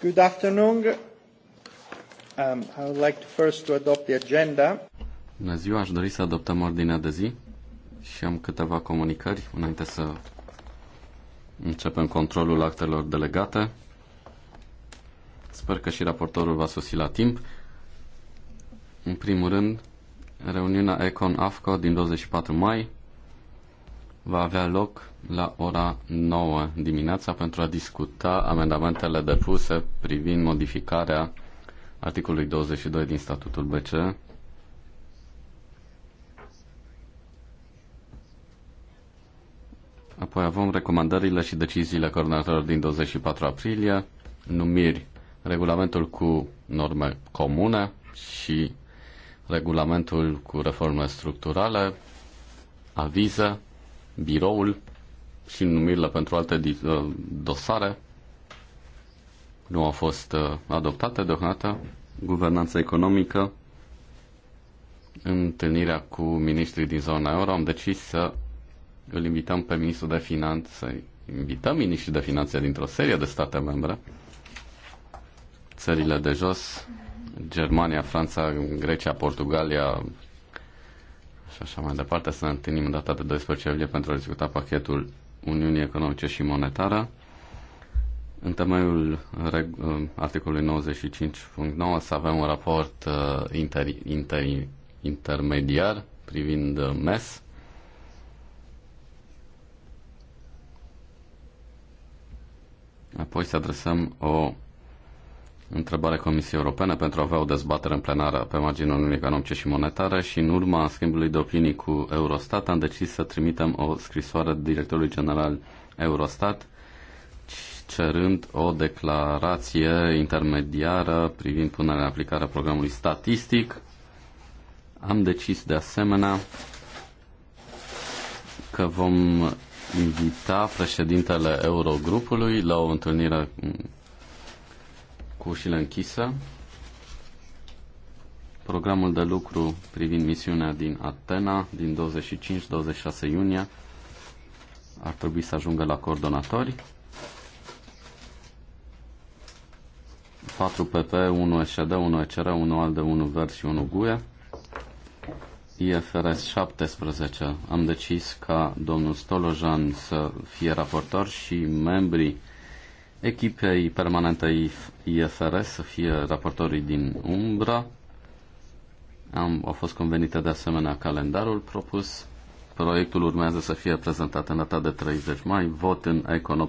Good afternoon. Um, I would like to first to adopt the agenda. Bună ziua, aș dori să adoptăm ordinea de zi și am câteva comunicări înainte să începem controlul actelor delegate. Sper că și raportorul va sosi la timp. În primul rând, reuniunea Econ AFCO din 24 mai va avea loc la ora 9 dimineața pentru a discuta amendamentele depuse privind modificarea articolului 22 din statutul BC Apoi avem recomandările și deciziile coordonatorilor din 24 aprilie, numiri, regulamentul cu norme comune și regulamentul cu reforme structurale, avize, biroul și numirile pentru alte uh, dosare nu au fost uh, adoptate deocamdată. Guvernanța economică, întâlnirea cu ministrii din zona euro, am decis să îl invităm pe ministrul de finanțe, să invităm ministrii de finanțe dintr-o serie de state membre, țările de jos, Germania, Franța, Grecia, Portugalia, și așa mai departe, să ne întâlnim în data de 12 iulie pentru a discuta pachetul Uniunii Economice și Monetară. În temeiul uh, articolului 95.9 să avem un raport inter, uh, inter, intermediar privind uh, MES. Apoi să adresăm o întrebare Comisiei Europene pentru a avea o dezbatere în plenară pe marginea unui economice și monetare și în urma schimbului de opinii cu Eurostat am decis să trimitem o scrisoare directorului general Eurostat cerând o declarație intermediară privind punerea în aplicare a programului statistic. Am decis de asemenea că vom invita președintele Eurogrupului la o întâlnire cu ușile închisă. Programul de lucru privind misiunea din Atena din 25-26 iunie ar trebui să ajungă la coordonatori. 4 PP, 1 SHD, 1 ECR, 1 ALDE, 1 VERS și 1 GUE. IFRS 17. Am decis ca domnul Stolojan să fie raportor și membrii echipei permanente IFRS să fie raportorii din umbra. Am, au fost convenite de asemenea calendarul propus. Proiectul urmează să fie prezentat în data de 30 mai, vot în Econ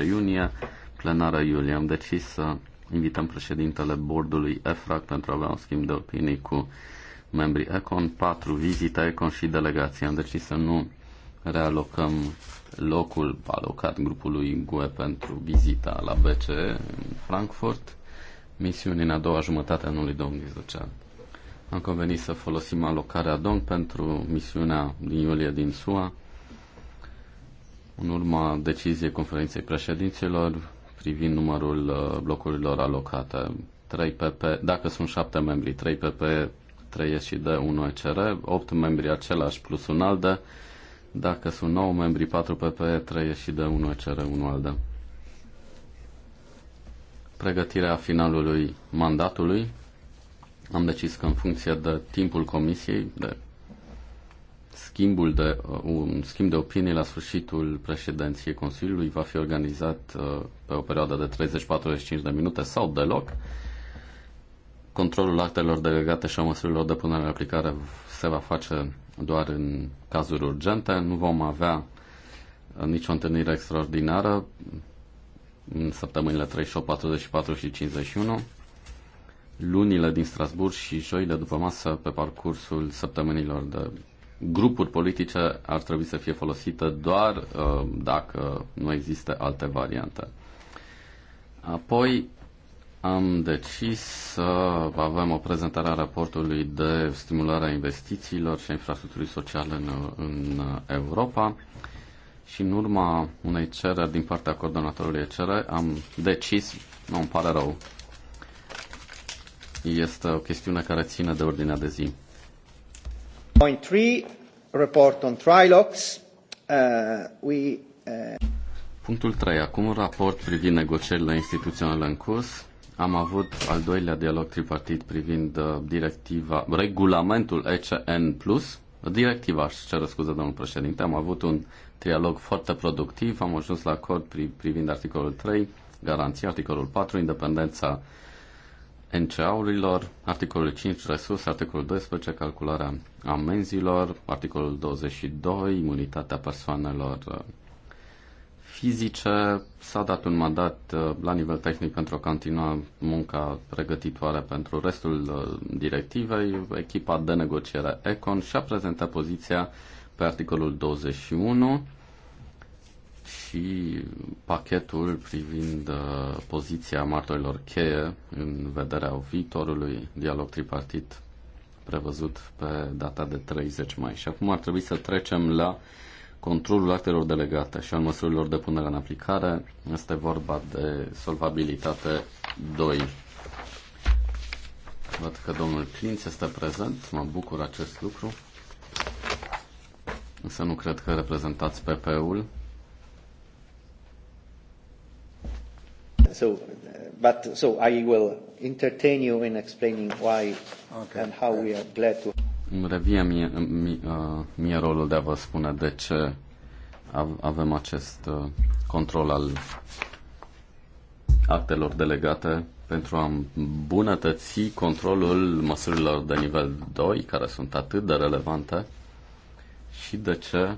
18-19 iunie, plenară iulie. Am decis să invităm președintele bordului EFRAC pentru a avea un schimb de opinii cu membrii Econ, 4 vizite Econ și delegații. Am decis să nu realocăm locul alocat grupului GUE pentru vizita la BC în Frankfurt, misiuni în a doua jumătate a anului 2010. Am convenit să folosim alocarea DON pentru misiunea din iulie din SUA, în urma deciziei conferinței președinților privind numărul uh, blocurilor alocate. 3 PP, dacă sunt 7 membri, 3 PP, 3 și de 1 ECR, 8 membri același plus un alt de dacă sunt 9 membri, 4 PP, 3 și de 1 CR, 1 ALDE. Pregătirea finalului mandatului. Am decis că în funcție de timpul comisiei, de schimbul de, uh, un schimb de opinie la sfârșitul președinției Consiliului va fi organizat uh, pe o perioadă de 30-45 de minute sau deloc. Controlul actelor delegate și a măsurilor de punere în aplicare se va face doar în cazuri urgente. Nu vom avea uh, nicio întâlnire extraordinară în săptămânile 38, 44 și 51 lunile din Strasburg și joile după masă pe parcursul săptămânilor de grupuri politice ar trebui să fie folosite doar uh, dacă nu există alte variante. Apoi, am decis să avem o prezentare a raportului de stimulare a investițiilor și a infrastructurii sociale în, în Europa și în urma unei cereri din partea coordonatorului ECR am decis, nu îmi pare rău, este o chestiune care ține de ordinea de zi. Point 3, report on trilogs. Uh, we, uh... Punctul 3. Acum un raport privind negocierile instituționale în curs am avut al doilea dialog tripartit privind uh, directiva, regulamentul ECN+, directiva, aș cer scuze, domnul președinte, am avut un trialog foarte productiv, am ajuns la acord pri, privind articolul 3, garanția, articolul 4, independența NCA-urilor, articolul 5, resurse, articolul 12, calcularea amenzilor, articolul 22, imunitatea persoanelor uh, fizice. S-a dat un mandat uh, la nivel tehnic pentru a continua munca pregătitoare pentru restul uh, directivei. Echipa de negociere Econ și-a prezentat poziția pe articolul 21 și pachetul privind uh, poziția martorilor cheie în vederea viitorului dialog tripartit prevăzut pe data de 30 mai. Și acum ar trebui să trecem la controlul actelor delegate și al măsurilor de punere în aplicare este vorba de solvabilitate 2. Văd că domnul Clinț este prezent, mă bucur acest lucru. Însă nu cred că reprezentați PP-ul. So, but so I will entertain you in explaining why okay. and how we are glad to îmi revie mie, mie, uh, mie rolul de a vă spune de ce avem acest uh, control al actelor delegate pentru a îmbunătăți controlul măsurilor de nivel 2, care sunt atât de relevante, și de ce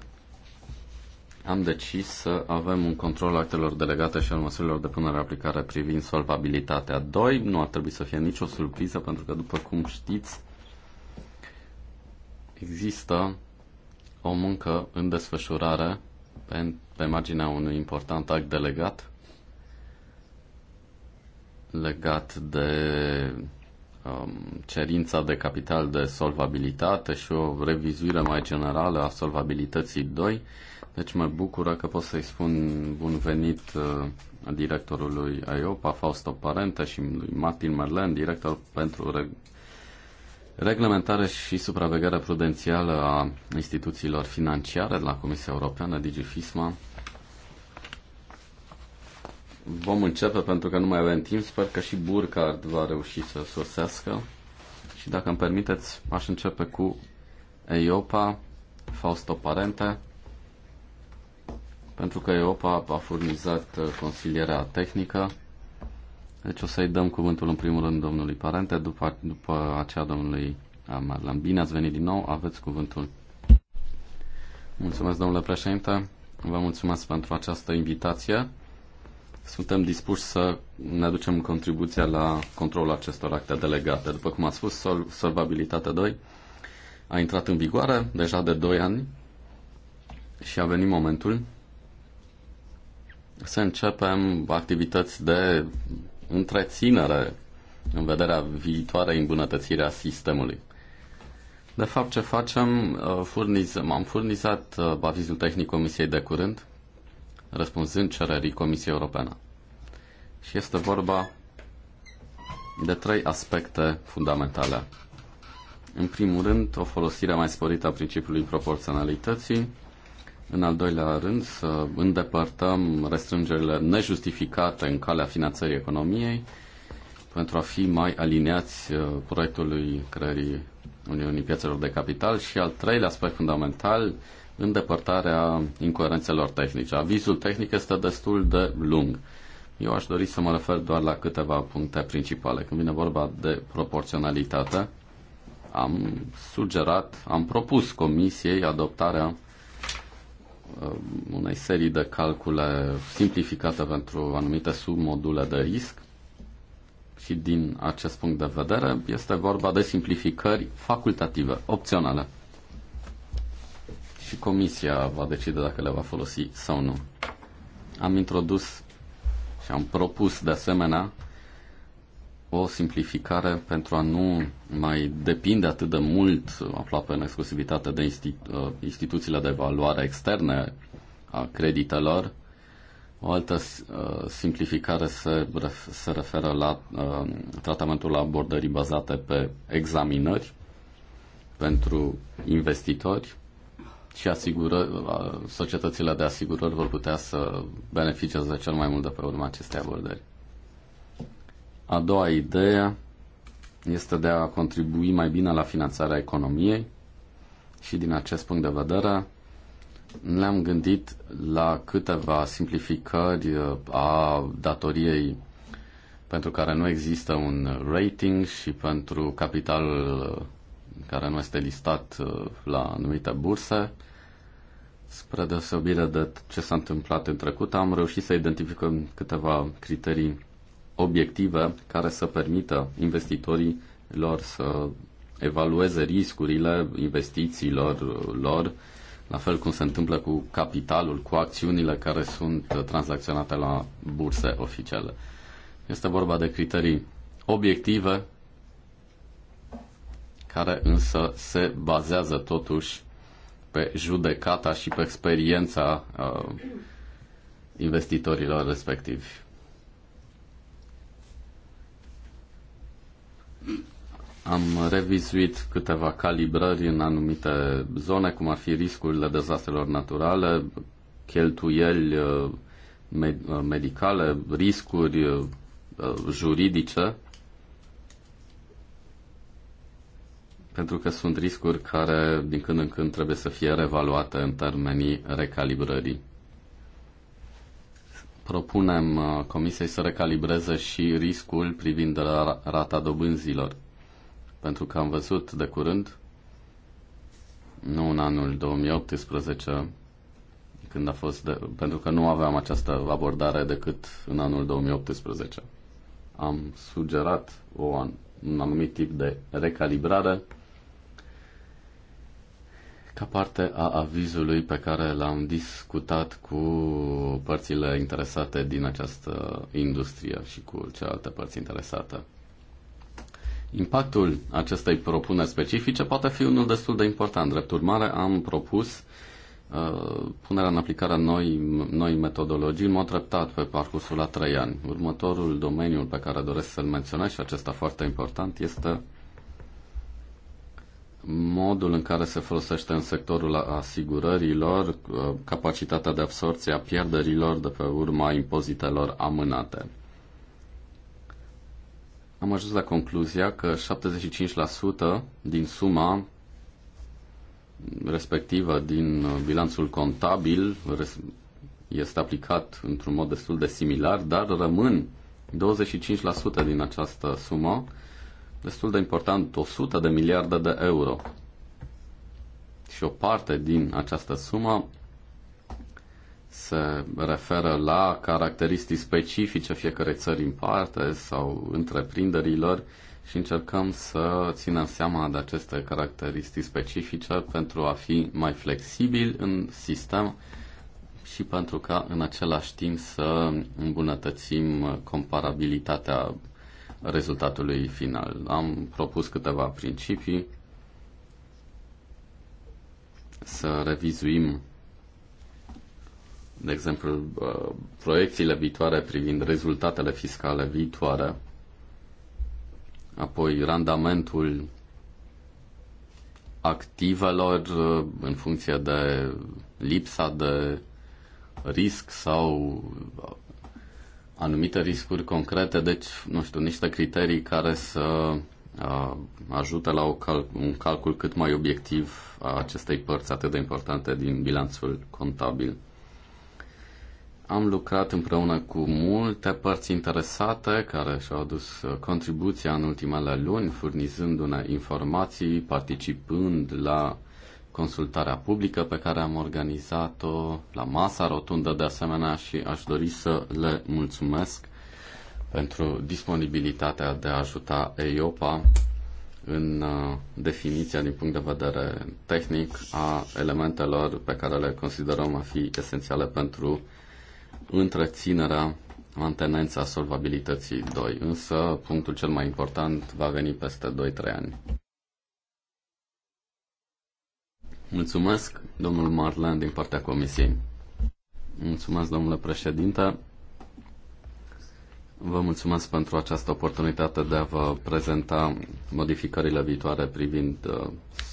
am decis să avem un control actelor delegate și al măsurilor de punere aplicare privind solvabilitatea 2. Nu ar trebui să fie nicio surpriză, pentru că, după cum știți, există o muncă în desfășurare pe, pe marginea unui important act delegat legat de um, cerința de capital de solvabilitate și o revizuire mai generală a solvabilității 2. Deci mă bucură că pot să-i spun bun venit uh, directorului IOPA, Fausto Parente și lui Martin Merlen, director pentru Reglementare și supraveghere prudențială a instituțiilor financiare de la Comisia Europeană, DigiFisma. Vom începe pentru că nu mai avem timp. Sper că și Burcard va reuși să sosească. Și dacă îmi permiteți, aș începe cu EIOPA, Fausto Parente, pentru că EIOPA a furnizat uh, consilierea tehnică deci o să-i dăm cuvântul în primul rând domnului Parente, după, după aceea domnului Marlan. Bine ați venit din nou, aveți cuvântul. Mulțumesc, domnule președinte. Vă mulțumesc pentru această invitație. Suntem dispuși să ne aducem contribuția la controlul acestor acte delegate. După cum am spus, sol- solvabilitatea 2 a intrat în vigoare deja de 2 ani și a venit momentul să începem activități de întreținere în vederea viitoarei îmbunătățiri a sistemului. De fapt, ce facem? Uh, Furnizăm, am furnizat uh, avizul tehnic Comisiei de curând, răspunzând cererii Comisiei Europene. Și este vorba de trei aspecte fundamentale. În primul rând, o folosire mai sporită a principiului proporționalității, în al doilea rând, să îndepărtăm restrângerile nejustificate în calea finanțării economiei pentru a fi mai aliniați uh, proiectului creării Uniunii Piețelor de Capital și al treilea aspect fundamental, îndepărtarea incoerențelor tehnice. Avizul tehnic este destul de lung. Eu aș dori să mă refer doar la câteva puncte principale. Când vine vorba de proporționalitate, am sugerat, am propus Comisiei adoptarea Uh, unei serii de calcule simplificate pentru anumite submodule de risc și din acest punct de vedere este vorba de simplificări facultative, opționale. Și comisia va decide dacă le va folosi sau nu. Am introdus și am propus de asemenea o simplificare pentru a nu mai depinde atât de mult, aproape în exclusivitate, de institu- uh, instituțiile de evaluare externe a creditelor. O altă uh, simplificare se, ref- se referă la uh, tratamentul abordării bazate pe examinări pentru investitori și asigură, uh, societățile de asigurări vor putea să beneficieze cel mai mult de pe urma acestei abordări. A doua idee este de a contribui mai bine la finanțarea economiei și din acest punct de vedere ne-am gândit la câteva simplificări uh, a datoriei pentru care nu există un rating și pentru capitalul uh, care nu este listat uh, la anumite burse. Spre deosebire de ce s-a întâmplat în trecut, am reușit să identificăm câteva criterii obiective care să permită investitorilor să evalueze riscurile investițiilor lor, la fel cum se întâmplă cu capitalul, cu acțiunile care sunt tranzacționate la burse oficiale. Este vorba de criterii obiective care însă se bazează totuși pe judecata și pe experiența uh, investitorilor respectivi. Am revizuit câteva calibrări în anumite zone, cum ar fi riscurile dezastrelor naturale, cheltuieli uh, uh, medicale, riscuri uh, juridice, pentru că sunt riscuri care din când în când trebuie să fie revaluate în termenii recalibrării propunem uh, Comisiei să recalibreze și riscul privind rata dobânzilor. Pentru că am văzut de curând, nu în anul 2018, când a fost de, pentru că nu aveam această abordare decât în anul 2018. Am sugerat o, un anumit tip de recalibrare ca parte a avizului pe care l-am discutat cu părțile interesate din această industrie și cu celelalte părți interesate. Impactul acestei propuneri specifice poate fi unul destul de important. Drept urmare, am propus uh, punerea în aplicare a noi, noi metodologii în mod treptat pe parcursul a trei ani. Următorul domeniu pe care doresc să-l menționez și acesta foarte important este modul în care se folosește în sectorul asigurărilor uh, capacitatea de absorție a pierderilor de pe urma impozitelor amânate. Am ajuns la concluzia că 75% din suma respectivă din uh, bilanțul contabil este aplicat într-un mod destul de similar, dar rămân 25% din această sumă destul de important, 100 de miliarde de euro. Și o parte din această sumă se referă la caracteristici specifice fiecarei țări în parte sau întreprinderilor și încercăm să ținem seama de aceste caracteristici specifice pentru a fi mai flexibil în sistem și pentru ca în același timp să îmbunătățim comparabilitatea rezultatului final. Am propus câteva principii să revizuim, de exemplu, uh, proiecțiile viitoare privind rezultatele fiscale viitoare, apoi randamentul activelor uh, în funcție de lipsa de risc sau anumite riscuri concrete, deci, nu știu, niște criterii care să uh, ajute la o cal- un calcul cât mai obiectiv a acestei părți atât de importante din bilanțul contabil. Am lucrat împreună cu multe părți interesate care și-au adus contribuția în ultimele luni, furnizându-ne informații, participând la consultarea publică pe care am organizat-o la masa rotundă de asemenea și aș dori să le mulțumesc pentru disponibilitatea de a ajuta EIOPA în uh, definiția din punct de vedere tehnic a elementelor pe care le considerăm a fi esențiale pentru întreținerea, mantenența solvabilității 2. Însă punctul cel mai important va veni peste 2-3 ani. Mulțumesc, domnul Marlan, din partea Comisiei. Mulțumesc, domnule președinte. Vă mulțumesc pentru această oportunitate de a vă prezenta modificările viitoare privind uh,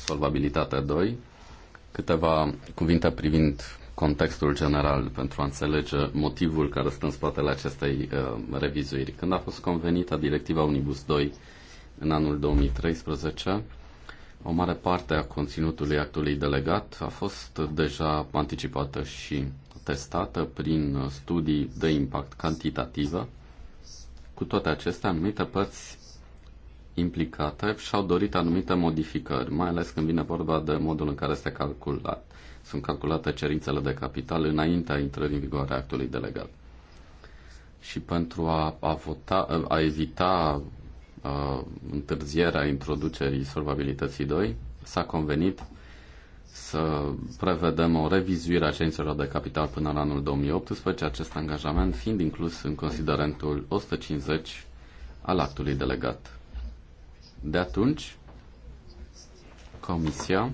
solvabilitatea 2. Câteva cuvinte privind contextul general pentru a înțelege motivul care stă în spatele acestei uh, revizuiri. Când a fost convenită directiva Unibus 2 în anul 2013, o mare parte a conținutului actului delegat a fost deja anticipată și testată prin studii de impact cantitativă. Cu toate acestea, anumite părți implicate și-au dorit anumite modificări, mai ales când vine vorba de modul în care este calculat. Sunt calculate cerințele de capital înaintea intrării în vigoare a actului delegat. Și pentru a, a, vota, a evita uh, întârzierea introducerii solvabilității 2, s-a convenit să prevedem o revizuire a cerințelor de capital până în anul 2018, acest angajament fiind inclus în considerentul 150 al actului delegat. De atunci, Comisia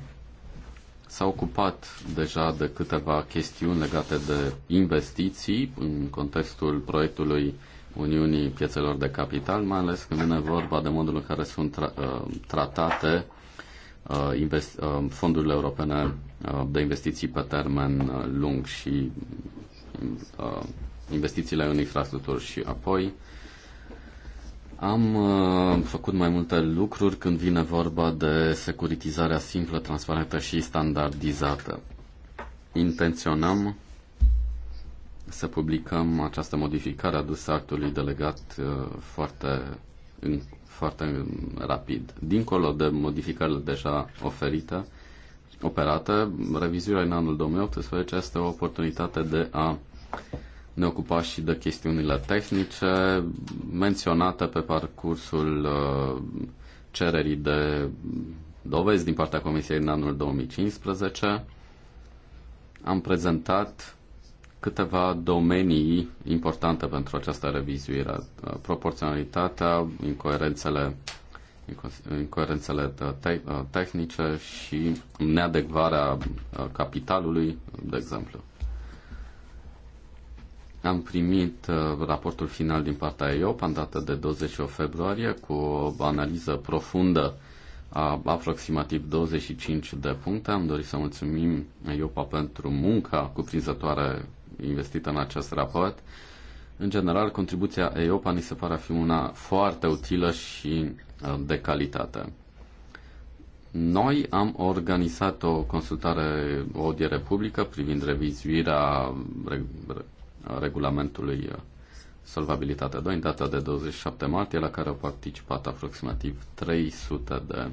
s-a ocupat deja de câteva chestiuni legate de investiții în contextul proiectului Uniunii Piețelor de Capital, mai ales când vine vorba de modul în care sunt tra- uh, tratate uh, invest- uh, fondurile europene de investiții pe termen lung și investițiile în infrastructuri și apoi am uh, făcut mai multe lucruri când vine vorba de securitizarea simplă, transparentă și standardizată. Intenționăm să publicăm această modificare adusă actului delegat uh, foarte, în, foarte rapid. Dincolo de modificările deja oferite, operate, revizuirea în anul 2018 este o oportunitate de a ne ocupa și de chestiunile tehnice menționate pe parcursul uh, cererii de dovezi din partea Comisiei în anul 2015. Am prezentat câteva domenii importante pentru această revizuire. Proporționalitatea, incoerențele, incoerențele te- tehnice și neadecvarea uh, capitalului, de exemplu. Am primit uh, raportul final din partea EOP, în dată de 20 februarie cu o analiză profundă a aproximativ 25 de puncte. Am dorit să mulțumim EOPA pentru munca cuprinzătoare investită în acest raport. În general, contribuția EIOPA ni se pare a fi una foarte utilă și uh, de calitate. Noi am organizat o consultare, o audiere publică privind revizuirea regulamentului uh, Solvabilitatea 2 în data de 27 martie, la care au participat aproximativ 300 de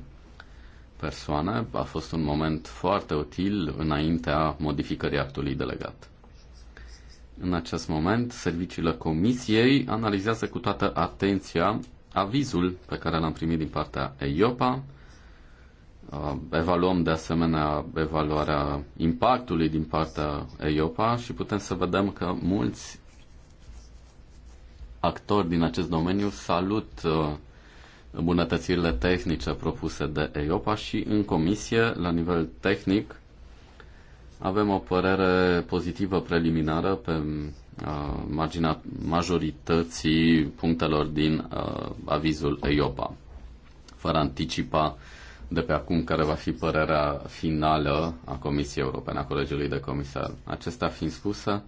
persoane. A fost un moment foarte util înaintea modificării actului delegat. În acest moment, serviciile Comisiei analizează cu toată atenția avizul pe care l-am primit din partea EIOPA. Uh, evaluăm de asemenea evaluarea impactului din partea EIOPA și putem să vedem că mulți actori din acest domeniu salut uh, îmbunătățirile tehnice propuse de EIOPA și în comisie, la nivel tehnic, avem o părere pozitivă preliminară pe uh, marginea majorității punctelor din uh, avizul EIOPA, fără anticipa de pe acum care va fi părerea finală a Comisiei Europene, a Colegiului de Comisar. Acesta fiind spusă,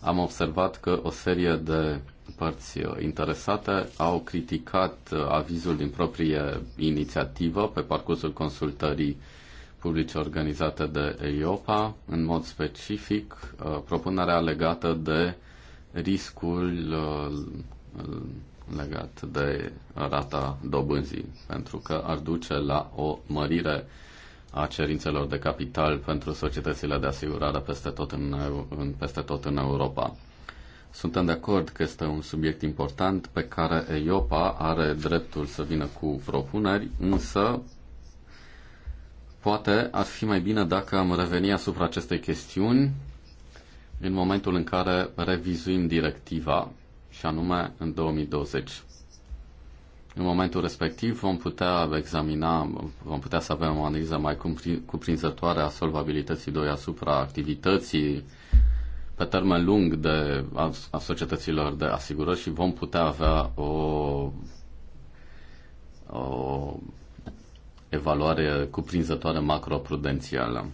am observat că o serie de părți interesate au criticat avizul din proprie inițiativă pe parcursul consultării uh, publice organizate de EIOPA, în mod specific uh, propunerea legată de riscul uh, legat de rata dobânzii, pentru că ar duce la o mărire a cerințelor de capital pentru societățile de asigurare peste tot în, în, peste tot în Europa. Suntem de acord că este un subiect important pe care EIOPA are dreptul să vină cu propuneri, însă Poate ar fi mai bine dacă am reveni asupra acestei chestiuni în momentul în care revizuim directiva, și anume în 2020. În momentul respectiv vom putea examina, vom putea să avem o analiză mai cuprinzătoare a solvabilității 2 asupra activității pe termen lung de, a, a societăților de asigurări și vom putea avea o, o evaluare cuprinzătoare macroprudențială.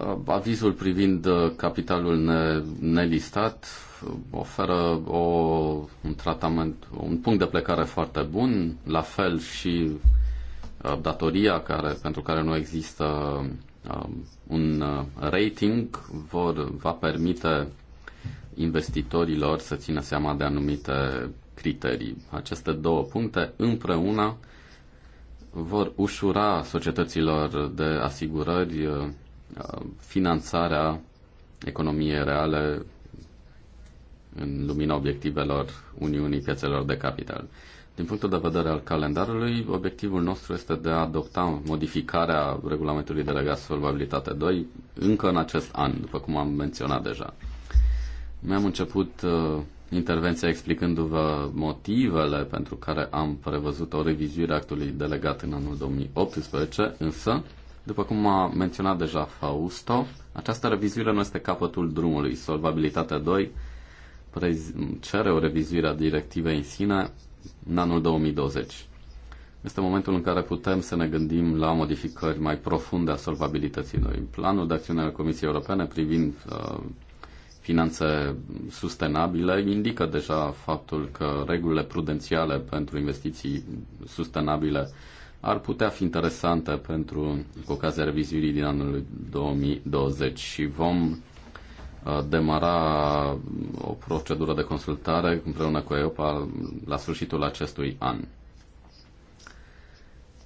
Uh, avizul privind uh, capitalul nelistat uh, oferă o, un tratament, un punct de plecare foarte bun, la fel și datoria care, pentru care nu există un rating vor, va permite investitorilor să țină seama de anumite criterii. Aceste două puncte împreună vor ușura societăților de asigurări uh, finanțarea economiei reale în lumina obiectivelor Uniunii Piețelor de Capital. Din punctul de vedere al calendarului, obiectivul nostru este de a adopta modificarea regulamentului delegat Solvabilitate 2 încă în acest an, după cum am menționat deja. Mi-am început uh, intervenția explicându-vă motivele pentru care am prevăzut o revizuire actului delegat în anul 2018, însă, după cum a menționat deja Fausto, această revizuire nu este capătul drumului. Solvabilitatea 2 cere o revizuire a directivei în sine în anul 2020. Este momentul în care putem să ne gândim la modificări mai profunde a solvabilității noi. Planul de acțiune al Comisiei Europene privind uh, finanțe sustenabile indică deja faptul că regulile prudențiale pentru investiții sustenabile ar putea fi interesante pentru cu ocazia revizuirii din anul 2020 și vom uh, demara o procedură de consultare împreună cu EOPA la sfârșitul acestui an.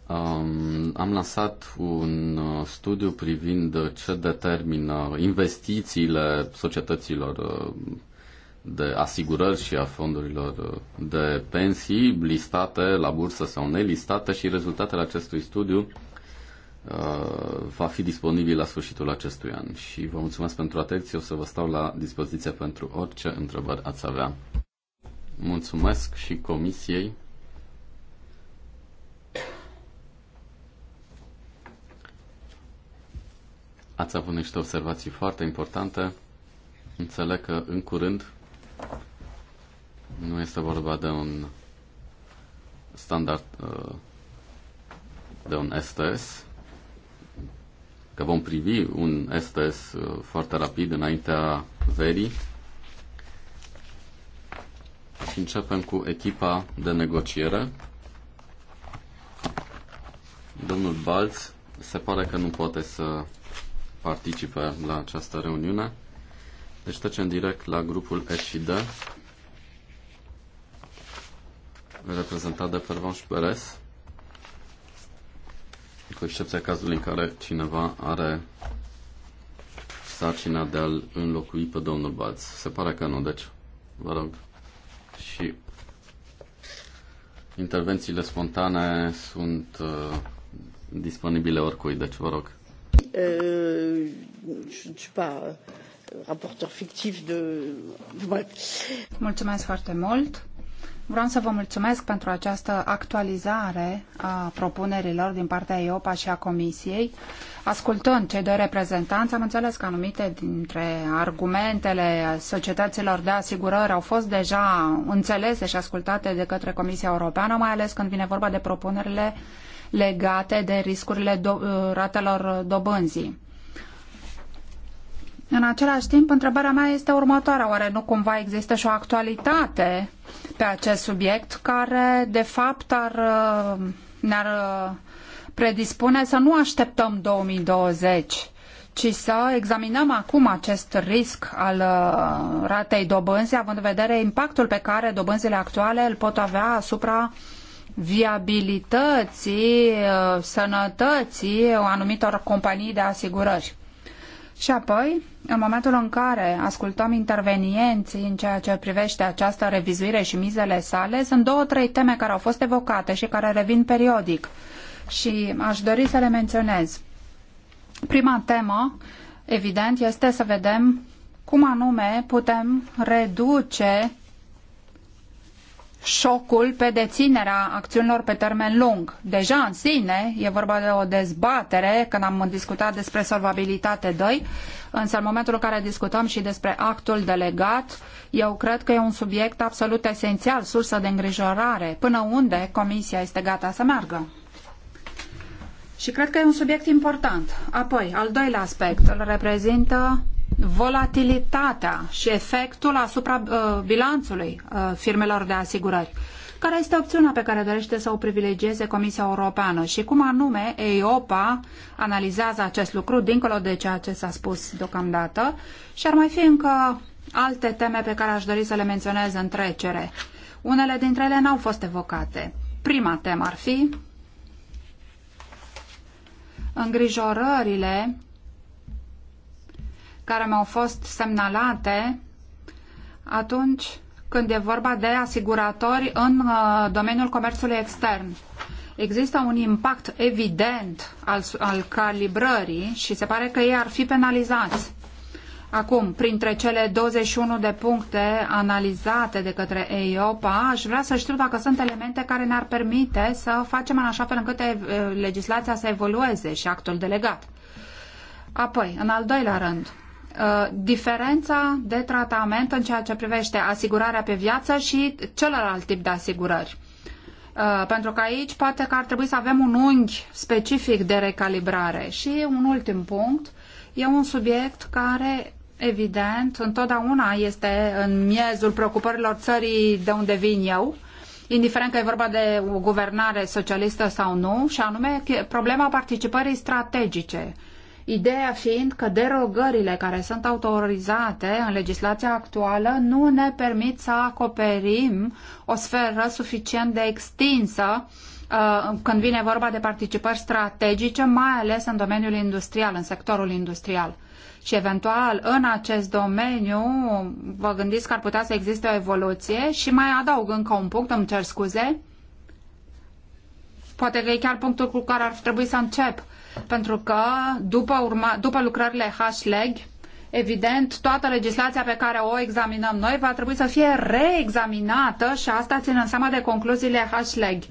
Um, am lansat un uh, studiu privind ce determină investițiile societăților uh, de asigurări și a fondurilor uh, de pensii listate la bursă sau nelistate și rezultatele acestui studiu va fi disponibil la sfârșitul acestui an. Și vă mulțumesc pentru atenție, o să vă stau la dispoziție pentru orice întrebări ați avea. Mulțumesc și comisiei. Ați avut niște observații foarte importante. Înțeleg că în curând nu este vorba de un standard uh, de un STS, că vom privi un STS uh, foarte rapid înaintea verii și începem cu echipa de negociere. Domnul Balț se pare că nu poate să participe la această reuniune. Deci trecem direct la grupul D, reprezentat de și Perez, cu excepția cazului în care cineva are sarcina de a-l înlocui pe domnul Balț. Se pare că nu, deci vă rog. Și intervențiile spontane sunt uh, disponibile oricui, deci vă rog euh, je ne suis pas euh, rapporteur fictif de... Bref. Mulțumesc foarte mult. Vreau să vă mulțumesc pentru această actualizare a propunerilor din partea EOPA și a Comisiei. Ascultând cei doi reprezentanți, am înțeles că anumite dintre argumentele societăților de asigurări au fost deja înțelese și ascultate de către Comisia Europeană, mai ales când vine vorba de propunerile uh, legate de riscurile do uh, ratelor dobânzii. În același timp, întrebarea mea este următoarea. Oare nu cumva există și o actualitate pe acest subiect care, de fapt, ar, uh, ne-ar uh, predispune să nu așteptăm 2020, ci să examinăm acum acest risc al ratei dobânzii, având în vedere impactul pe care dobânzile actuale îl pot avea asupra uh, viabilității, uh, sănătății anumitor companii de asigurări. Și apoi, în momentul în care ascultăm intervenienții în ceea ce privește această revizuire și mizele sale, sunt două, trei teme care au fost evocate și care revin periodic. Și aș dori să le menționez. Prima temă, evident, este să vedem cum anume putem reduce șocul pe deținerea acțiunilor pe termen lung. Deja în sine e vorba de o dezbatere când am discutat despre solvabilitate 2, însă în momentul în care discutăm și despre actul delegat, eu cred că e un subiect absolut esențial, sursă de îngrijorare, până unde Comisia este gata să meargă. Și cred că e un subiect important. Apoi, al doilea aspect îl reprezintă volatilitatea și efectul asupra uh, bilanțului uh, firmelor de asigurări. Care este opțiunea pe care dorește să o privilegieze Comisia Europeană și cum anume EIOPA analizează acest lucru dincolo de ceea ce s-a spus deocamdată și ar mai fi încă alte teme pe care aș dori să le menționez în trecere. Unele dintre ele n-au fost evocate. Prima temă ar fi îngrijorările care mi-au fost semnalate atunci când e vorba de asiguratori în uh, domeniul comerțului extern. Există un impact evident al, al calibrării și se pare că ei ar fi penalizați. Acum, printre cele 21 de puncte analizate de către EIOPA, aș vrea să știu dacă sunt elemente care ne-ar permite să facem în așa fel încât legislația să evolueze și actul delegat. Apoi, în al doilea rând, Uh, diferența de tratament în ceea ce privește asigurarea pe viață și celălalt tip de asigurări. Uh, pentru că aici poate că ar trebui să avem un unghi specific de recalibrare. Și un ultim punct, e un subiect care, evident, întotdeauna este în miezul preocupărilor țării de unde vin eu, indiferent că e vorba de o guvernare socialistă sau nu, și anume problema participării strategice Ideea fiind că derogările care sunt autorizate în legislația actuală nu ne permit să acoperim o sferă suficient de extinsă uh, când vine vorba de participări strategice, mai ales în domeniul industrial, în sectorul industrial. Și eventual în acest domeniu vă gândiți că ar putea să existe o evoluție și mai adaug încă un punct, îmi cer scuze. Poate că e chiar punctul cu care ar trebui să încep pentru că după, urma, după lucrările HLEG, evident, toată legislația pe care o examinăm noi va trebui să fie reexaminată și asta în seama de concluziile HLEG.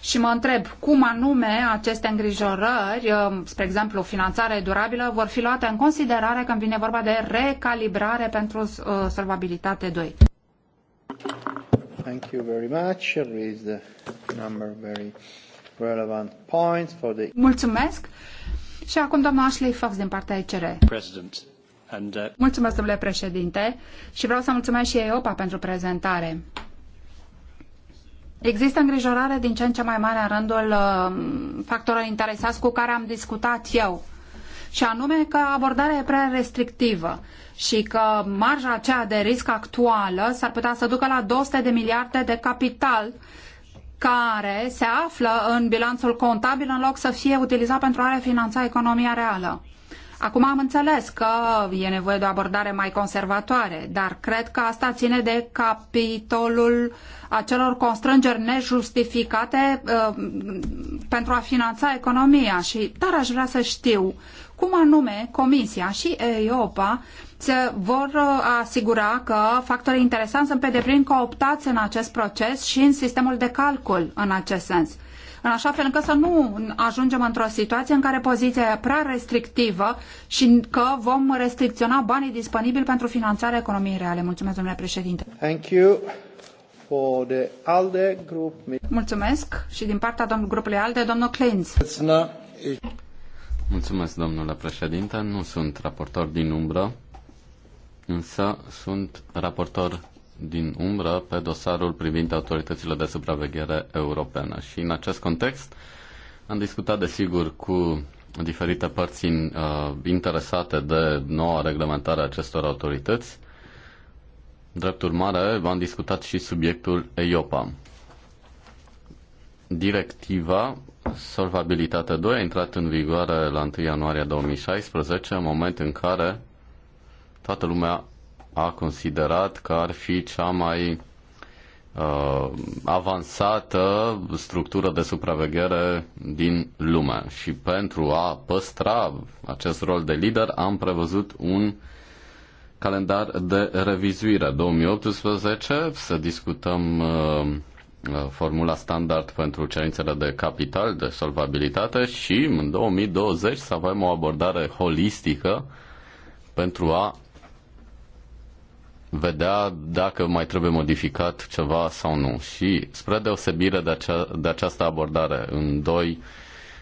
Și mă întreb cum anume aceste îngrijorări, um, spre exemplu finanțare durabilă, vor fi luate în considerare când vine vorba de recalibrare pentru uh, solvabilitate 2. Thank you very much. Raise the number very relevant points for the... Mulțumesc. Și acum doamna Ashley Fox din partea ECR. President. And, uh... Mulțumesc, domnule președinte, și vreau să mulțumesc și EOPA pentru prezentare. Există îngrijorare din ce în ce mai mare în rândul uh, factorilor interesați cu care am discutat eu, și anume că abordarea e prea restrictivă și că marja aceea de risc actuală s-ar putea să ducă la 200 de miliarde de capital uh, care se află în bilanțul contabil în loc să fie utilizat pentru a refinanța economia reală. Acum am înțeles că e nevoie de o abordare mai conservatoare, dar cred că asta ține de capitolul acelor constrângeri nejustificate uh, pentru a finanța economia. Și, dar aș vrea să știu cum anume Comisia și EIOPA uh, se vor uh, asigura că factorii interesanți sunt pe deplin cooptați în acest proces și în sistemul de calcul în acest sens în așa fel încât să nu ajungem într-o situație în care poziția e prea restrictivă și că vom restricționa banii disponibili pentru finanțarea economiei reale. Mulțumesc, domnule președinte. Thank you for the ALDE group. Mulțumesc și din partea domnului grupului ALDE, domnul Clins. Mulțumesc, domnule președinte. Nu sunt raportor din umbră însă sunt raportor din umbră pe dosarul privind autoritățile de supraveghere europeană. Și în acest context am discutat, desigur, cu diferite părți uh, interesate de noua reglementare a acestor autorități. Drept urmare, am discutat și subiectul EIOPA. Directiva Solvabilitate 2 a intrat în vigoare la 1 ianuarie 2016, în moment în care toată lumea a considerat că ar fi cea mai uh, avansată structură de supraveghere din lume. Și pentru a păstra acest rol de lider am prevăzut un calendar de revizuire. 2018 să discutăm uh, uh, formula standard pentru cerințele de capital, de solvabilitate și în 2020 să avem o abordare holistică pentru a vedea dacă mai trebuie modificat ceva sau nu. Și spre deosebire de, acea, de această abordare în doi,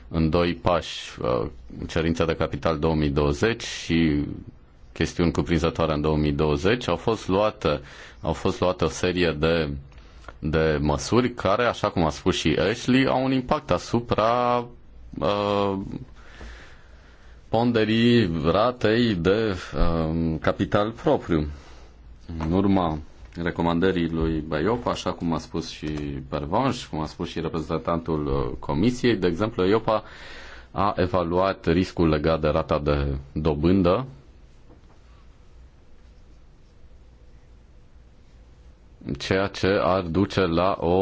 în doi pași, uh, cerința de capital 2020 și chestiuni cuprinzătoare în 2020, au fost luate, au fost luate o serie de, de măsuri care, așa cum a spus și Ashley, au un impact asupra uh, ponderii ratei de uh, capital propriu. În urma recomandării lui Baiop, așa cum a spus și Pervanș, cum a spus și reprezentantul uh, Comisiei, de exemplu, Iopa a evaluat riscul legat de rata de dobândă ceea ce ar duce la o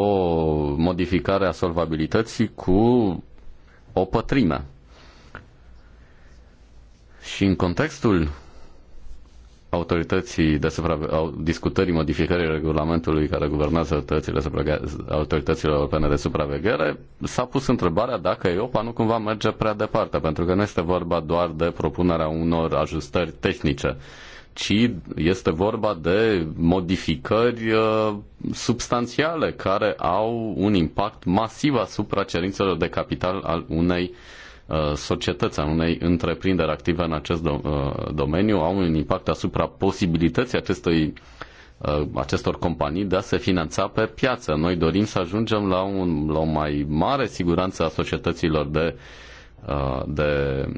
modificare a solvabilității cu o pătrime. Și în contextul autorității de supra, discutării modificării regulamentului care guvernează autoritățile, supra, autoritățile europene de supraveghere, s-a pus întrebarea dacă Europa nu cumva merge prea departe, pentru că nu este vorba doar de propunerea unor ajustări tehnice, ci este vorba de modificări uh, substanțiale care au un impact masiv asupra cerințelor de capital al unei uh, Uh, societăți, a unei întreprinderi active în acest uh, domeniu, au un impact asupra posibilității acestui uh, acestor companii de a se finanța pe piață. Noi dorim să ajungem la, un, la o mai mare siguranță a societăților de, de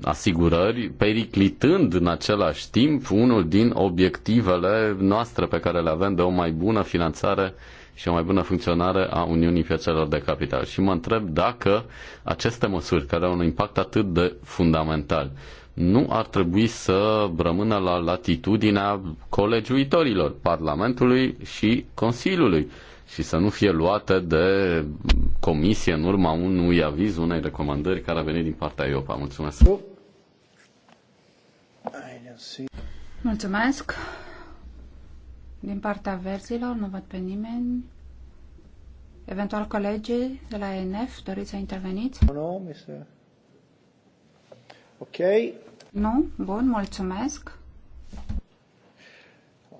asigurări, periclitând în același timp unul din obiectivele noastre pe care le avem de o mai bună finanțare uh, și o mai bună funcționare a Uniunii Piețelor de Capital. Și mă întreb dacă aceste măsuri, care au un impact atât de fundamental, nu ar trebui să rămână la latitudinea colegiuitorilor Parlamentului și Consiliului și să nu fie luate de comisie în urma unui aviz, unei recomandări care a venit din partea IOPA. Mulțumesc! Mulțumesc! Din partea verzilor nu văd pe nimeni. Eventual colegii de la ENF, doriți să interveniți? Nu, no, mister. Ok. Nu? Bun, mulțumesc.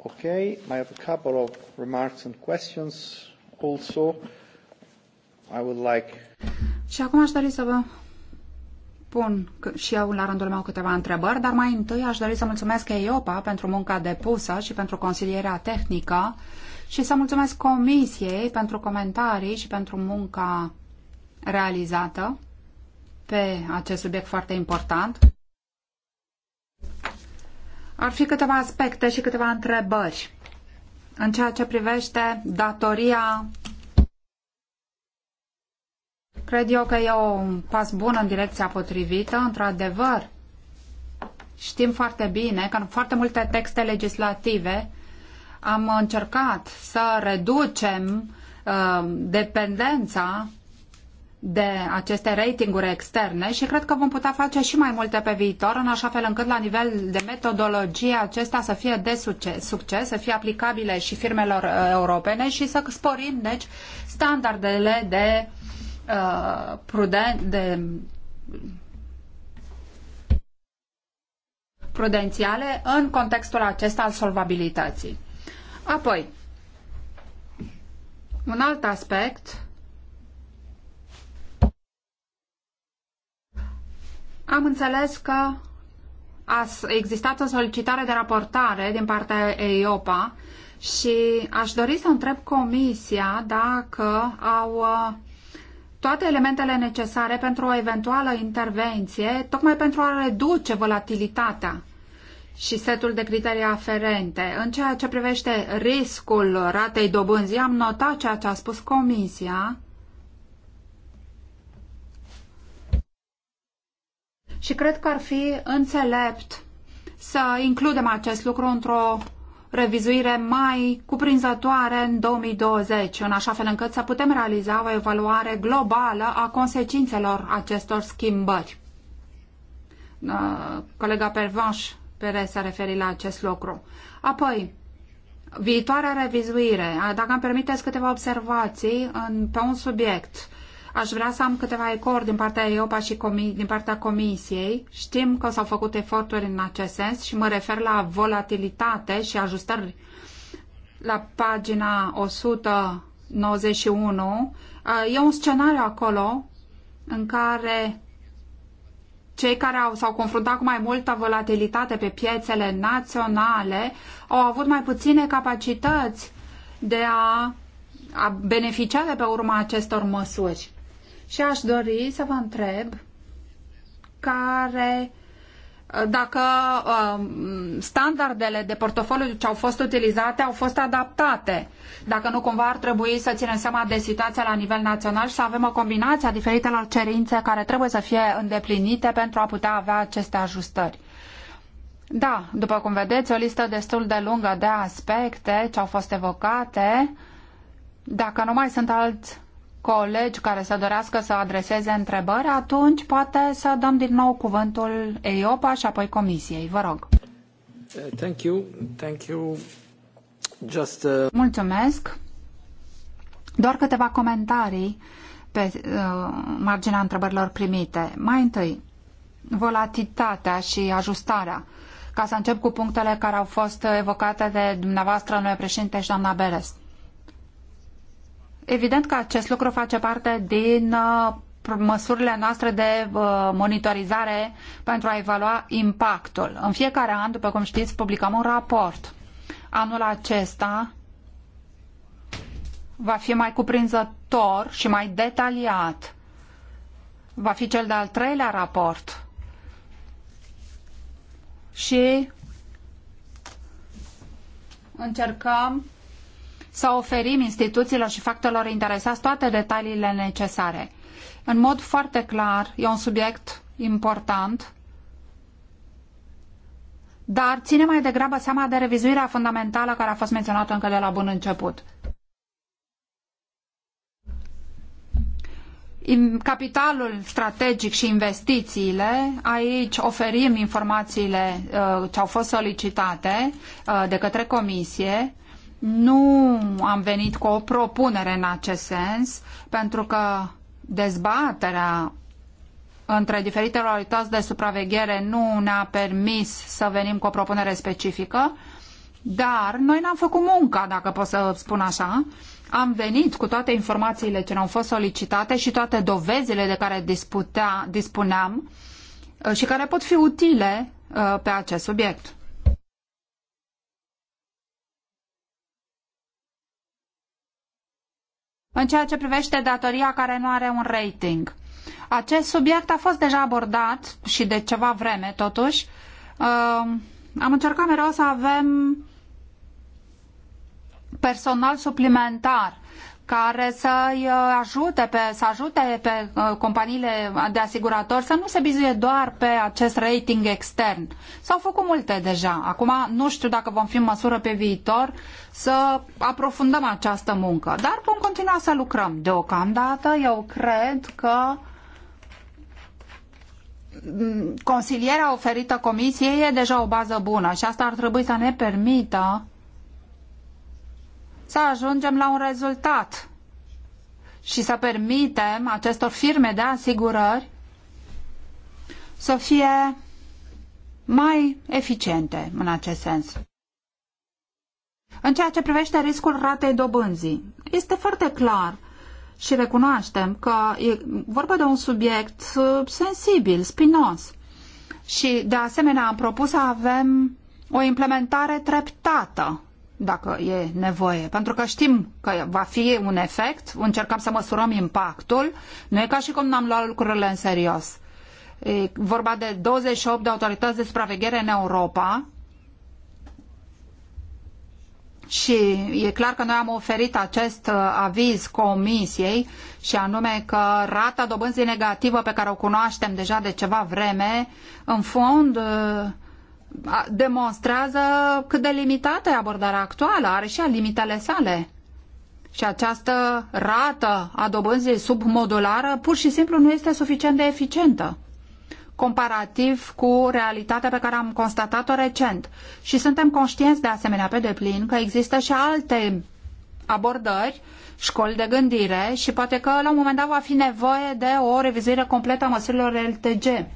Ok, I have a couple of remarks and questions also. I would like... Și acum aș dori să vă pun și eu la rândul meu câteva întrebări, dar mai întâi aș dori să mulțumesc EIOPA pentru munca depusă și pentru consilierea tehnică și să mulțumesc Comisiei pentru comentarii și pentru munca realizată pe acest subiect foarte important. Ar fi câteva aspecte și câteva întrebări în ceea ce privește datoria Cred eu că e un pas bun în direcția potrivită, într-adevăr. Știm foarte bine că în foarte multe texte legislative am încercat să reducem uh, dependența de aceste ratinguri externe și cred că vom putea face și mai multe pe viitor, în așa fel încât la nivel de metodologie acestea să fie de succes, succes să fie aplicabile și firmelor uh, europene și să sporim, deci, standardele de prudent, de prudențiale în contextul acesta al solvabilității. Apoi, un alt aspect am înțeles că a existat o solicitare de raportare din partea EIOPA și aș dori să întreb Comisia dacă au uh, toate elementele necesare pentru o eventuală intervenție, tocmai pentru a reduce volatilitatea și setul de criterii aferente. În ceea ce privește riscul ratei dobânzii, am notat ceea ce a spus Comisia și cred că ar fi înțelept să includem acest lucru într-o revizuire mai cuprinzătoare în 2020, în așa fel încât să putem realiza o evaluare globală a consecințelor acestor schimbări. Uh, colega Pervanș Pere s-a referit la acest lucru. Apoi, viitoarea revizuire. Dacă îmi permiteți câteva observații în, pe un subiect Aș vrea să am câteva ecouri din partea EOPA și din partea Comisiei. Știm că s-au făcut eforturi în acest sens și mă refer la volatilitate și ajustări la pagina 191. Eh, e un scenariu acolo în care cei care au, s-au confruntat cu mai multă volatilitate pe piețele naționale au avut mai puține capacități de a, a beneficia de pe urma acestor măsuri și aș dori să vă întreb care dacă um, standardele de portofoliu ce au fost utilizate au fost adaptate. Dacă nu cumva ar trebui să ținem seama de situația la nivel național și să avem o combinație a diferitelor cerințe care trebuie să fie îndeplinite pentru a putea avea aceste ajustări. Da, după cum vedeți, o listă destul de lungă de aspecte ce au fost evocate. Dacă nu mai sunt alți colegi care să dorească să adreseze întrebări, atunci poate să dăm din nou cuvântul EIOPA și apoi Comisiei. Vă rog. Uh, thank you. Thank you. Just, uh... Mulțumesc. Doar câteva comentarii pe uh, marginea întrebărilor primite. Mai întâi, volatilitatea și ajustarea. Ca să încep cu punctele care au fost evocate de dumneavoastră, domnule președinte și doamna Beres. Evident că acest lucru face parte din uh, măsurile noastre de uh, monitorizare pentru a evalua impactul. În fiecare an, după cum știți, publicăm un raport. Anul acesta va fi mai cuprinzător și mai detaliat. Va fi cel de-al treilea raport. Și încercăm să oferim instituțiilor și factorilor interesați toate detaliile necesare. În mod foarte clar, e un subiect important, dar ține mai degrabă seama de revizuirea fundamentală care a fost menționată încă de la bun început. capitalul strategic și investițiile, aici oferim informațiile uh, ce au fost solicitate uh, de către comisie nu am venit cu o propunere în acest sens, pentru că dezbaterea între diferitele realități de supraveghere nu ne-a permis să venim cu o propunere specifică, dar noi n-am făcut munca, dacă pot să spun așa. Am venit cu toate informațiile ce ne-au fost solicitate și toate dovezile de care disputea, dispuneam uh, și care pot fi utile uh, pe acest subiect. în ceea ce privește datoria care nu are un rating. Acest subiect a fost deja abordat și de ceva vreme, totuși. Um, am încercat mereu să avem personal suplimentar care să uh, ajute pe, să ajute pe uh, companiile de asiguratori să nu se bizuie doar pe acest rating extern. S-au făcut multe deja. Acum nu știu dacă vom fi în măsură pe viitor să aprofundăm această muncă, dar vom continua să lucrăm. Deocamdată eu cred că mm, consilierea oferită comisiei e deja o bază bună și asta ar trebui să ne permită să ajungem la un rezultat și să permitem acestor firme de asigurări să fie mai eficiente în acest sens. În ceea ce privește riscul ratei dobânzii, este foarte clar și recunoaștem că e vorba de un subiect uh, sensibil, spinos. Și, de asemenea, am propus să avem o implementare treptată dacă e nevoie. Pentru că știm că va fi un efect, încercăm să măsurăm impactul, nu e ca și cum n-am luat lucrurile în serios. E vorba de 28 de autorități de supraveghere în Europa și e clar că noi am oferit acest uh, aviz comisiei și anume că rata dobânzii negativă pe care o cunoaștem deja de ceva vreme, în fond uh, demonstrează cât de limitată e abordarea actuală, are și a limitele sale. Și această rată a dobânzii submodulară pur și simplu nu este suficient de eficientă comparativ cu realitatea pe care am constatat-o recent. Și suntem conștienți de asemenea pe deplin că există și alte abordări, școli de gândire și poate că la un moment dat va fi nevoie de o revizuire completă a măsurilor LTG.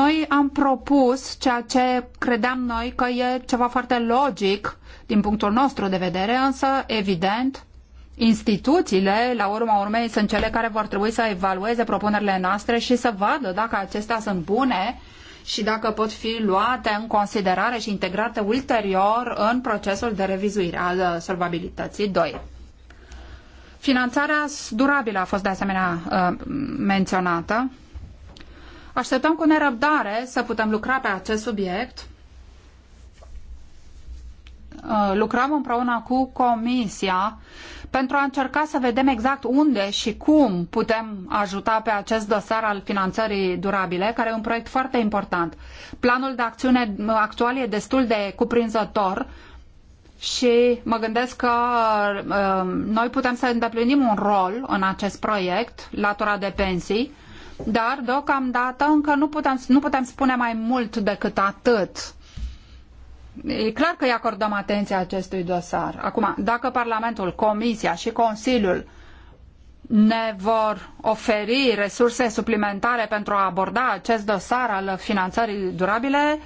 Noi am propus ceea ce credeam noi că e ceva foarte logic din punctul nostru de vedere, însă, evident, instituțiile, la urma urmei, sunt cele care vor trebui să evalueze propunerile noastre și să vadă dacă acestea sunt bune și dacă pot fi luate în considerare și integrate ulterior în procesul de revizuire al solvabilității 2. Finanțarea durabilă a fost de asemenea uh, menționată. Așteptăm cu nerăbdare să putem lucra pe acest subiect. Uh, lucrăm împreună cu Comisia pentru a încerca să vedem exact unde și cum putem ajuta pe acest dosar al finanțării durabile, care e un proiect foarte important. Planul de acțiune actual e destul de cuprinzător și mă gândesc că uh, noi putem să îndeplinim un rol în acest proiect, latura de pensii, dar deocamdată încă nu putem, nu putem spune mai mult decât atât. E clar că îi acordăm atenția acestui dosar. Acum, dacă Parlamentul, Comisia și Consiliul ne vor oferi resurse suplimentare pentru a aborda acest dosar al finanțării durabile, uh,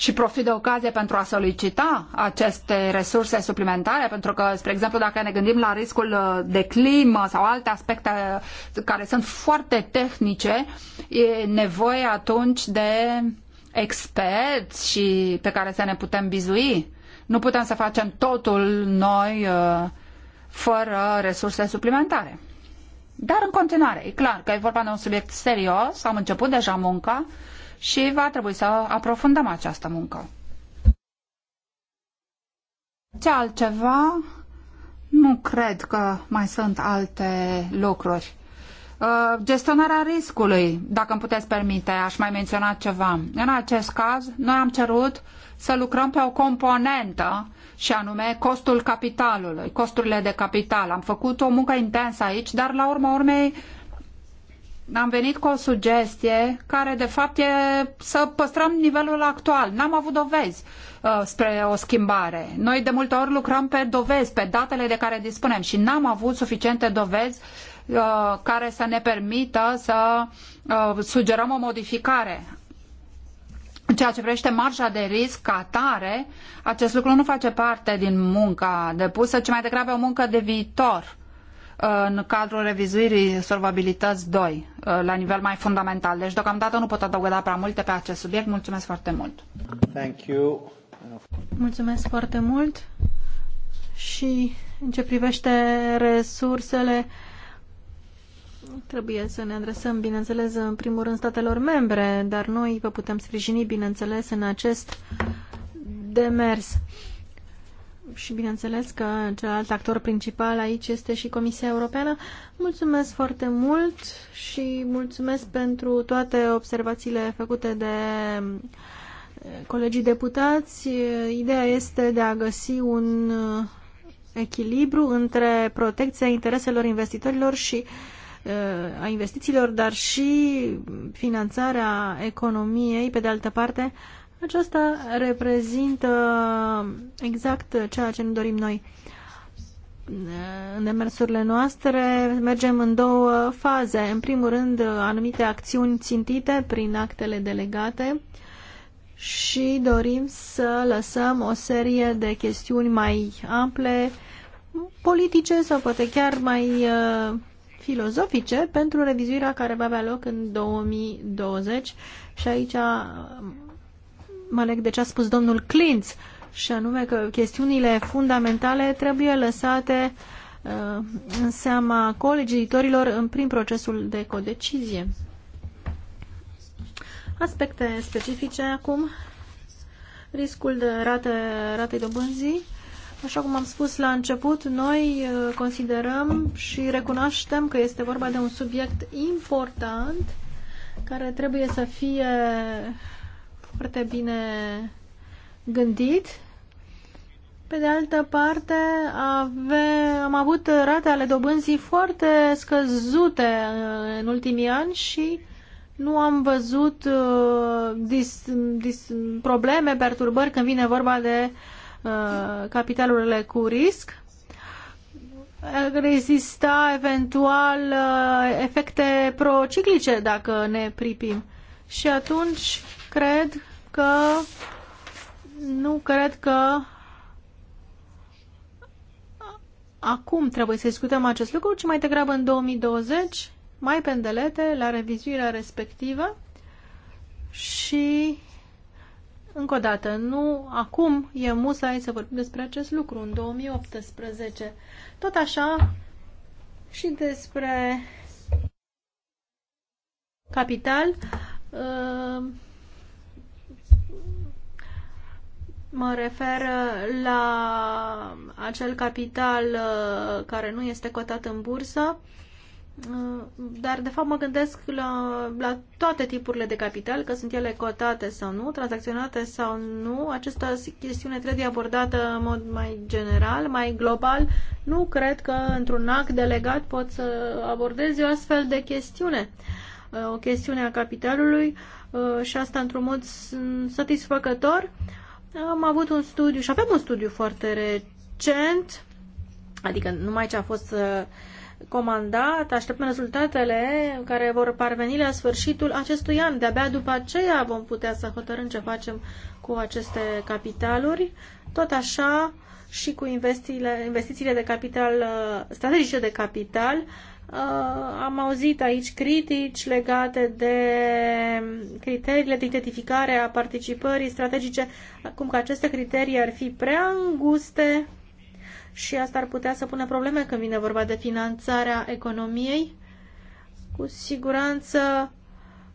și profit de ocazie pentru a solicita aceste resurse suplimentare, pentru că, spre exemplu, dacă ne gândim la riscul uh, de climă sau alte aspecte uh, care sunt foarte tehnice, e nevoie atunci de experți și pe care să ne putem bizui. Nu putem să facem totul noi uh, fără resurse suplimentare. Dar în continuare, e clar că e vorba de un subiect serios, am început deja munca, și va trebui să aprofundăm această muncă. Ce altceva? Nu cred că mai sunt alte lucruri. Uh, gestionarea riscului, dacă îmi puteți permite, aș mai menționa ceva. În acest caz, noi am cerut să lucrăm pe o componentă și anume costul capitalului, costurile de capital. Am făcut o muncă intensă aici, dar la urma urmei am venit cu o sugestie care de fapt e să păstrăm nivelul actual. N-am avut dovezi uh, spre o schimbare. Noi de multe ori lucrăm pe dovezi, pe datele de care dispunem și n-am avut suficiente dovezi uh, care să ne permită să uh, sugerăm o modificare. În ceea ce privește marja de risc ca atare, acest lucru nu face parte din munca depusă, ci mai degrabă o muncă de viitor în cadrul revizuirii solvabilități 2 uh, la nivel mai fundamental. Deci deocamdată nu pot adăuga prea multe pe acest subiect. Mulțumesc foarte mult. Thank you. Mulțumesc foarte mult. Și în ce privește resursele, trebuie să ne adresăm, bineînțeles, în primul rând statelor membre, dar noi vă putem sprijini, bineînțeles, în acest demers și bineînțeles că celălalt actor principal aici este și Comisia Europeană. Mulțumesc foarte mult și mulțumesc pentru toate observațiile făcute de eh, colegii deputați. Ideea este de a găsi un eh, echilibru între protecția intereselor investitorilor și eh, a investițiilor, dar și finanțarea economiei, pe de altă parte, aceasta reprezintă exact ceea ce ne dorim noi în demersurile noastre mergem în două faze. În primul rând, anumite acțiuni țintite prin actele delegate și dorim să lăsăm o serie de chestiuni mai ample, politice sau poate chiar mai uh, filozofice pentru revizuirea care va avea loc în 2020 și aici mă leg de ce a spus domnul Clintz, și anume că chestiunile fundamentale trebuie lăsate uh, în seama colegiitorilor în prim procesul de codecizie. Aspecte specifice acum, riscul de rate, de dobânzii. Așa cum am spus la început, noi uh, considerăm și recunoaștem că este vorba de un subiect important care trebuie să fie foarte bine gândit. Pe de altă parte, ave, am avut rate ale dobânzii foarte scăzute uh, în ultimii ani și nu am văzut uh, dis, dis, probleme, perturbări când vine vorba de uh, capitalurile cu risc. Rezista eventual uh, efecte prociclice dacă ne pripim. Și atunci cred că nu cred că acum trebuie să discutăm acest lucru, ci mai degrabă în 2020, mai pendelete la revizuirea respectivă și încă o dată, nu acum e musai să vorbim despre acest lucru, în 2018. Tot așa și despre capital. Uh, Mă refer uh, la acel capital uh, care nu este cotat în bursă, uh, dar de fapt mă gândesc la, la toate tipurile de capital, că sunt ele cotate sau nu, tranzacționate sau nu. Această chestiune trebuie abordată în mod mai general, mai global. Nu cred că într-un act delegat pot să abordezi o astfel de chestiune, o chestiune a capitalului și asta într-un mod satisfăcător am avut un studiu și avem un studiu foarte recent, adică numai ce a fost uh, comandat, așteptăm rezultatele care vor parveni la sfârșitul acestui an. De-abia după aceea vom putea să hotărâm ce facem cu aceste capitaluri. Tot așa și cu investițiile, investițiile de capital, uh, strategice de capital, Uh, am auzit aici critici legate de criteriile de identificare a participării strategice, cum că aceste criterii ar fi prea înguste și asta ar putea să pună probleme când vine vorba de finanțarea economiei. Cu siguranță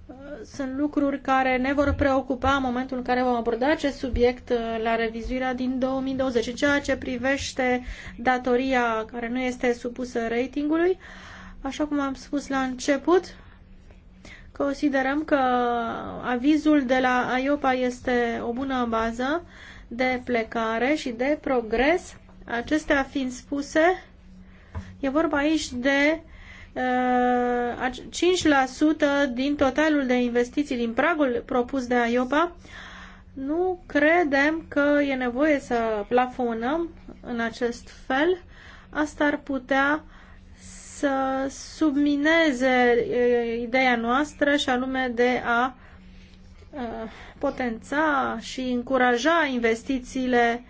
uh, sunt lucruri care ne vor preocupa în momentul în care vom aborda acest subiect uh, la revizuirea din 2020, în ceea ce privește datoria care nu este supusă ratingului. Uh, Așa cum am spus la început, considerăm că avizul de la IOPA este o bună bază de plecare și de progres. Acestea fiind spuse, e vorba aici de 5% uh, din totalul de investiții din pragul propus de IOPA. Nu credem că e nevoie să plafonăm în acest fel. Asta ar putea să submineze ideea noastră și anume de a potența și încuraja investițiile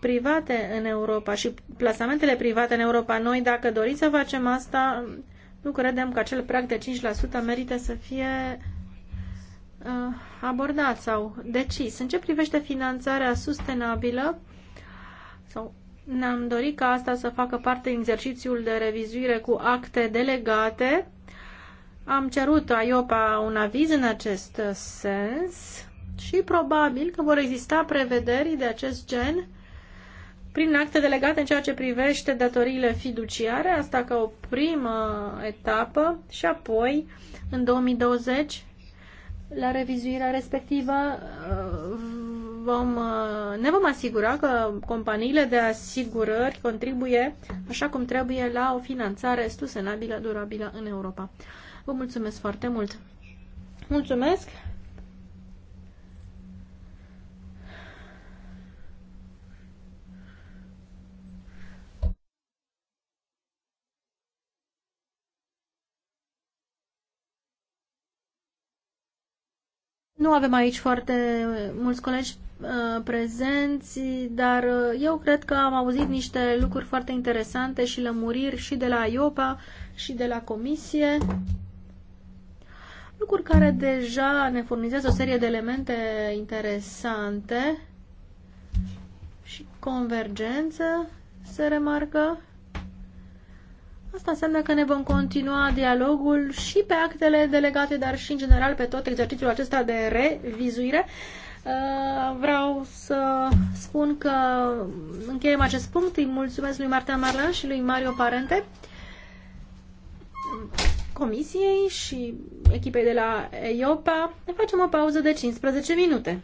private în Europa și plasamentele private în Europa. Noi, dacă doriți să facem asta, nu credem că acel prag de 5% merită să fie abordat sau decis. În ce privește finanțarea sustenabilă sau ne-am dorit ca asta să facă parte din exercițiul de revizuire cu acte delegate. Am cerut AIOPA un aviz în acest sens și probabil că vor exista prevederi de acest gen prin acte delegate în ceea ce privește datoriile fiduciare, asta ca o primă etapă și apoi în 2020 la revizuirea respectivă uh, vom, uh, ne vom asigura că companiile de asigurări contribuie așa cum trebuie la o finanțare sustenabilă, durabilă în Europa. Vă mulțumesc foarte mult! Mulțumesc! Nu avem aici foarte mulți colegi Uh, prezenți, dar uh, eu cred că am auzit niște lucruri foarte interesante și lămuriri și de la IOPA și de la Comisie, lucruri care deja ne furnizează o serie de elemente interesante și convergență se remarcă. Asta înseamnă că ne vom continua dialogul și pe actele delegate, dar și în general pe tot exercițiul acesta de revizuire. Uh, vreau să spun că încheiem acest punct. Îi mulțumesc lui Marta Marlan și lui Mario Parente, comisiei și echipei de la EIOPA. Ne facem o pauză de 15 minute.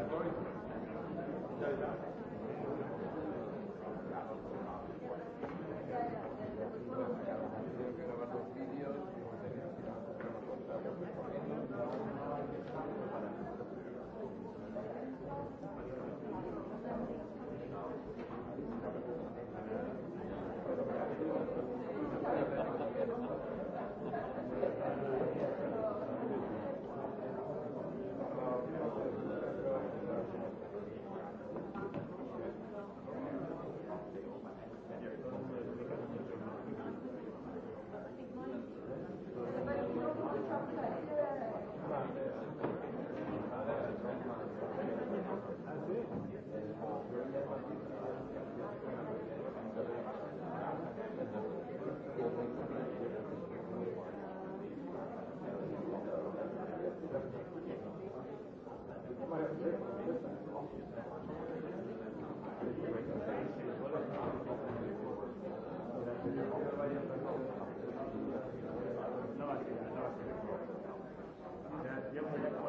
Thank you. Я бы хотел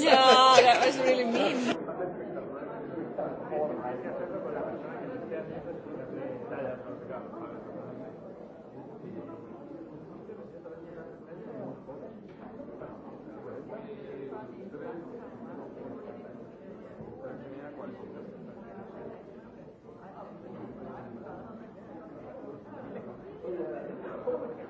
Yeah, that was really mean. Thank you.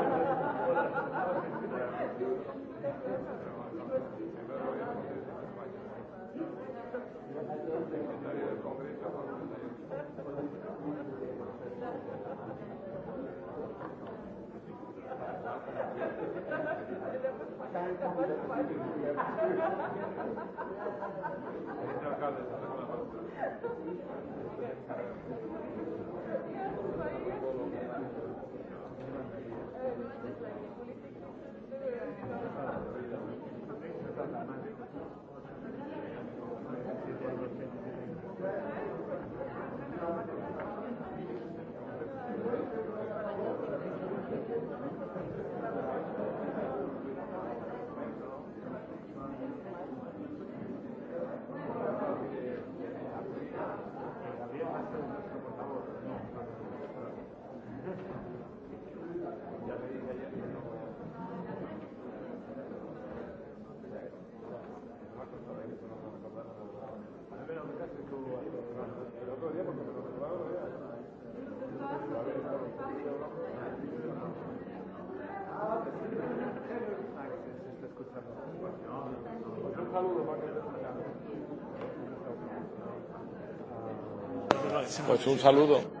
Pues un saludo.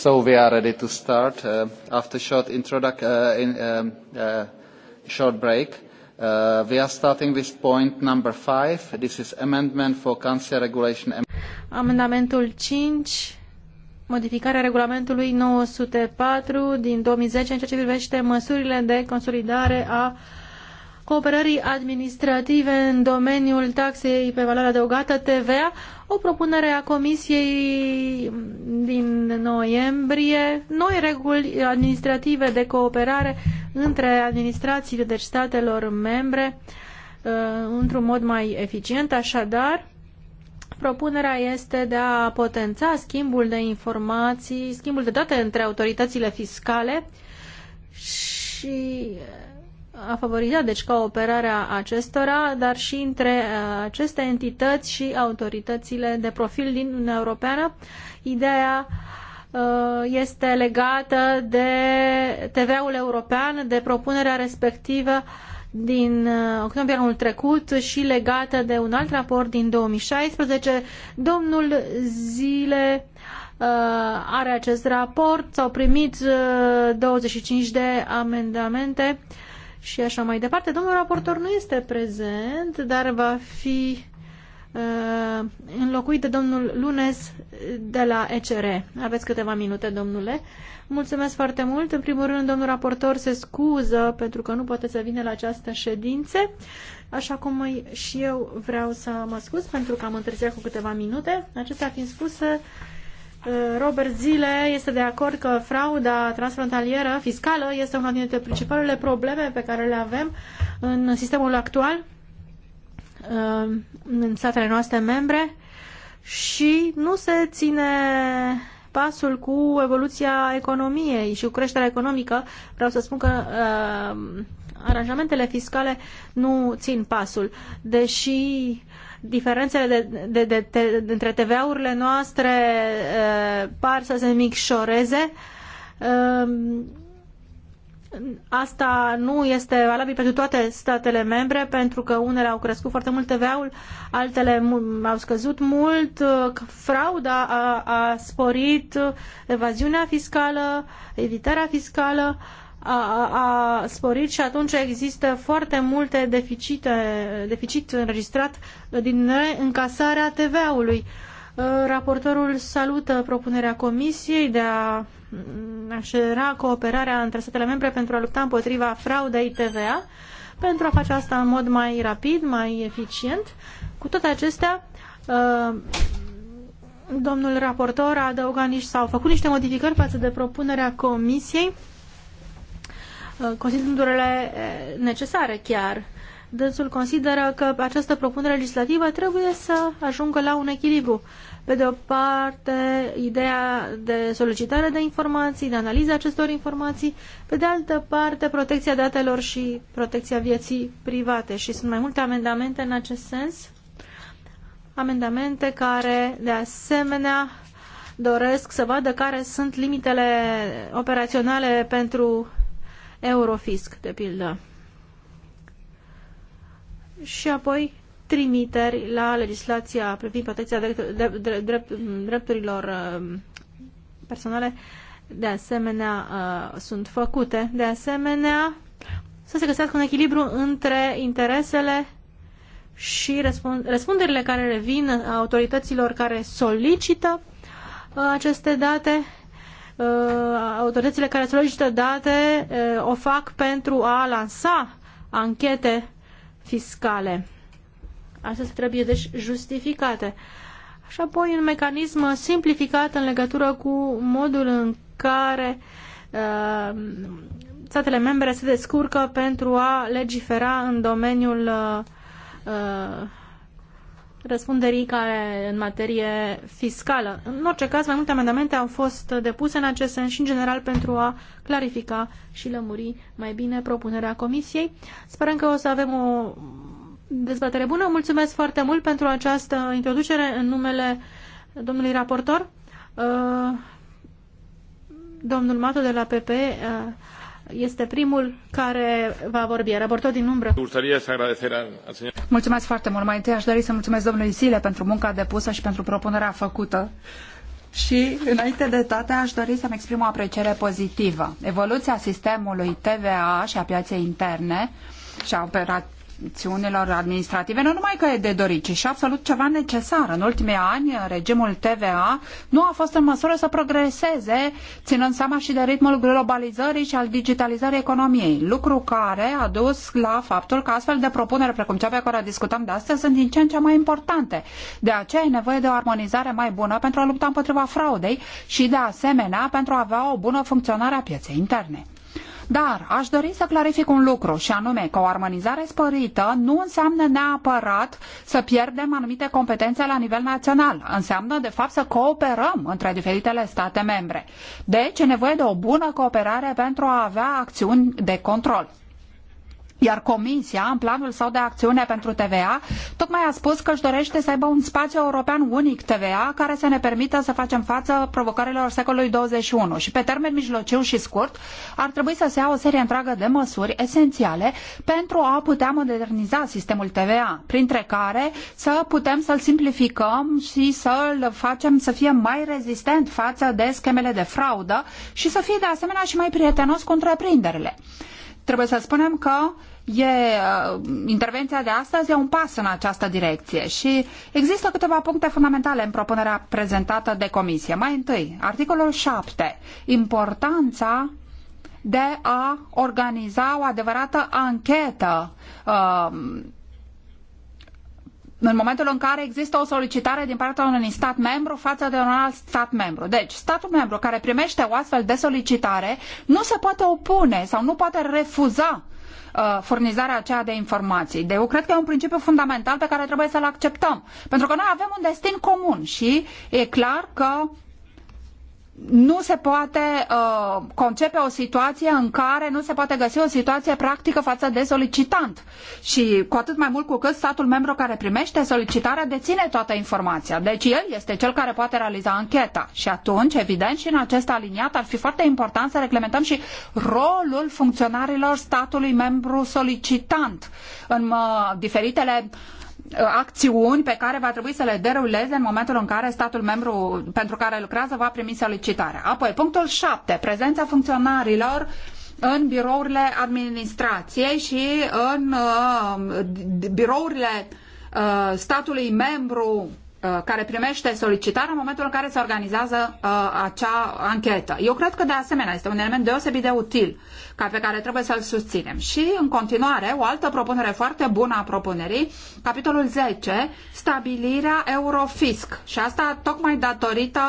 So we are ready to start uh, after short introduc uh, in, um, uh, short break. Uh, we are starting with point number five. This is amendment for cancer regulation. Amendamentul 5, modificarea regulamentului 904 din 2010 în ceea ce privește măsurile de consolidare a cooperării administrative în domeniul taxei pe valoare adăugată TVA, o propunere a Comisiei noiembrie noi reguli administrative de cooperare între administrațiile deci statelor membre uh, într-un mod mai eficient, așadar propunerea este de a potența schimbul de informații, schimbul de date între autoritățile fiscale și a favorizat deci cooperarea acestora, dar și între uh, aceste entități și autoritățile de profil din Uniunea Europeană. Ideea uh, este legată de TVA-ul european, de propunerea respectivă din uh, octombrie anul trecut și legată de un alt raport din 2016. Domnul Zile are acest raport, s-au primit 25 de amendamente uh, și așa mai departe. Domnul raportor nu este prezent, dar va fi uh, înlocuit de domnul Lunes uh, de la ECR. Aveți câteva minute, domnule. Mulțumesc foarte mult. În primul rând, domnul raportor se scuză pentru că nu poate să vină la această ședință, așa cum și eu vreau să mă scuz pentru că am întârziat cu câteva minute. Acestea fiind spuse, Uh, Robert Zile este de acord că frauda transfrontalieră fiscală este una dintre principalele probleme pe care le avem în sistemul actual uh, în statele noastre membre și nu se ține pasul cu evoluția economiei și cu creșterea economică. Vreau să spun că uh, aranjamentele fiscale nu țin pasul, deși diferențele de, de, de, de, între TVA-urile noastre uh, par să se micșoreze. Um, asta nu este valabil pentru toate statele membre, pentru că unele au crescut foarte mult TVA-ul, altele au scăzut mult, uh, frauda a, a sporit, evaziunea fiscală, evitarea fiscală. Uh, a, a sporit și atunci există foarte multe deficite, deficit înregistrat din încasarea TVA-ului. Uh, raportorul salută propunerea Comisiei de a mm, așera cooperarea între statele membre pentru a lupta împotriva fraudei TVA, pentru a face asta în mod mai rapid, mai eficient. Cu toate acestea, uh, domnul raportor a adăugat niște, sau a făcut niște modificări față de propunerea Comisiei Uh, considerându-le uh, necesare chiar. Dânsul consideră că această propunere legislativă trebuie să ajungă la un echilibru. Pe de o parte, ideea de solicitare de informații, de analiza acestor informații, pe de altă parte, protecția datelor și protecția vieții private. Și sunt mai multe amendamente în acest sens, amendamente care, de asemenea, doresc să vadă care sunt limitele operaționale pentru Eurofisc, de pildă. Și apoi trimiteri la legislația privind protecția drepturilor um, personale, de asemenea, uh, sunt făcute. De asemenea, să se găsească un echilibru între interesele și răspunderile care revin autorităților care solicită uh, aceste date Uh, autoritățile care solicită date uh, o fac pentru a lansa anchete fiscale. Astea trebuie deci justificate. Și apoi un mecanism simplificat în legătură cu modul în care uh, statele membre se descurcă pentru a legifera în domeniul uh, uh răspunderii care în materie fiscală. În orice caz, mai multe amendamente au fost depuse în acest sens și, în general, pentru a clarifica și lămuri mai bine propunerea Comisiei. Sperăm că o să avem o dezbatere bună. Mulțumesc foarte mult pentru această introducere în numele domnului raportor. Uh, domnul Matu de la PP este primul care va vorbi. Raportor din umbră. Mulțumesc foarte mult. Mai întâi aș dori să mulțumesc domnului Sile pentru munca depusă și pentru propunerea făcută. Și, înainte de toate, aș dori să-mi exprim o apreciere pozitivă. Evoluția sistemului TVA și a piaței interne și a operat sancțiunilor administrative, nu numai că e de dorit, ci și absolut ceva necesar. În ultimii ani, regimul TVA nu a fost în măsură să progreseze, ținând seama și de ritmul globalizării și al digitalizării economiei, lucru care a dus la faptul că astfel de propuneri, precum cea pe care o discutăm de astăzi, sunt din ce în ce mai importante. De aceea e nevoie de o armonizare mai bună pentru a lupta împotriva fraudei și, de asemenea, pentru a avea o bună funcționare a pieței interne. Dar aș dori să clarific un lucru și anume că o armonizare sporită nu înseamnă neapărat să pierdem anumite competențe la nivel național. Înseamnă, de fapt, să cooperăm între diferitele state membre. Deci e nevoie de o bună cooperare pentru a avea acțiuni de control. Iar Comisia, în planul său de acțiune pentru TVA, tocmai a spus că își dorește să aibă un spațiu european unic TVA care să ne permită să facem față provocărilor secolului 21. Și pe termen mijlociu și scurt ar trebui să se ia o serie întreagă de măsuri esențiale pentru a putea moderniza sistemul TVA, printre care să putem să-l simplificăm și să-l facem să fie mai rezistent față de schemele de fraudă și să fie de asemenea și mai prietenos cu întreprinderile. Trebuie să spunem că e, uh, intervenția de astăzi e un pas în această direcție și există câteva puncte fundamentale în propunerea prezentată de comisie. Mai întâi, articolul 7, importanța de a organiza o adevărată anchetă um, în momentul în care există o solicitare din partea unui stat membru față de un alt stat membru. Deci, statul membru care primește o astfel de solicitare nu se poate opune sau nu poate refuza uh, Uh, furnizarea aceea de informații. De eu cred că e un principiu fundamental pe care trebuie să-l acceptăm. Pentru că noi avem un destin comun și e clar că nu se poate uh, concepe o situație în care nu se poate găsi o situație practică față de solicitant. Și cu atât mai mult cu cât statul membru care primește solicitarea deține toată informația. Deci el este cel care poate realiza ancheta. Și atunci, evident, și în acest aliniat ar fi foarte important să reglementăm și rolul funcționarilor statului membru solicitant în uh, diferitele uh, acțiuni pe care va trebui să le deruleze în momentul în care statul membru pentru care lucrează va primi solicitarea. Apoi, punctul 7. Prezența funcționarilor în birourile administrației și în uh, birourile uh, statului membru uh, care primește solicitarea în momentul în care se organizează uh, acea anchetă. Eu cred că de asemenea este un element deosebit de util ca pe care trebuie să-l susținem. Și, în continuare, o altă propunere foarte bună a propunerii, capitolul 10, stabilirea Eurofisc. Și asta tocmai datorită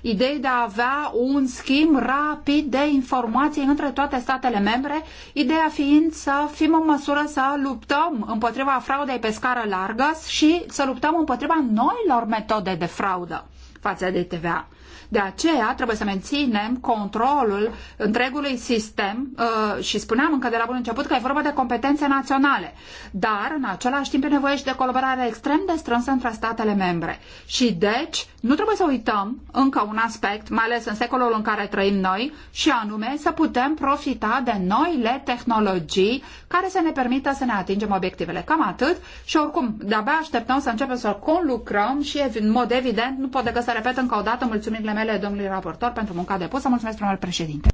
ideii de a avea un schimb rapid de informații între toate statele membre, ideea fiind să fim în măsură să luptăm împotriva fraudei pe scară largă și să luptăm împotriva noilor metode de fraudă față de TVA. De aceea trebuie să menținem controlul întregului sistem uh, și spuneam încă de la bun început că e vorba de competențe naționale, dar în același timp e nevoie și de colaborare extrem de strânsă între statele membre. Și deci nu trebuie să uităm încă un aspect, mai ales în secolul în care trăim noi, și anume să putem profita de noile tehnologii care să ne permită să ne atingem obiectivele. Cam atât și oricum, de-abia așteptăm să începem să conlucrăm și în mod evident nu pot decât să repet încă o dată mulțumirile mele domnului raportor pentru munca depusă. Mulțumesc, domnul președinte.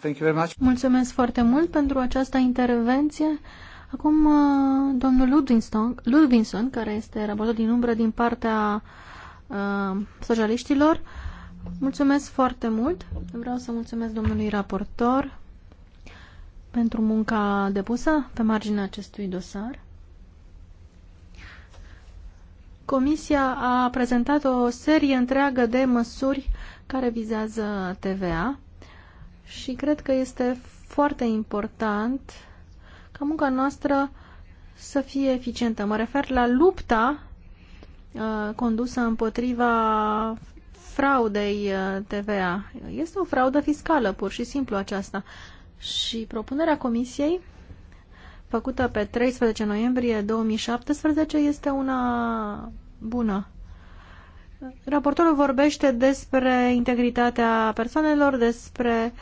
Thank you very much. Mulțumesc foarte mult pentru această intervenție. Acum, uh, domnul Ludvinson, Ludvinson care este raportor din umbră din partea uh, socialiștilor, mulțumesc foarte mult. Vreau să mulțumesc domnului raportor pentru munca depusă pe marginea acestui dosar. Comisia a prezentat o serie întreagă de măsuri care vizează TVA și cred că este foarte important ca munca noastră să fie eficientă. Mă refer la lupta uh, condusă împotriva fraudei uh, TVA. Este o fraudă fiscală, pur și simplu aceasta. Și propunerea Comisiei făcută pe 13 noiembrie 2017 este una bună. Raportorul vorbește despre integritatea persoanelor, despre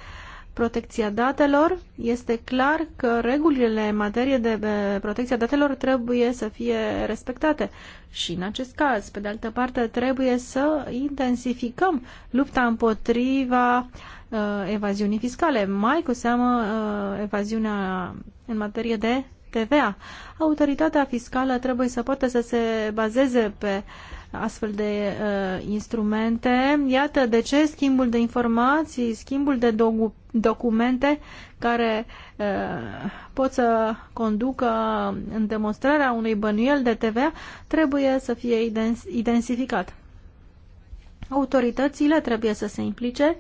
protecția datelor. Este clar că regulile în materie de protecția datelor trebuie să fie respectate și în acest caz. Pe de altă parte, trebuie să intensificăm lupta împotriva uh, Uh, evaziunii fiscale, mai cu seamă uh, evaziunea în materie de TVA. Autoritatea fiscală trebuie să poată să se bazeze pe astfel de uh, instrumente. Iată de ce schimbul de informații, schimbul de do documente care uh, pot să conducă în demonstrarea unui bănuiel de TVA trebuie să fie identificat. Autoritățile trebuie să se implice uh,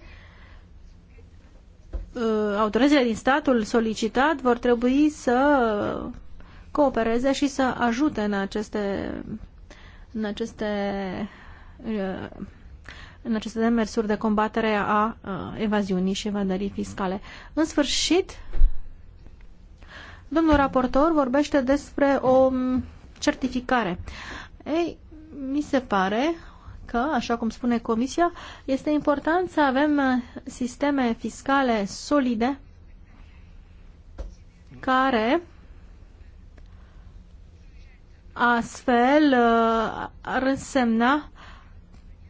Uh, autoritățile din statul solicitat vor trebui să coopereze și să ajute în aceste, în aceste, uh, în aceste demersuri de combatere a uh, evaziunii și evadării fiscale. În sfârșit, domnul raportor vorbește despre o certificare. Ei, mi se pare că, așa cum spune Comisia, este important să avem uh, sisteme fiscale solide care astfel uh, ar însemna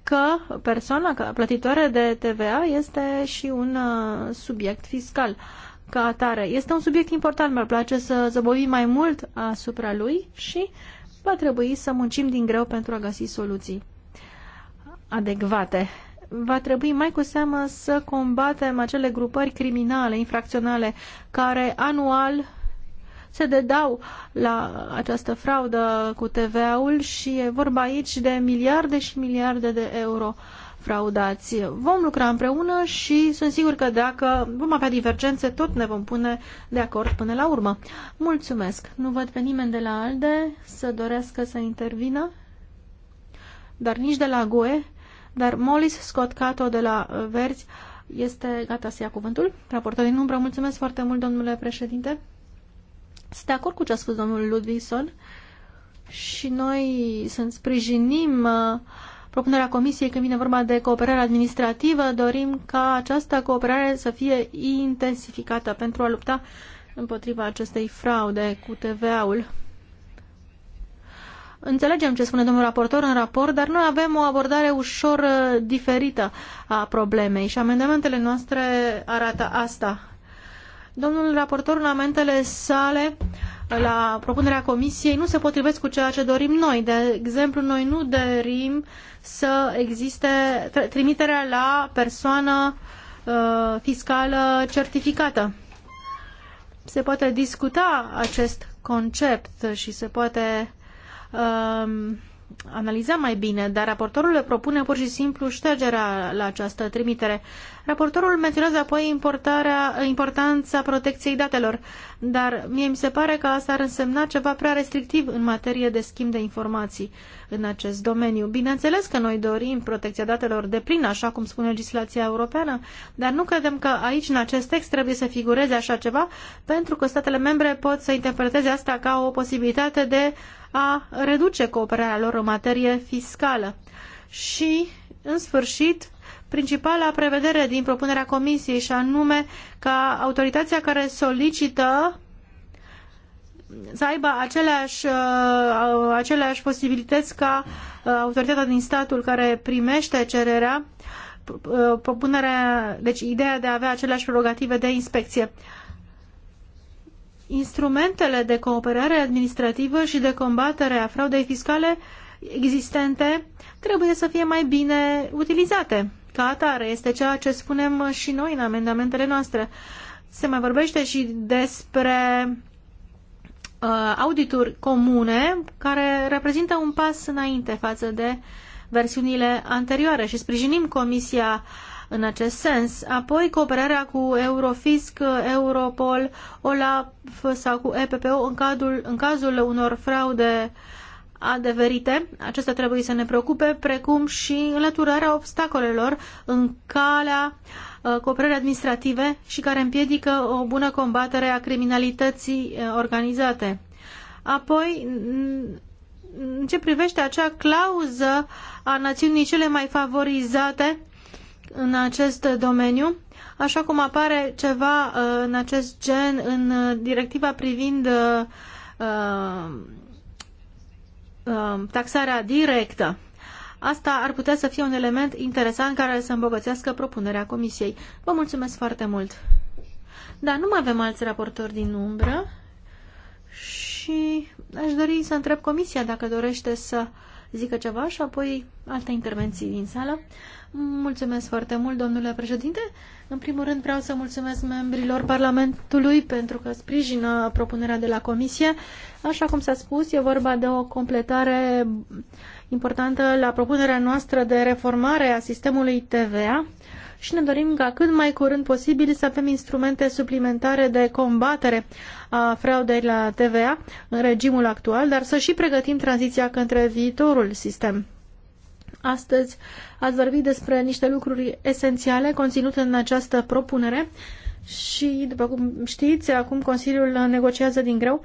că persoana plătitoare de TVA este și un uh, subiect fiscal ca atare. Este un subiect important, mi-ar place să zăbovim mai mult asupra lui și va trebui să muncim din greu pentru a găsi soluții adecvate. Va trebui mai cu seamă să combatem acele grupări criminale, infracționale, care anual se dedau la această fraudă cu TVA-ul și e vorba aici de miliarde și miliarde de euro fraudați. Vom lucra împreună și sunt sigur că dacă vom avea divergențe, tot ne vom pune de acord până la urmă. Mulțumesc! Nu văd pe nimeni de la ALDE să dorească să intervină, dar nici de la GUE. Dar Mollis Scott Cato de la uh, Verzi este gata să ia cuvântul. Raportat din umbră, mulțumesc foarte mult, domnule președinte. Sunt de acord cu ce a spus domnul Ludvigson și noi să sprijinim uh, propunerea Comisiei când vine vorba de cooperare administrativă. Dorim ca această cooperare să fie intensificată pentru a lupta împotriva acestei fraude cu TVA-ul. Înțelegem ce spune domnul raportor în raport, dar noi avem o abordare ușor uh, diferită a problemei și amendamentele noastre arată asta. Domnul raportor, în amendele sale, la propunerea comisiei, nu se potrivesc cu ceea ce dorim noi. De exemplu, noi nu dorim să existe trimiterea la persoană uh, fiscală certificată. Se poate discuta acest concept și se poate Um, analiza mai bine, dar raportorul le propune pur și simplu ștergerea la această trimitere. Raportorul menționează apoi importarea, importanța protecției datelor, dar mie mi se pare că asta ar însemna ceva prea restrictiv în materie de schimb de informații în acest domeniu. Bineînțeles că noi dorim protecția datelor de plin, așa cum spune legislația europeană, dar nu credem că aici, în acest text, trebuie să figureze așa ceva, pentru că statele membre pot să interpreteze asta ca o posibilitate de a reduce cooperarea lor în materie fiscală. Și, în sfârșit, principala prevedere din propunerea Comisiei, și anume ca autoritatea care solicită să aibă aceleași, uh, aceleași posibilități ca uh, autoritatea din statul care primește cererea, uh, propunerea, deci ideea de a avea aceleași prerogative de inspecție instrumentele de cooperare administrativă și de combatere a fraudei fiscale existente trebuie să fie mai bine utilizate. Ca atare este ceea ce spunem și noi în amendamentele noastre. Se mai vorbește și despre uh, audituri comune care reprezintă un pas înainte față de versiunile anterioare și sprijinim Comisia uh, în acest sens. Apoi cooperarea cu Eurofisc, Europol, OLAF sau cu EPPO în, cadrul, în cazul unor fraude adeverite, acestea trebuie să ne preocupe, precum și înlăturarea obstacolelor în calea uh, cooperării administrative și care împiedică o bună combatere a criminalității uh, organizate. Apoi, în ce privește acea clauză a națiunii cele mai favorizate, în acest domeniu, așa cum apare ceva uh, în acest gen în uh, directiva privind uh, taxarea directă. Asta ar putea să fie un element interesant care să îmbogățească propunerea Comisiei. Vă mulțumesc foarte mult! Da, nu mai avem alți raportori din umbră și aș dori să întreb Comisia dacă dorește să zică ceva și apoi alte intervenții din sală. Mulțumesc foarte mult, domnule președinte. În primul rând vreau să mulțumesc membrilor Parlamentului pentru că sprijină propunerea de la Comisie. Așa cum s-a spus, e vorba de o completare importantă la propunerea noastră de reformare a sistemului TVA și ne dorim ca cât mai curând posibil să avem instrumente suplimentare de combatere a fraudei la TVA în regimul actual, dar să și pregătim tranziția către viitorul sistem Astăzi ați vorbit despre niște lucruri esențiale conținute în această propunere și, după cum știți, acum Consiliul negociază din greu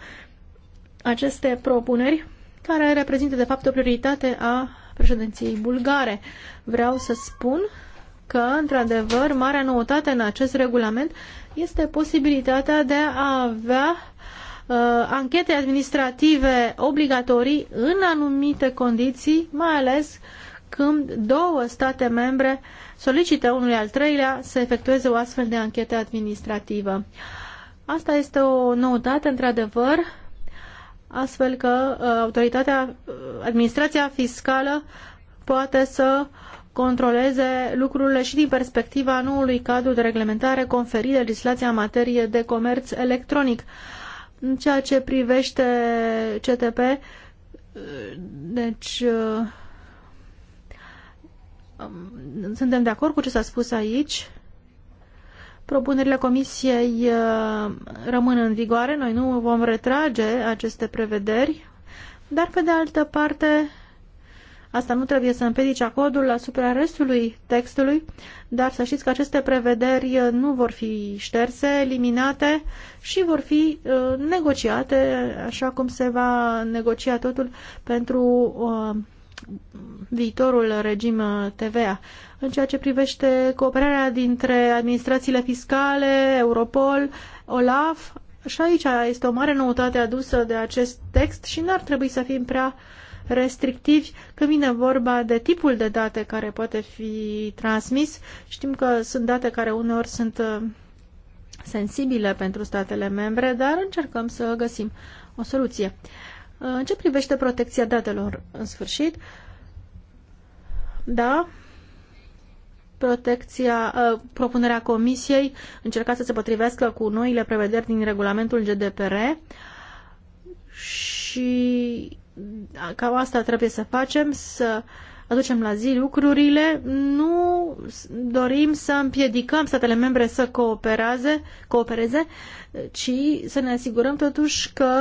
aceste propuneri care reprezintă, de fapt, o prioritate a președinției bulgare. Vreau să spun că, într-adevăr, marea noutate în acest regulament este posibilitatea de a avea uh, anchete administrative obligatorii în anumite condiții, mai ales uh, când două state membre solicită unul al treilea să efectueze o astfel de anchetă administrativă. Asta este o noutate, într-adevăr, astfel că uh, autoritatea, uh, administrația fiscală poate să controleze lucrurile și din perspectiva noului cadru de reglementare conferit de legislația în materie de comerț electronic. În ceea ce privește CTP, uh, deci suntem de acord cu ce s-a spus aici. Propunerile comisiei uh, rămân în vigoare, noi nu vom retrage aceste prevederi, dar pe de altă parte Asta nu trebuie să împedice acordul asupra restului textului, dar să știți că aceste prevederi uh, nu vor fi șterse, eliminate și vor fi uh, negociate așa cum se va negocia totul pentru viitorul regim TVA. În ceea ce privește cooperarea dintre administrațiile fiscale, Europol, OLAF, și aici este o mare noutate adusă de acest text și n-ar trebui să fim prea restrictivi când vine vorba de tipul de date care poate fi transmis. Știm că sunt date care uneori sunt uh, sensibile pentru statele membre, dar încercăm să găsim o soluție. În ce privește protecția datelor, în sfârșit, da, protecția, ă, propunerea Comisiei încerca să se potrivească cu noile prevederi din regulamentul GDPR și ca asta trebuie să facem, să uh, aducem la zi lucrurile, nu dorim să împiedicăm statele membre să coopereze, coopereze, ci să ne asigurăm totuși că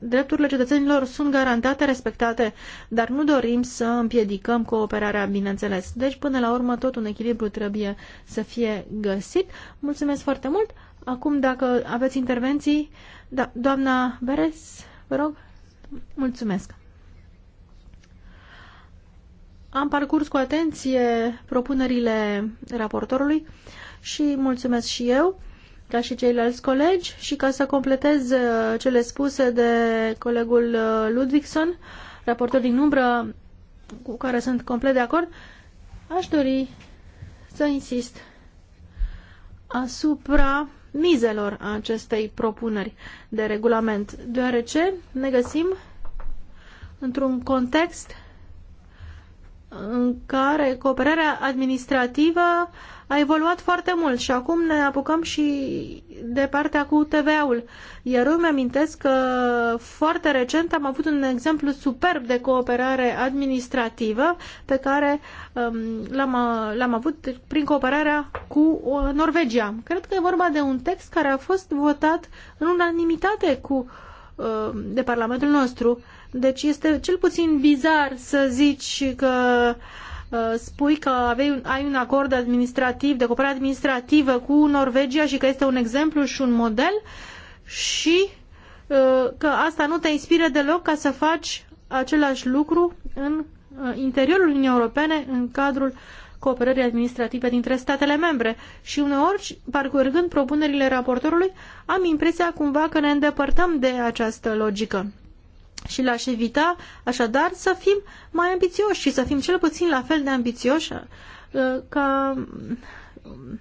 drepturile cetățenilor sunt garantate, respectate, dar nu dorim să împiedicăm cooperarea, bineînțeles. Deci, până la urmă, tot un echilibru trebuie să fie găsit. Mulțumesc foarte mult! Acum, dacă aveți intervenții, da, doamna Beres, vă rog, mulțumesc! Am parcurs cu atenție propunerile raportorului și mulțumesc și eu, ca și ceilalți colegi, și ca să completez uh, cele spuse de colegul uh, Ludvigson, raportor din umbră, cu care sunt complet de acord, aș dori să insist asupra mizelor acestei propuneri de regulament, deoarece ne găsim într-un context în care cooperarea administrativă a evoluat foarte mult și acum ne apucăm și de partea cu TVA-ul. Iar eu îmi amintesc că foarte recent am avut un exemplu superb de cooperare administrativă pe care um, l-am, avut prin cooperarea cu uh, Norvegia. Cred că e vorba de un text care a fost votat în unanimitate cu, uh, de Parlamentul nostru deci este cel puțin bizar să zici că uh, spui că aveai ai un acord administrativ, de cooperare administrativă cu Norvegia și că este un exemplu și un model și uh, că asta nu te inspiră deloc ca să faci același lucru în uh, interiorul Uniunii Europene în cadrul cooperării administrative dintre statele membre și uneori, parcurgând propunerile raportorului, am impresia cumva că ne îndepărtăm de această logică și l-aș evita, așadar, să fim mai ambițioși și să fim cel puțin la fel de ambițioși uh, ca um,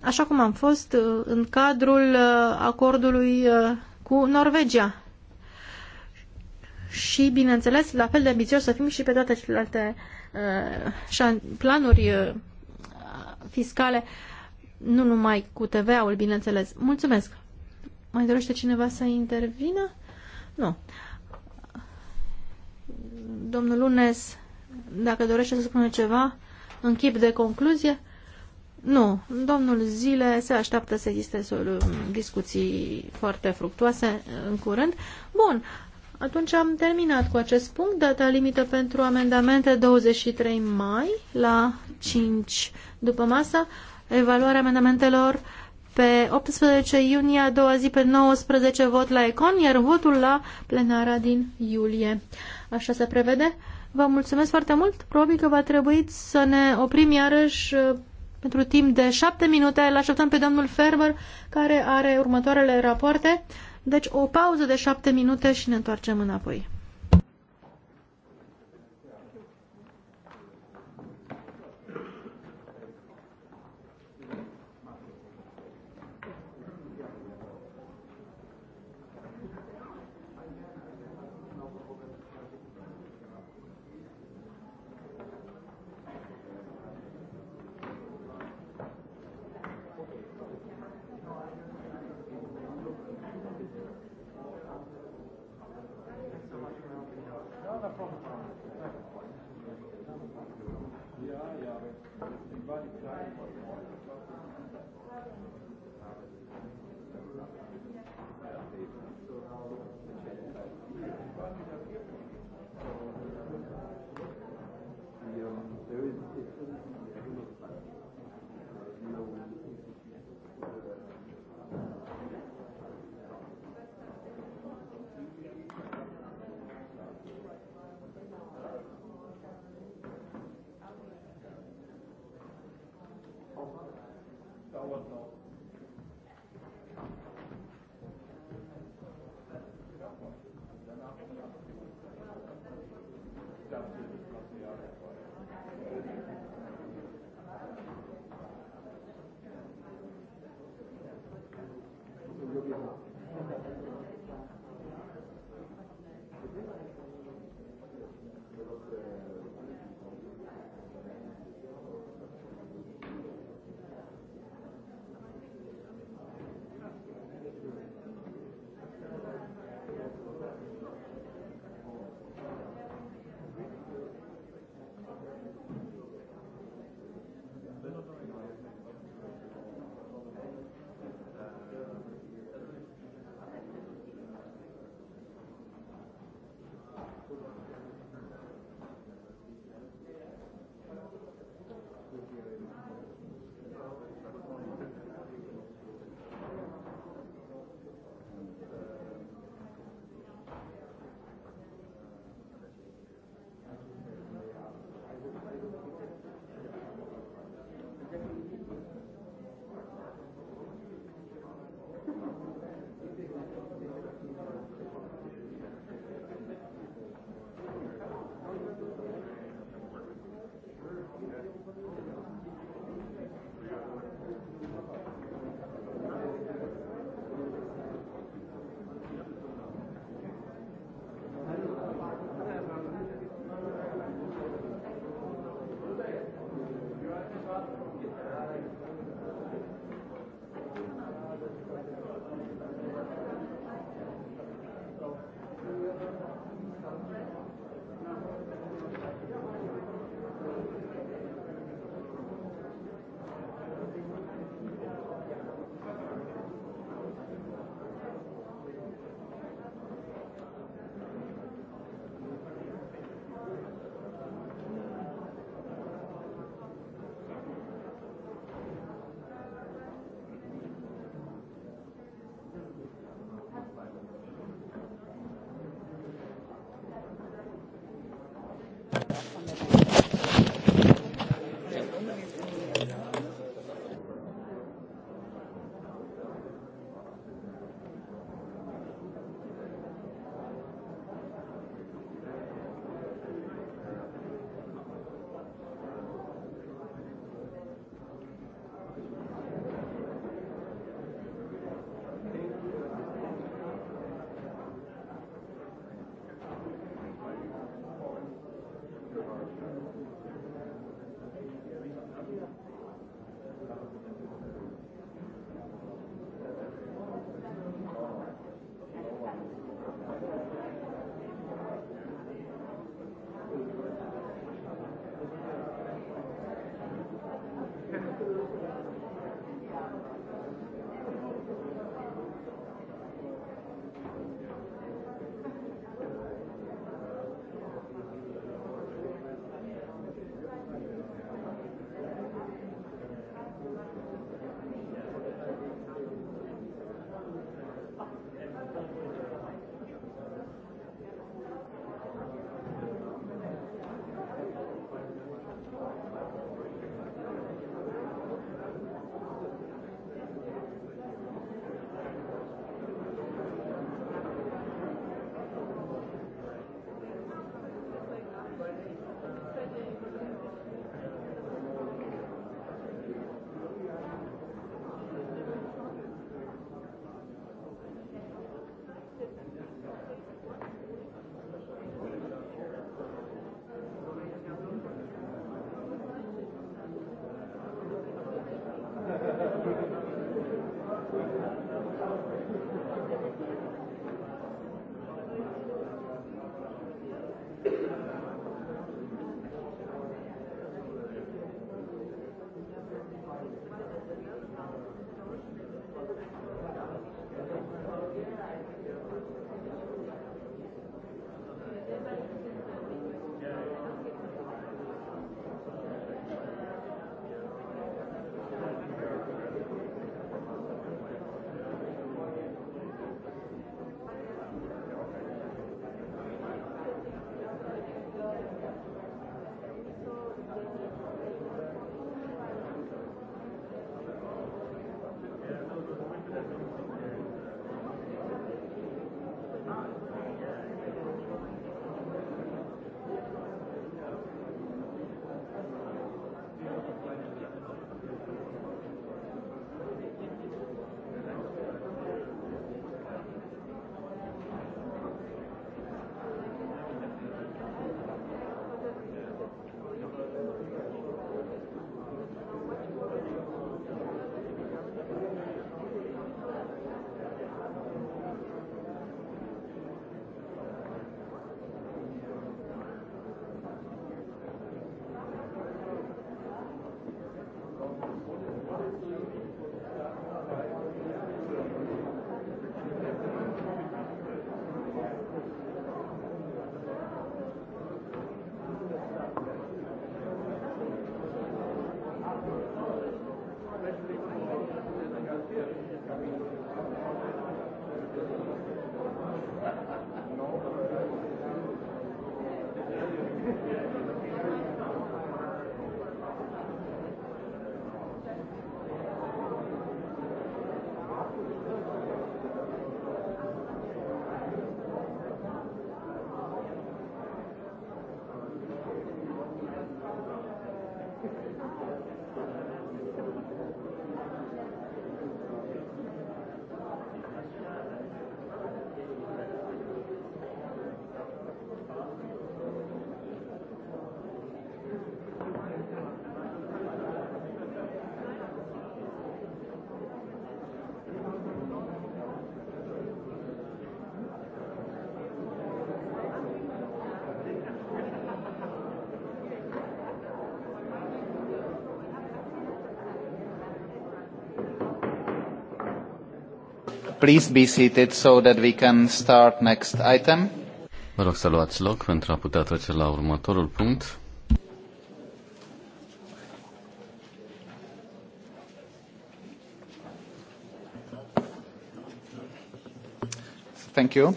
așa cum am fost uh, în cadrul uh, acordului cu Norvegia. Și, bineînțeles, la fel de ambițioși să fim și pe toate celelalte planuri fiscale, nu numai cu TVA-ul, bineînțeles. Mulțumesc! Mai dorește cineva să intervină? Nu. Domnul Lunes, dacă dorește să spună ceva în chip de concluzie, nu. Domnul Zile se așteaptă să existe discuții foarte fructuoase uh, în curând. Bun. Atunci am terminat cu acest punct. Data limită pentru amendamente 23 mai la 5 după masă. Evaluarea amendamentelor pe 18 iunie, a doua zi pe 19 vot la Econ, iar votul la plenara din iulie. Așa se prevede. Vă mulțumesc foarte mult. Probabil că va trebui să ne oprim iarăși uh, pentru timp de șapte minute. Îl așteptăm pe domnul Ferber, care are următoarele rapoarte. Deci o pauză de șapte minute și ne întoarcem înapoi. Please be seated so that we can start next item. Vă rog să luați loc pentru a putea trece la următorul punct. Thank you.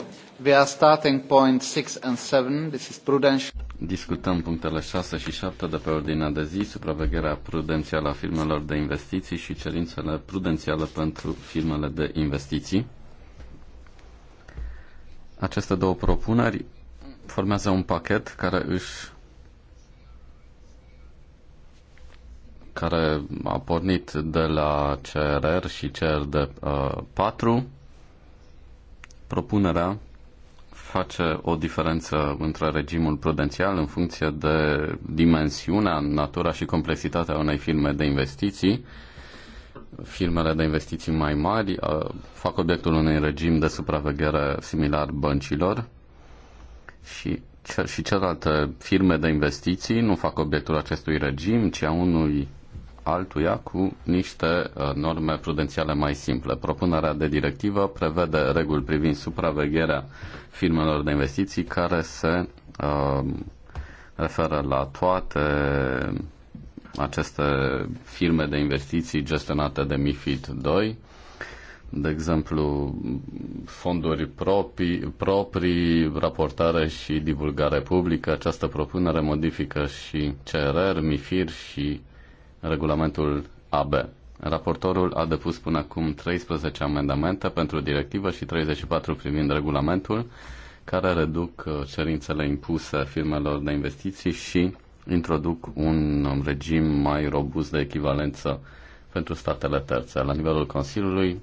We are starting point 6 and 7. This is prudential. Discutăm punctele 6 și 7 de pe ordinea de zi, supravegherea prudențială a firmelor de investiții și cerințele prudențiale pentru firmele de investiții. Aceste două propuneri formează un pachet care își care a pornit de la CRR și CRD4. Uh, Propunerea face o diferență între regimul prudențial în funcție de dimensiunea, natura și complexitatea unei firme de investiții. Firmele de investiții mai mari uh, fac obiectul unui regim de supraveghere similar băncilor și, și celelalte firme de investiții nu fac obiectul acestui regim, ci a unui altuia cu niște uh, norme prudențiale mai simple. Propunerea de directivă prevede reguli privind supravegherea firmelor de investiții care se uh, referă la toate aceste firme de investiții gestionate de MIFID 2 de exemplu, fonduri proprii, proprii, raportare și divulgare publică. Această propunere modifică și CRR, MIFIR și regulamentul AB. Raportorul a depus până acum 13 amendamente pentru directivă și 34 privind regulamentul, care reduc uh, cerințele impuse firmelor de investiții și introduc un um, regim mai robust de echivalență pentru statele terțe. La nivelul Consiliului,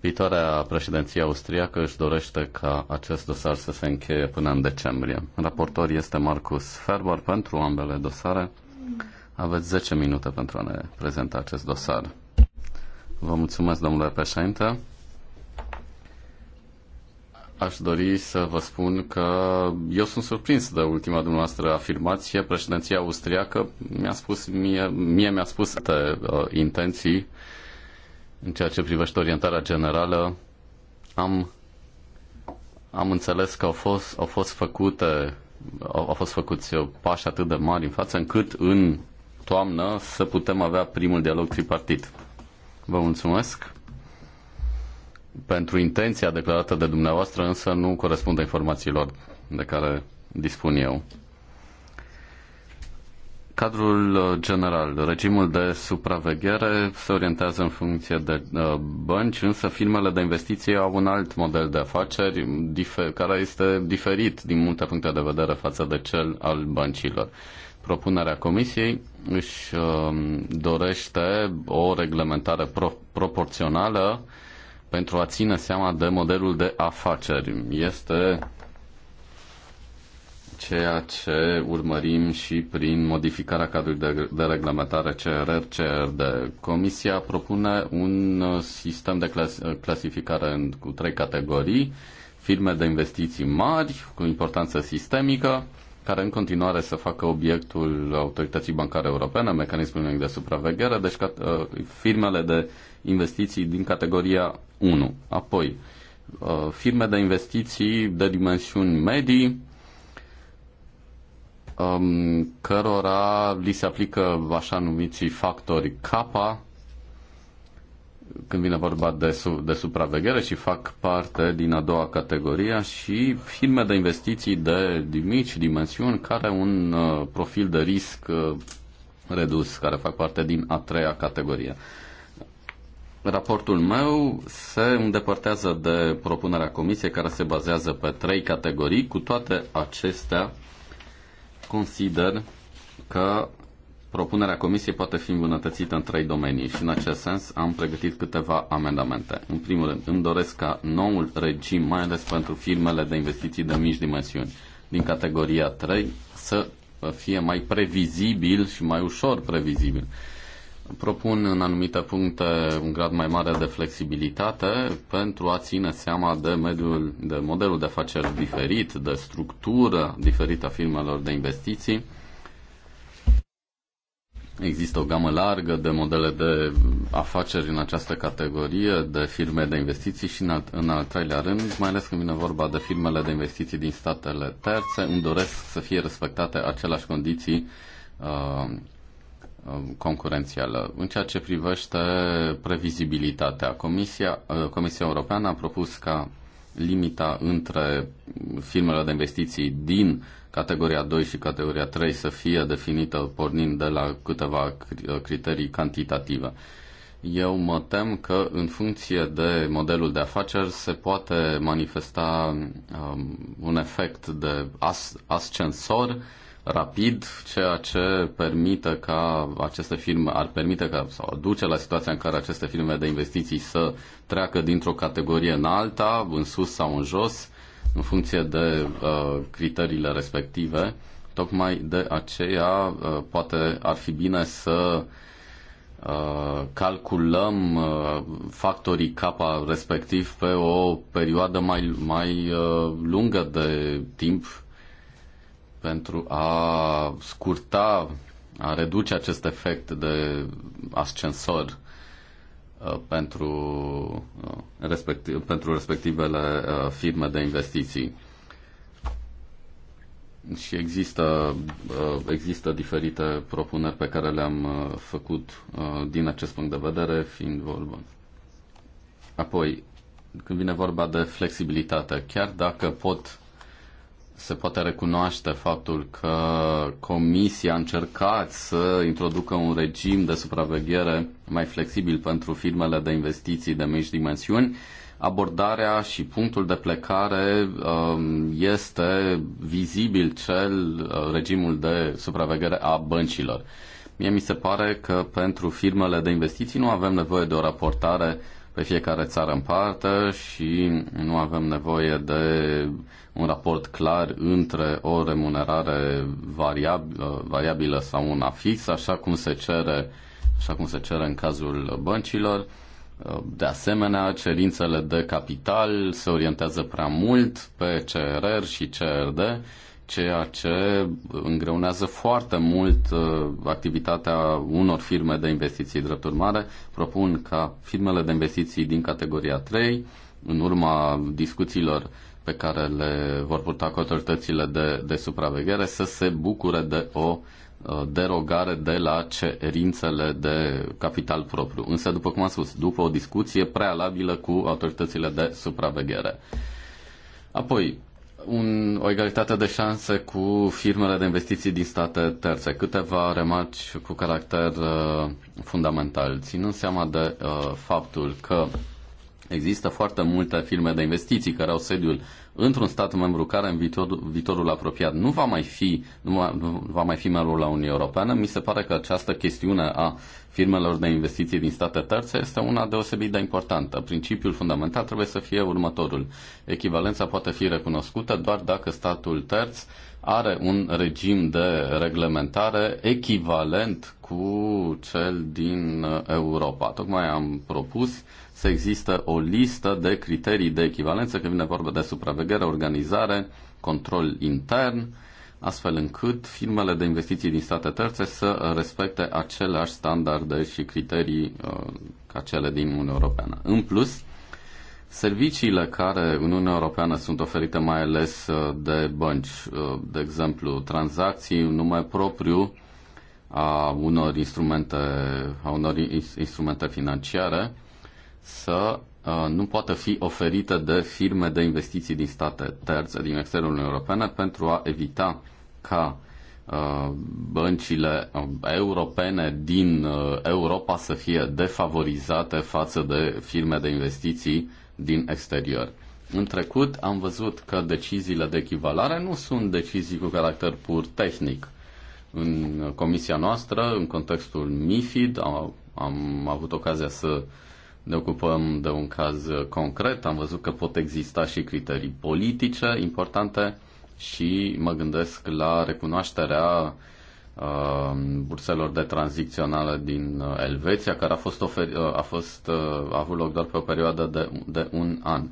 viitoarea președinție austriacă își dorește ca acest dosar să se încheie până în decembrie. Raportor este Marcus Ferber pentru ambele dosare. Aveți 10 minute pentru a ne prezenta acest dosar. Vă mulțumesc, domnule președinte. Aș dori să vă spun că eu sunt surprins de ultima dumneavoastră afirmație. Președinția austriacă mi-a spus mie, mie mi-a spus alte uh, intenții în ceea ce privește orientarea generală. Am, am înțeles că au fost, au fost făcute au, au fost făcuți pași atât de mari în față încât în toamnă să putem avea primul dialog tripartit. Vă mulțumesc pentru intenția declarată de dumneavoastră, însă nu corespunde informațiilor de care dispun eu. Cadrul general, regimul de supraveghere se orientează în funcție de uh, bănci, însă firmele de investiții au un alt model de afaceri care este diferit din multe puncte de vedere față de cel al băncilor. Propunerea Comisiei își um, dorește o reglementare pro- proporțională pentru a ține seama de modelul de afaceri. Este ceea ce urmărim și prin modificarea cadrului de, de reglementare CRR-CRD. Comisia propune un sistem de clas, clasificare în, cu trei categorii, firme de investiții mari, cu importanță sistemică, care în continuare să facă obiectul autorității bancare europene, mecanismului de supraveghere, deci uh, firmele de investiții din categoria 1. Apoi, uh, firme de investiții de dimensiuni medii, um, cărora li se aplică așa numiții factori K, când vine vorba de, de supraveghere și fac parte din a doua categorie și firme de investiții de, de mici dimensiuni care au un uh, profil de risc uh, redus, care fac parte din a treia categorie. Raportul meu se îndepărtează de propunerea comisiei care se bazează pe trei categorii. Cu toate acestea, consider că propunerea comisiei poate fi îmbunătățită în trei domenii și în acest sens am pregătit câteva amendamente. În primul rând, îmi doresc ca noul regim, mai ales pentru firmele de investiții de mici dimensiuni din categoria 3, să fie mai previzibil și mai ușor previzibil. Propun în anumite puncte un grad mai mare de flexibilitate pentru a ține seama de mediul, de modelul de afaceri diferit, de structură diferită a firmelor de investiții, Există o gamă largă de modele de afaceri în această categorie, de firme de investiții și, în al, în al treilea rând, mai ales când vine vorba de firmele de investiții din statele terțe, îmi doresc să fie respectate aceleași condiții uh, uh concurențială. În ceea ce privește previzibilitatea, Comisia, uh, Comisia Europeană a propus ca limita între firmele de investiții din categoria 2 și categoria 3 să fie definită pornind de la câteva criterii cantitative. Eu mă tem că în funcție de modelul de afaceri se poate manifesta um, un efect de as- ascensor rapid, ceea ce permite ca aceste firme, ar permite ca, sau duce la situația în care aceste firme de investiții să treacă dintr-o categorie în alta, în sus sau în jos, în funcție de uh, criteriile respective. Tocmai de aceea uh, poate ar fi bine să uh, calculăm uh, factorii K respectiv pe o perioadă mai, mai uh, lungă de timp pentru a scurta, a reduce acest efect de ascensor Uh, pentru, uh, respectiv, pentru respectivele uh, firme de investiții. Și există, există diferite propuneri pe care le-am făcut din acest punct de vedere, fiind vorba. Apoi, când vine vorba de flexibilitate, chiar dacă pot se poate recunoaște faptul că Comisia a încercat să introducă un regim de supraveghere mai flexibil pentru firmele de investiții de mici dimensiuni. Abordarea și punctul de plecare um, este vizibil cel uh, regimul de supraveghere a băncilor. Mie mi se pare că pentru firmele de investiții nu avem nevoie de o raportare pe fiecare țară în parte și nu avem nevoie de un raport clar între o remunerare variabilă, variabilă sau una fixă, așa cum se cere, așa cum se cere în cazul băncilor. De asemenea, cerințele de capital se orientează prea mult pe CRR și CRD, ceea ce îngreunează foarte mult uh, activitatea unor firme de investiții. Drept urmare, propun ca firmele de investiții din categoria 3, în urma discuțiilor pe care le vor purta cu autoritățile de, de supraveghere să se bucure de o uh, derogare de la cerințele de capital propriu. Însă, după cum am spus, după o discuție prealabilă cu autoritățile de supraveghere. Apoi, un, o egalitate de șanse cu firmele de investiții din state terțe. Câteva remarci cu caracter uh, fundamental, ținând seama de uh, faptul că Există foarte multe firme de investiții care au sediul într-un stat membru care în viitor, viitorul apropiat nu va mai fi, nu va, nu va mai fi membru la Uniunea Europeană. Mi se pare că această chestiune a firmelor de investiții din state terțe este una deosebit de importantă. Principiul fundamental trebuie să fie următorul. Echivalența poate fi recunoscută doar dacă statul terț are un regim de reglementare echivalent cu cel din Europa. Tocmai am propus să există o listă de criterii de echivalență când vine vorba de supraveghere, organizare, control intern, astfel încât firmele de investiții din state terțe să respecte aceleași standarde și criterii uh, ca cele din Uniunea Europeană. În plus, serviciile care în Uniunea Europeană sunt oferite mai ales uh, de bănci, uh, de exemplu, tranzacții în nume propriu a unor instrumente, a unor instrumente financiare, să uh, nu poată fi oferită de firme de investiții din state terțe, din exteriorul Europene, pentru a evita ca uh, băncile uh, europene din Europa să fie defavorizate față de firme de investiții din exterior. În trecut am văzut că deciziile de echivalare nu sunt decizii cu caracter pur tehnic. În comisia noastră, în contextul MIFID, am, am avut ocazia să uh, ne ocupăm de un caz concret, am văzut că pot exista și criterii politice importante și mă gândesc la recunoașterea uh, burselor de tranzicționale din uh, Elveția, care a fost, oferi, uh, a fost a avut loc doar pe o perioadă de, de un an.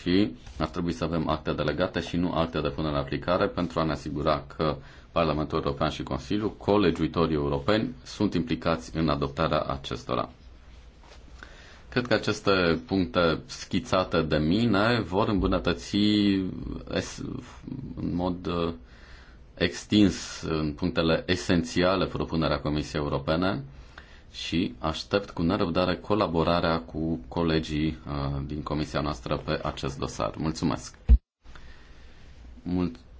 Și ar trebui să avem acte delegate și nu acte de punere în aplicare pentru a ne asigura că Parlamentul European și Consiliul, colegiuitorii europeni, sunt implicați în adoptarea acestora. Cred că aceste puncte schițate de mine vor îmbunătăți în mod uh, extins în punctele esențiale propunerea Comisiei Europene și aștept cu nerăbdare colaborarea cu colegii uh, din comisia noastră pe acest dosar. Mulțumesc!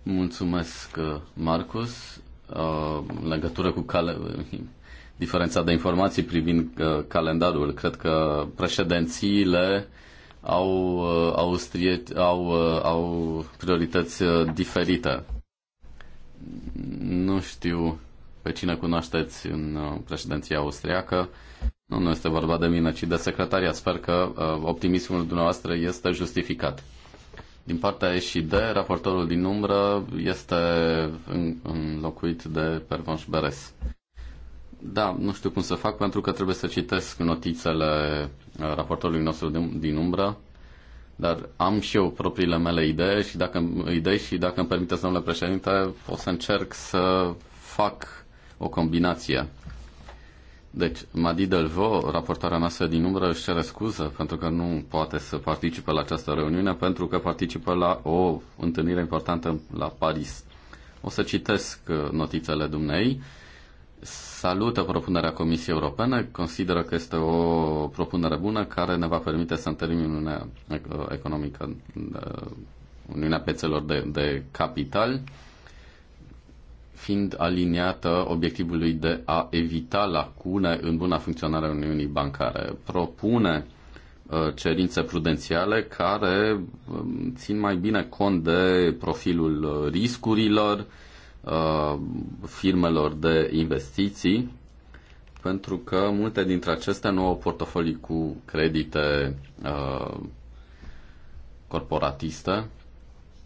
mulțumesc, uh, Marcus. În legătură cu cale- diferența de informații privind uh, calendarul. Cred că președințiile au, austrie, uh, au, uh, au priorități diferite. Nu știu pe cine cunoașteți în președinția austriacă. Nu, nu este vorba de mine, ci de secretaria. Sper că uh, optimismul dumneavoastră este justificat. Din partea SID, raportorul din umbră este înlocuit de Pervonș Beres. Da, nu știu cum să fac pentru că trebuie să citesc notițele uh, raportorului nostru din, din umbră, dar am și eu propriile mele idei și dacă, idei și dacă îmi permiteți, domnule președinte, o să încerc să fac o combinație. Deci, Madi Delvo, raportarea noastră din umbră, își cere scuză pentru că nu poate să participe la această reuniune, pentru că participă la o întâlnire importantă la Paris. O să citesc uh, notițele dumnei salută propunerea Comisiei Europene, consideră că este o propunere bună care ne va permite să întărim Uniunea Economică, uh, Uniunea Piețelor de, de Capital, fiind aliniată obiectivului de a evita lacune în buna funcționare a Uniunii Bancare. Propune uh, cerințe prudențiale care um, țin mai bine cont de profilul uh, riscurilor, Uh, firmelor de investiții, pentru că multe dintre acestea nu au portofolii cu credite uh, corporatiste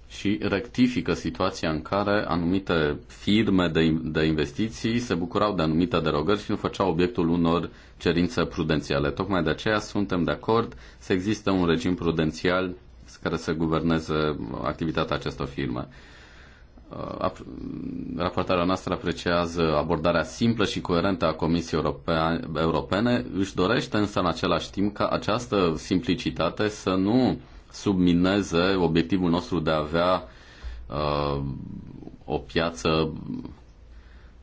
și rectifică situația în care anumite firme de, de investiții se bucurau de anumite derogări și nu făceau obiectul unor cerințe prudențiale. Tocmai de aceea suntem de acord să existe un regim prudențial care să guverneze activitatea acestor firme. Uh, raportarea noastră apreciază abordarea simplă și coerentă a Comisiei Europene, își dorește însă în același timp ca această simplicitate să nu submineze obiectivul nostru de a avea uh, o piață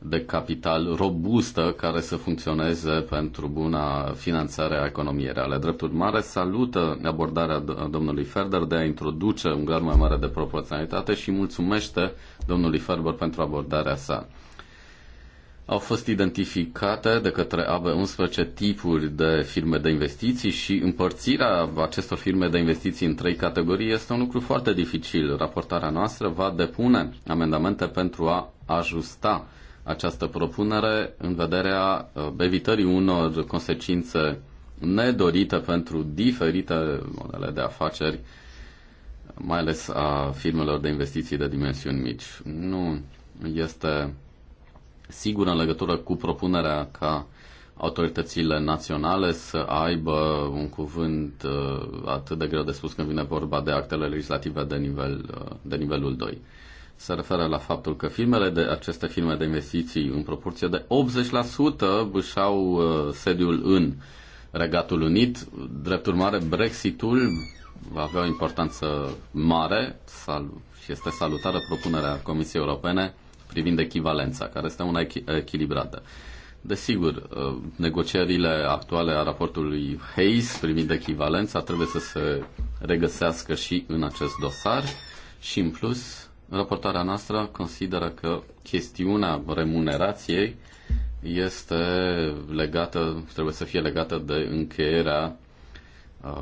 de capital robustă care să funcționeze pentru buna finanțare a economiei reale. Drept urmare, salută abordarea domnului Ferber de a introduce un grad mai mare de proporționalitate și mulțumește domnului Ferber pentru abordarea sa. Au fost identificate de către AB11 tipuri de firme de investiții și împărțirea acestor firme de investiții în trei categorii este un lucru foarte dificil. Raportarea noastră va depune amendamente pentru a ajusta această propunere în vederea uh, evitării unor consecințe nedorite pentru diferite modele de afaceri, mai ales a firmelor de investiții de dimensiuni mici. Nu este sigur în legătură cu propunerea ca autoritățile naționale să aibă un cuvânt uh, atât de greu de spus când vine vorba de actele legislative de, nivel, uh, de nivelul 2 se referă la faptul că filmele de, aceste filme de investiții în proporție de 80% își uh, sediul în Regatul Unit. Drept urmare, Brexitul va avea o importanță mare și este salutară propunerea Comisiei Europene privind echivalența, care este una echilibrată. Desigur, uh, negocierile actuale a raportului Hayes privind echivalența trebuie să se regăsească și în acest dosar și în plus Raportarea noastră consideră că chestiunea remunerației este legată, trebuie să fie legată de încheierea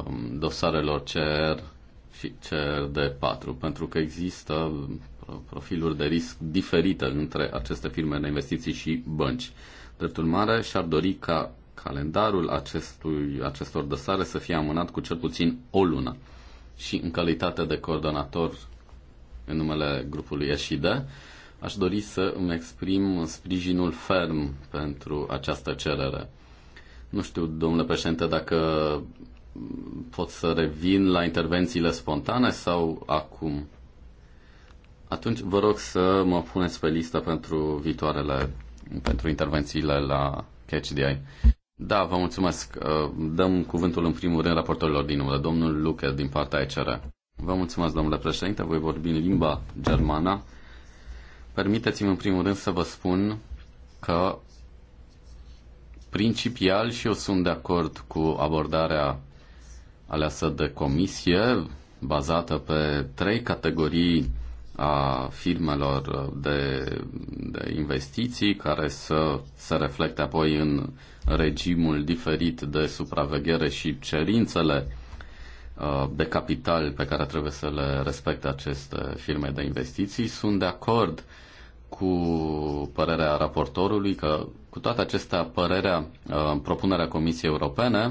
um, dosarelor CR și CRD4, pentru că există uh, profiluri de risc diferite între aceste firme de investiții și bănci. Drept urmare, și-ar dori ca calendarul acestui, acestor dosare să fie amânat cu cel puțin o lună. Și în calitate de coordonator în numele grupului Eșide. Aș dori să îmi exprim sprijinul ferm pentru această cerere. Nu știu, domnule președinte, dacă pot să revin la intervențiile spontane sau acum? Atunci vă rog să mă puneți pe listă pentru viitoarele, pentru intervențiile la CatchDI. Da, vă mulțumesc. Dăm cuvântul în primul rând raportorilor din urmă, domnul Luca din partea ECR. Vă mulțumesc, domnule președinte. Voi vorbi în limba germană. Permiteți-mi, în primul rând, să vă spun că principial și eu sunt de acord cu abordarea aleasă de comisie, bazată pe trei categorii a firmelor de, de investiții care să se reflecte apoi în regimul diferit de supraveghere și cerințele Uh, de capital pe care trebuie să le respecte aceste firme de investiții. Sunt de acord cu părerea raportorului că cu toate acestea părerea, uh, propunerea Comisiei Europene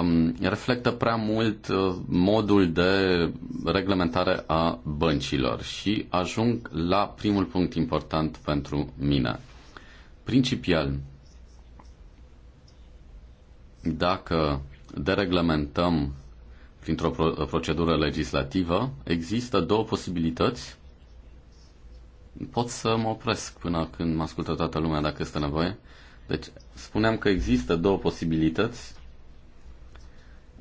um, reflectă prea mult uh, modul de reglementare a băncilor și ajung la primul punct important pentru mine. Principial, dacă dereglementăm printr-o uh, procedură legislativă, există două posibilități. Pot să mă opresc până când mă ascultă toată lumea, dacă este nevoie. Deci, spuneam că există două posibilități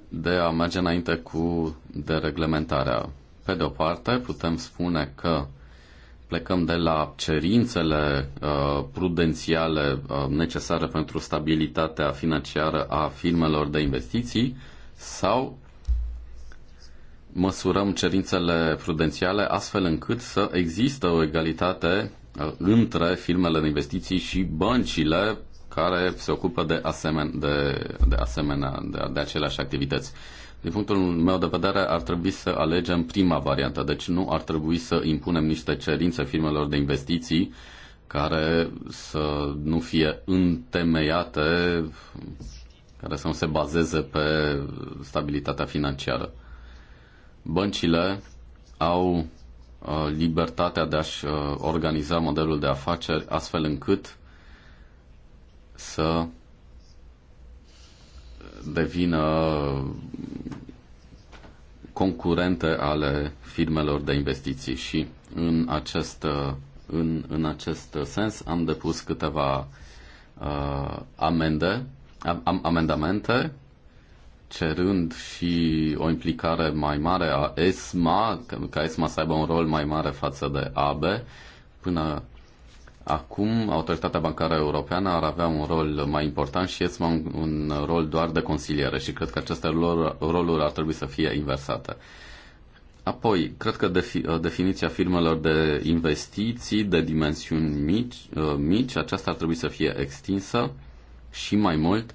de a merge înainte cu dereglementarea. Pe de o parte, putem spune că plecăm de la cerințele uh, prudențiale uh, necesare pentru stabilitatea financiară a firmelor de investiții sau măsurăm cerințele prudențiale astfel încât să există o egalitate uh, între firmele de investiții și băncile care se ocupă de, asemen, de, de asemenea, de, de aceleași activități. Din punctul meu de vedere, ar trebui să alegem prima variantă, deci nu ar trebui să impunem niște cerințe firmelor de investiții care să nu fie întemeiate, care să nu se bazeze pe stabilitatea financiară băncile au uh, libertatea de a-și uh, organiza modelul de afaceri astfel încât să devină concurente ale firmelor de investiții și în acest, uh, în, în acest sens am depus câteva uh, amende, am, amendamente cerând și o implicare mai mare a ESMA, ca ESMA să aibă un rol mai mare față de AB, Până acum, Autoritatea Bancară Europeană ar avea un rol mai important și ESMA un, un rol doar de consiliere și cred că aceste roluri ar trebui să fie inversate. Apoi, cred că defi- uh, definiția firmelor de investiții de dimensiuni mici, uh, mici, aceasta ar trebui să fie extinsă și mai mult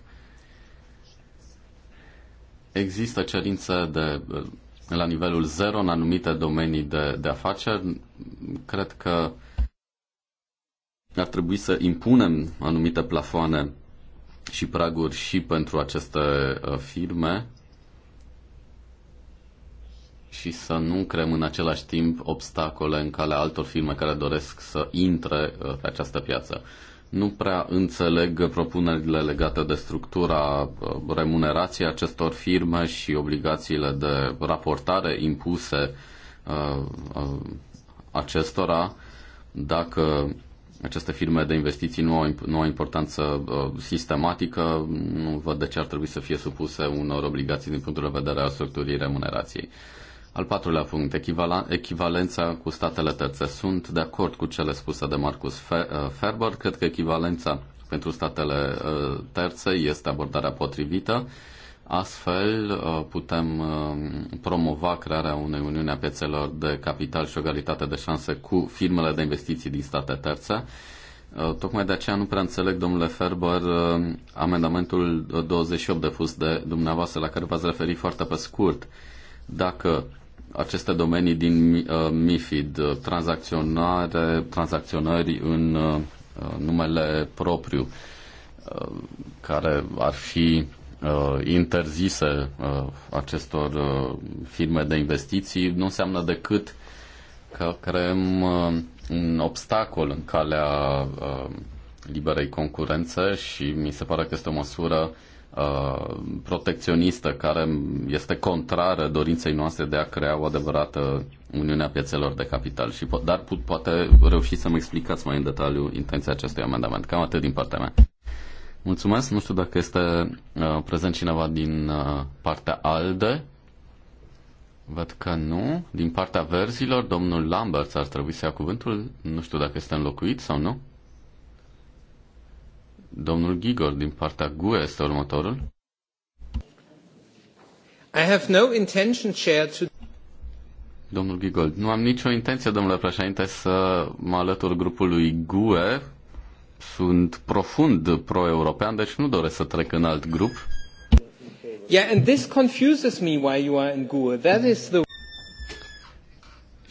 Există cerințe de, eh, la nivelul zero în anumite domenii de, de afaceri. Cred că ar trebui să impunem anumite plafoane și praguri și pentru aceste eh, firme și să nu creăm în același timp obstacole în calea altor firme care doresc să intre eh, pe această piață nu prea înțeleg propunerile legate de structura uh, remunerației acestor firme și obligațiile de raportare impuse uh, uh, acestora dacă aceste firme de investiții nu au, nu au importanță sistematică, nu văd de ce ar trebui să fie supuse unor obligații din punctul de vedere al structurii remunerației. Al patrulea punct, echivalența cu statele terțe. Sunt de acord cu cele spuse de Marcus uh, Ferber. Cred că echivalența pentru statele uh, terțe este abordarea potrivită. Astfel uh, putem promova crearea unei uniuni a piețelor de capital și o egalitate de șanse cu firmele de investiții din state terțe. Tocmai de aceea nu prea înțeleg, domnule Ferber, amendamentul 28 de fus de dumneavoastră, la care v-ați referit foarte pe scurt. Dacă aceste domenii din uh, MIFID, uh, tranzacționare, tranzacționări în uh, numele propriu, care ar fi interzise acestor firme de investiții, nu înseamnă decât că creăm un obstacol în calea liberei concurențe și mi se pare că este o măsură uh, Uh, protecționistă care este contrară dorinței noastre de a crea o adevărată Uniune a Piețelor de Capital. Și, dar put, poate reuși să-mi explicați mai în detaliu intenția acestui amendament. Cam atât din partea mea. Mulțumesc. Nu știu dacă este uh, prezent cineva din uh, partea ALDE. Văd că nu. Din partea verzilor, domnul Lambert ar trebui să ia cuvântul. Nu știu dacă este înlocuit sau nu. Domnul Gigor din partea GUE este următorul. I have no intention, Chair, to... Domnul Gigol, nu am nicio intenție, domnule președinte, să mă alătur grupului GUE. Sunt profund pro-european, deci nu doresc să trec în alt grup. Yeah, and this confuses me why you are in GUE. That is the...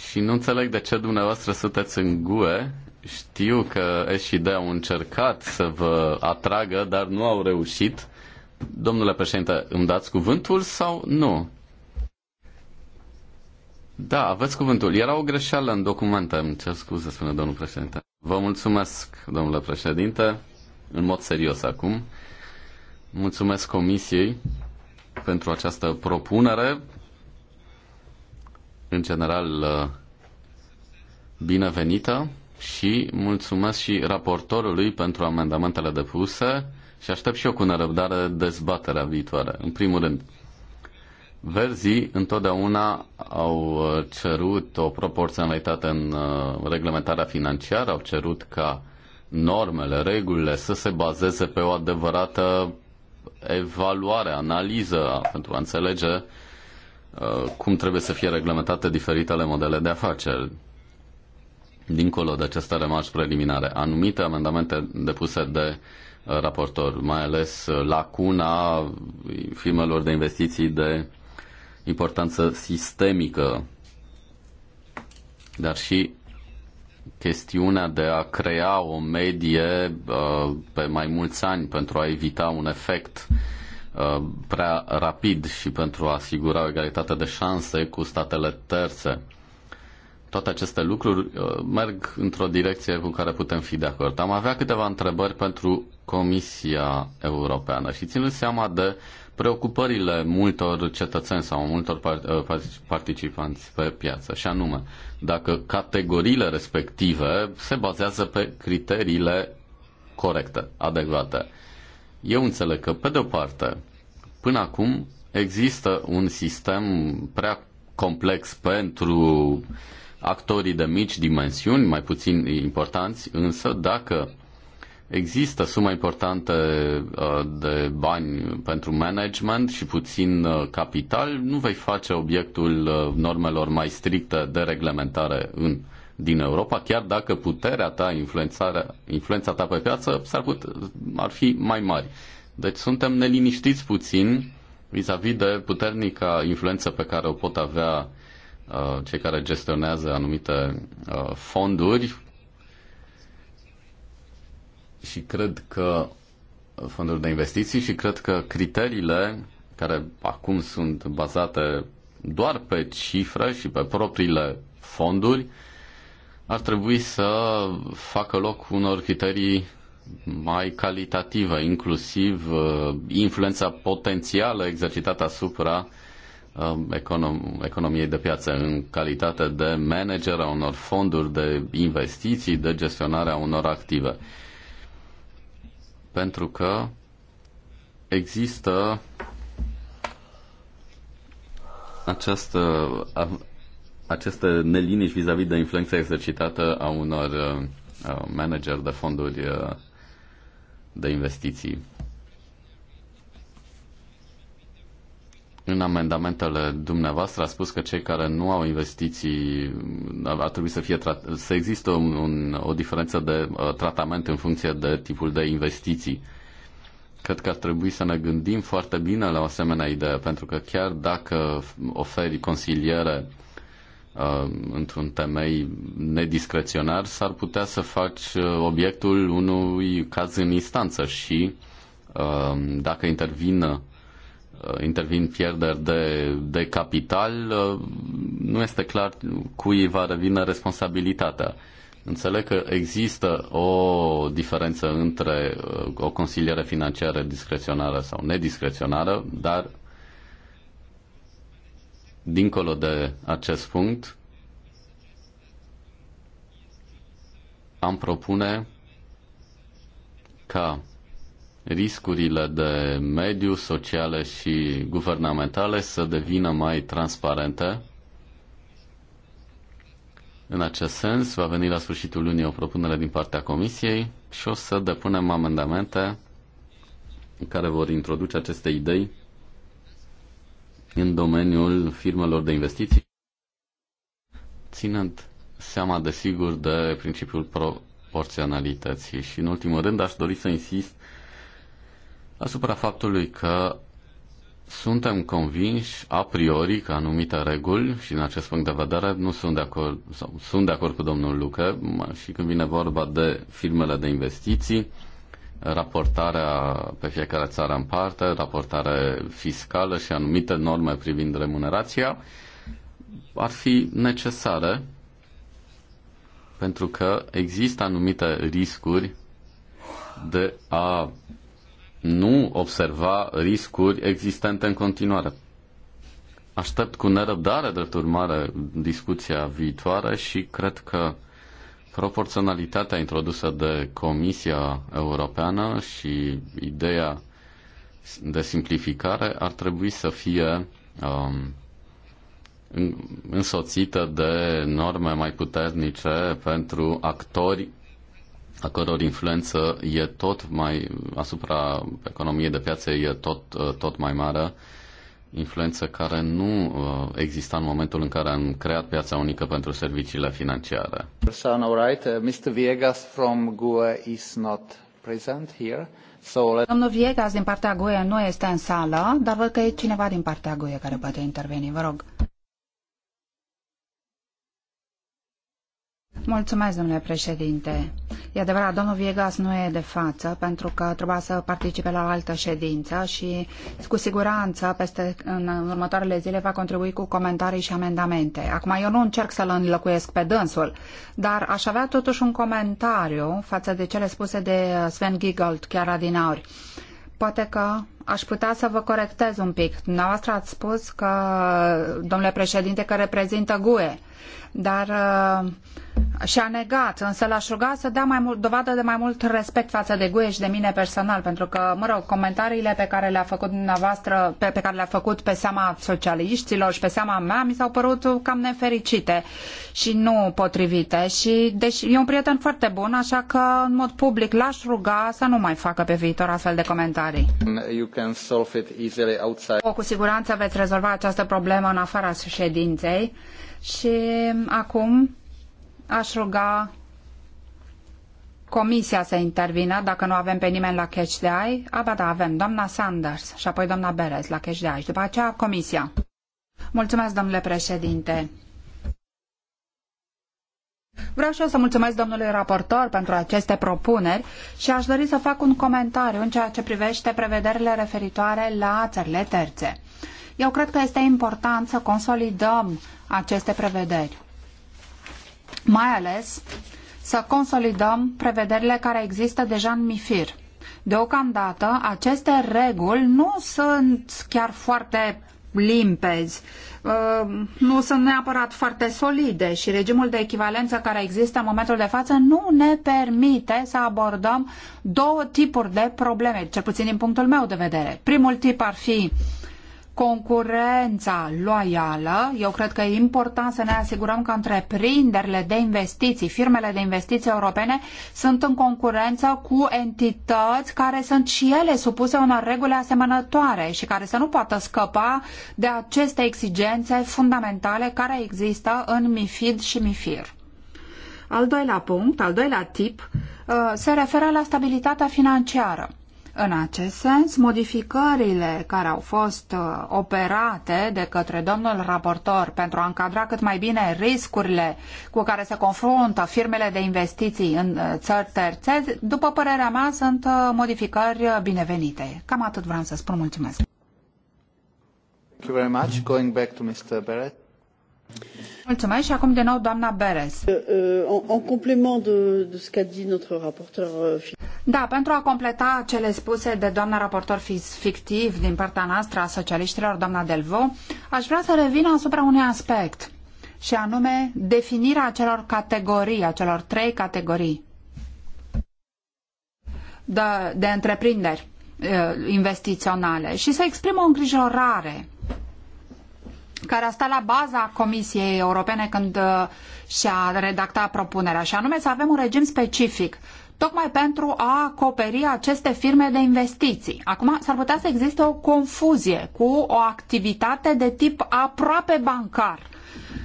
Și nu înțeleg de ce dumneavoastră sunteți în GUE știu că SID au încercat să vă atragă, dar nu au reușit. Domnule președinte, îmi dați cuvântul sau nu? Da, aveți cuvântul. Era o greșeală în documente. Îmi cer scuze, spune domnul președinte. Vă mulțumesc, domnule președinte, în mod serios acum. Mulțumesc comisiei pentru această propunere. În general, binevenită și mulțumesc și raportorului pentru amendamentele depuse și aștept și eu cu nerăbdare dezbaterea viitoare. În primul rând, Verzii întotdeauna au uh, cerut o proporționalitate în uh, reglementarea financiară, au cerut ca normele, regulile să se bazeze pe o adevărată evaluare, analiză pentru a înțelege uh, cum trebuie să fie reglementate diferitele modele de afaceri dincolo de aceste remarci preliminare, anumite amendamente depuse de uh, raportor, mai ales uh, lacuna firmelor de investiții de importanță sistemică, dar și chestiunea de a crea o medie uh, pe mai mulți ani pentru a evita un efect uh, prea rapid și pentru a asigura o egalitate de șanse cu statele terțe toate aceste lucruri uh, merg într-o direcție cu care putem fi de acord. Am avea câteva întrebări pentru Comisia Europeană și ținând seama de preocupările multor cetățeni sau multor uh, participanți pe piață, și anume dacă categoriile respective se bazează pe criteriile corecte, adecvate. Eu înțeleg că, pe de o parte, până acum există un sistem prea complex pentru uh, actorii de mici dimensiuni, mai puțin importanți, însă dacă există suma importantă uh, de bani pentru management și puțin uh, capital, nu vei face obiectul uh, normelor mai stricte de reglementare în din Europa, chiar dacă puterea ta, influența ta pe piață s-ar put, ar fi mai mari. Deci suntem neliniștiți puțin vis-a-vis -vis de puternica influență pe care o pot avea Uh, cei care gestionează anumite uh, fonduri și cred că uh, fonduri de investiții și cred că criteriile care acum sunt bazate doar pe cifre și pe propriile fonduri ar trebui să facă loc unor criterii mai calitative, inclusiv influența potențială exercitată asupra Um, econom, economiei de piață în calitate de manager a unor fonduri de investiții, de gestionare a unor active. Pentru că există această, aceste neliniști vis-a-vis de influența exercitată a unor uh, uh, manager de fonduri uh, de investiții. în amendamentele dumneavoastră a spus că cei care nu au investiții uh, ar trebui să fie să există un, un, o diferență de uh, tratament în funcție de tipul de investiții. Cred că ar trebui să ne gândim foarte bine la o asemenea idee, pentru că chiar dacă oferi consiliere uh, într-un temei nediscreționar, s-ar putea să faci uh, obiectul unui caz în instanță și uh, dacă intervină Uh, intervin pierderi de, de capital, uh, nu este clar cui va revine responsabilitatea. Înțeleg că există o diferență între uh, o consiliere financiară discreționară sau nediscreționară, dar dincolo de acest punct, am propune ca riscurile de mediu, sociale și guvernamentale să devină mai transparente. În acest sens, va veni la sfârșitul lunii o propunere din partea Comisiei și o să depunem amendamente care vor introduce aceste idei în domeniul firmelor de investiții, ținând seama, desigur, de principiul proporționalității. Și, în ultimul rând, aș dori să insist asupra faptului că suntem convinși a priori că anumite reguli și în acest punct de vedere nu sunt de acord, sau sunt de acord cu domnul Lucă și când vine vorba de firmele de investiții, raportarea pe fiecare țară în parte, raportare fiscală și anumite norme privind remunerația ar fi necesare pentru că există anumite riscuri de a nu observa riscuri existente în continuare. Aștept cu nerăbdare, drept urmare, discuția viitoare și cred că proporționalitatea introdusă de Comisia Europeană și ideea de simplificare ar trebui să fie um, însoțită de norme mai puternice pentru actori a căror influență e tot mai asupra economiei de piață e tot, uh, tot mai mare, influență care nu uh, exista în momentul în care am creat piața unică pentru serviciile financiare. All right. Uh, Mr. Viegas from GUE is not present here. So let... Domnul Viegas din partea GUE nu este în sală, dar văd că e cineva din partea GUE care poate interveni. Vă rog. Mulțumesc, domnule președinte. E adevărat, domnul Viegas nu e de față pentru că trebuia să participe la o altă ședință și cu siguranță peste în următoarele zile va contribui cu comentarii și amendamente. Acum eu nu încerc să-l înlocuiesc pe dânsul, dar aș avea totuși un comentariu față de cele spuse de uh, Sven Giegold chiar adinauri. Poate că aș putea să vă corectez un pic. Dumneavoastră ați spus că, domnule președinte, că reprezintă GUE, dar uh, și a negat, însă l-aș ruga să dea mai mult, dovadă de mai mult respect față de Guie și de mine personal, pentru că, mă rog, comentariile pe care le-a făcut dumneavoastră, pe, pe care le-a făcut pe seama socialiștilor și pe seama mea, mi s-au părut cam nefericite și nu potrivite. Și, deci, e un prieten foarte bun, așa că, în mod public, l-aș ruga să nu mai facă pe viitor astfel de comentarii. O, cu siguranță veți rezolva această problemă în afara ședinței. Și acum Aș ruga comisia să intervină dacă nu avem pe nimeni la catch de ai. Aba da, avem doamna Sanders și apoi doamna Berez la catch de ai după aceea comisia. Mulțumesc, domnule președinte. Vreau și eu să mulțumesc domnului raportor pentru aceste propuneri și aș dori să fac un comentariu în ceea ce privește prevederile referitoare la țările terțe. Eu cred că este important să consolidăm aceste prevederi mai ales să consolidăm prevederile care există deja în MIFIR. Deocamdată, aceste reguli nu sunt chiar foarte limpezi, uh, nu sunt neapărat foarte solide și regimul de echivalență care există în momentul de față nu ne permite să abordăm două tipuri de probleme, cel puțin din punctul meu de vedere. Primul tip ar fi uh, concurența loială. Eu cred că e important să ne asigurăm că întreprinderile de investiții, firmele de investiții europene sunt în concurență cu entități care sunt și ele supuse unor reguli asemănătoare și care să nu poată scăpa de aceste exigențe fundamentale care există în MIFID și MIFIR. Al doilea punct, al doilea tip, uh, se referă la stabilitatea financiară. În acest sens, modificările care au fost uh, operate de către domnul raportor pentru a încadra cât mai bine riscurile cu care se confruntă firmele de investiții în uh, țări terțe, după părerea mea, sunt uh, modificări binevenite. Cam atât vreau să spun. Mulțumesc. Thank you very much. Going back to Mr. Barrett. Mulțumesc și acum de nou doamna Beres. În euh, euh, complement de, ce a dit notre raporteur euh, Da, pentru a completa cele spuse de doamna raportor fictiv din partea noastră a socialiștilor, doamna Delvo, aș vrea să revin asupra unui aspect și anume definirea acelor categorii, acelor trei categorii de, de întreprinderi uh, investiționale și să exprim o îngrijorare care a stat la baza Comisiei Europene când uh, și-a redactat propunerea, și anume să avem un regim specific tocmai pentru a acoperi aceste firme de investiții. Acum s-ar putea să existe o confuzie cu o activitate de tip aproape bancar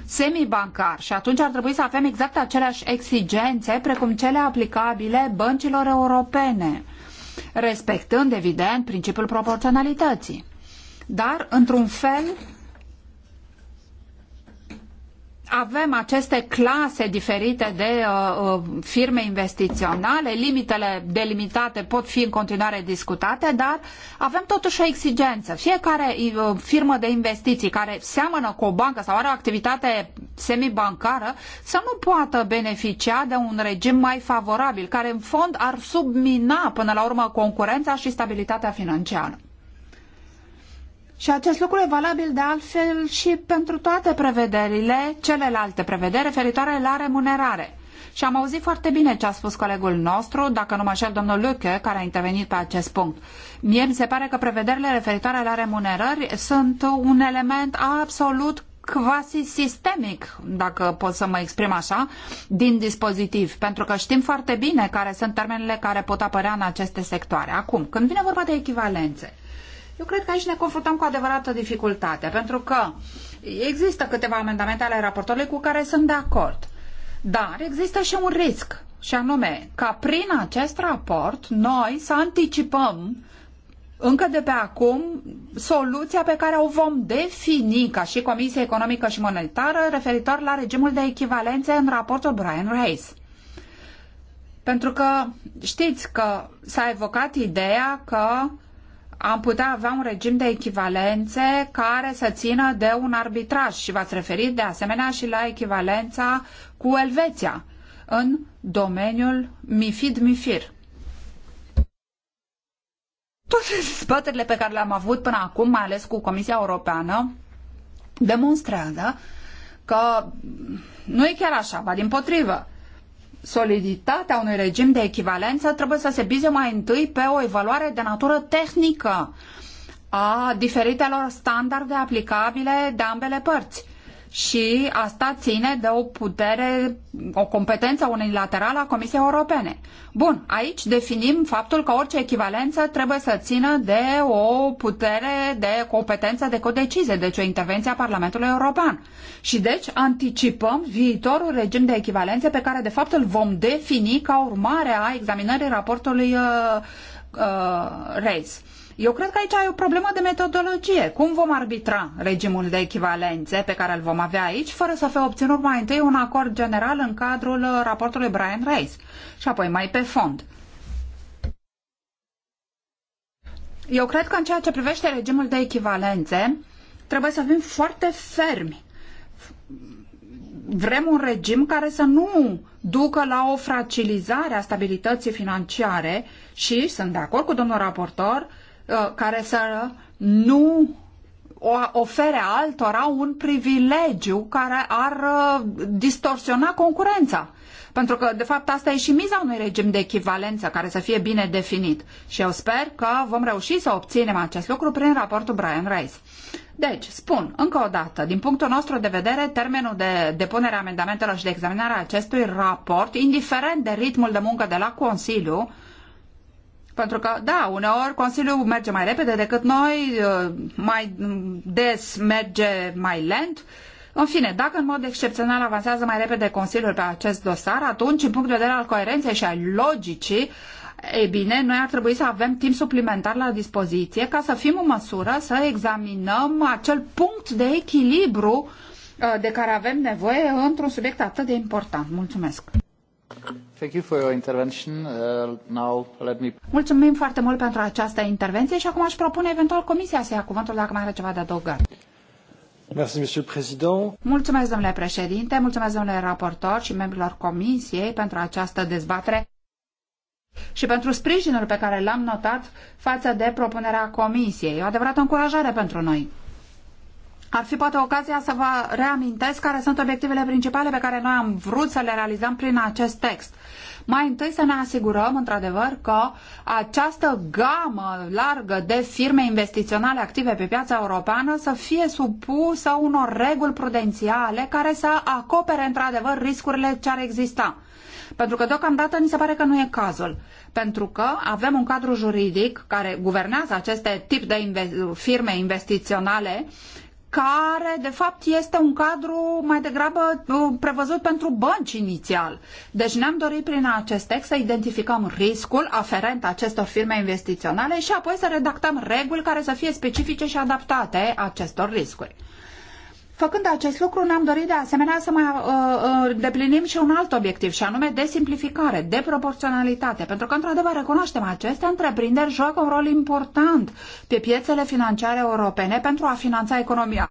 semibancar și atunci ar trebui să avem exact aceleași exigențe precum cele aplicabile băncilor europene, respectând, evident, principiul proporționalității. Dar, într-un fel, avem aceste clase diferite de uh, uh, firme investiționale, limitele delimitate pot fi în continuare discutate, dar avem totuși o exigență. Fiecare uh, firmă de investiții care seamănă cu o bancă sau are o activitate semibancară să nu poată beneficia de un regim mai favorabil, care în fond ar submina până la urmă concurența și stabilitatea financiară. Și acest lucru e valabil de altfel și pentru toate prevederile, celelalte prevederi referitoare la remunerare. Și am auzit foarte bine ce a spus colegul nostru, dacă nu mă șer, domnul Luche, care a intervenit pe acest punct. Mie mi se pare că prevederile referitoare la remunerări sunt un element absolut quasi sistemic, dacă pot să mă exprim așa, din dispozitiv, pentru că știm foarte bine care sunt termenele care pot apărea în aceste sectoare. Acum, când vine vorba de echivalențe, eu cred că aici ne confruntăm cu adevărată dificultate, pentru că există câteva amendamente ale raportorului cu care sunt de acord. Dar există și un risc, și anume ca prin acest raport noi să anticipăm încă de pe acum soluția pe care o vom defini ca și Comisia Economică și Monetară referitor la regimul de echivalențe în raportul Brian Reis. Pentru că știți că s-a evocat ideea că am putea avea un regim de echivalențe care să țină de un arbitraj și v-ați referit de asemenea și la echivalența cu Elveția în domeniul MIFID-MIFIR. Toate dezbaterile pe care le-am avut până acum, mai ales cu Comisia Europeană, demonstrează că nu e chiar așa, ba din potrivă soliditatea unui regim de echivalență trebuie să se bize mai întâi pe o evaluare de natură tehnică a diferitelor standarde aplicabile de ambele părți și asta ține de o putere, o competență unilaterală a Comisiei Europene. Bun, aici definim faptul că orice echivalență trebuie să țină de o putere de competență de codecizie, deci o intervenție a Parlamentului European. Și deci anticipăm viitorul regim de echivalențe pe care de fapt îl vom defini ca urmare a examinării raportului uh, uh, Reis. Eu cred că aici ai o problemă de metodologie. Cum vom arbitra regimul de echivalențe pe care îl vom avea aici, fără să fie obținut mai întâi un acord general în cadrul uh, raportului Brian Rice și apoi mai pe fond? Eu cred că în ceea ce privește regimul de echivalențe, trebuie să fim foarte fermi. Vrem un regim care să nu ducă la o fragilizare a stabilității financiare și sunt de acord cu domnul raportor Uh, care să nu ofere altora un privilegiu care ar uh, distorsiona concurența. Pentru că, de fapt, asta e și miza unui regim de echivalență care să fie bine definit. Și eu sper că vom reuși să obținem acest lucru prin raportul Brian Rice. Deci, spun încă o dată, din punctul nostru de vedere, termenul de depunere a amendamentelor și de examinare a acestui raport, indiferent de ritmul de muncă de la Consiliu, pentru că, da, uneori Consiliul merge mai repede decât noi, uh, mai des merge mai lent. În fine, dacă în mod excepțional avansează mai repede Consiliul pe acest dosar, atunci, în punct de vedere al coerenței și al logicii, ei bine, noi ar trebui să avem timp suplimentar la dispoziție ca să fim în măsură să examinăm acel punct de echilibru uh, de care avem nevoie într-un subiect atât de important. Mulțumesc! Thank you for your intervention. Uh, now let me... Mulțumim foarte mult pentru această intervenție și acum aș propune eventual Comisia să ia cuvântul dacă mai are ceva de adăugat. Mulțumesc, domnule președinte, mulțumesc, domnule raportor și membrilor Comisiei pentru această dezbatere și pentru sprijinul pe care l-am notat față de propunerea Comisiei. E o adevărată încurajare pentru noi ar fi poate ocazia să vă reamintesc care sunt obiectivele principale pe care noi am vrut să le realizăm prin acest text. Mai întâi să ne asigurăm, într-adevăr, că această gamă largă de firme investiționale active pe piața europeană să fie supusă unor reguli prudențiale care să acopere, într-adevăr, riscurile ce ar exista. Pentru că deocamdată ni se pare că nu e cazul. Pentru că avem un cadru juridic care guvernează aceste tip de inve firme investiționale care de fapt este un cadru mai degrabă uh, prevăzut pentru bănci inițial. Deci ne-am dorit prin acest text să identificăm riscul aferent acestor firme investiționale și apoi să redactăm reguli care să fie specifice și adaptate acestor riscuri. Făcând acest lucru, ne-am dorit de asemenea să mai uh, uh deplinim și un alt obiectiv, și anume de simplificare, de proporționalitate, pentru că, într-adevăr, recunoaștem aceste întreprinderi joacă un rol important pe piețele financiare europene pentru a finanța economia.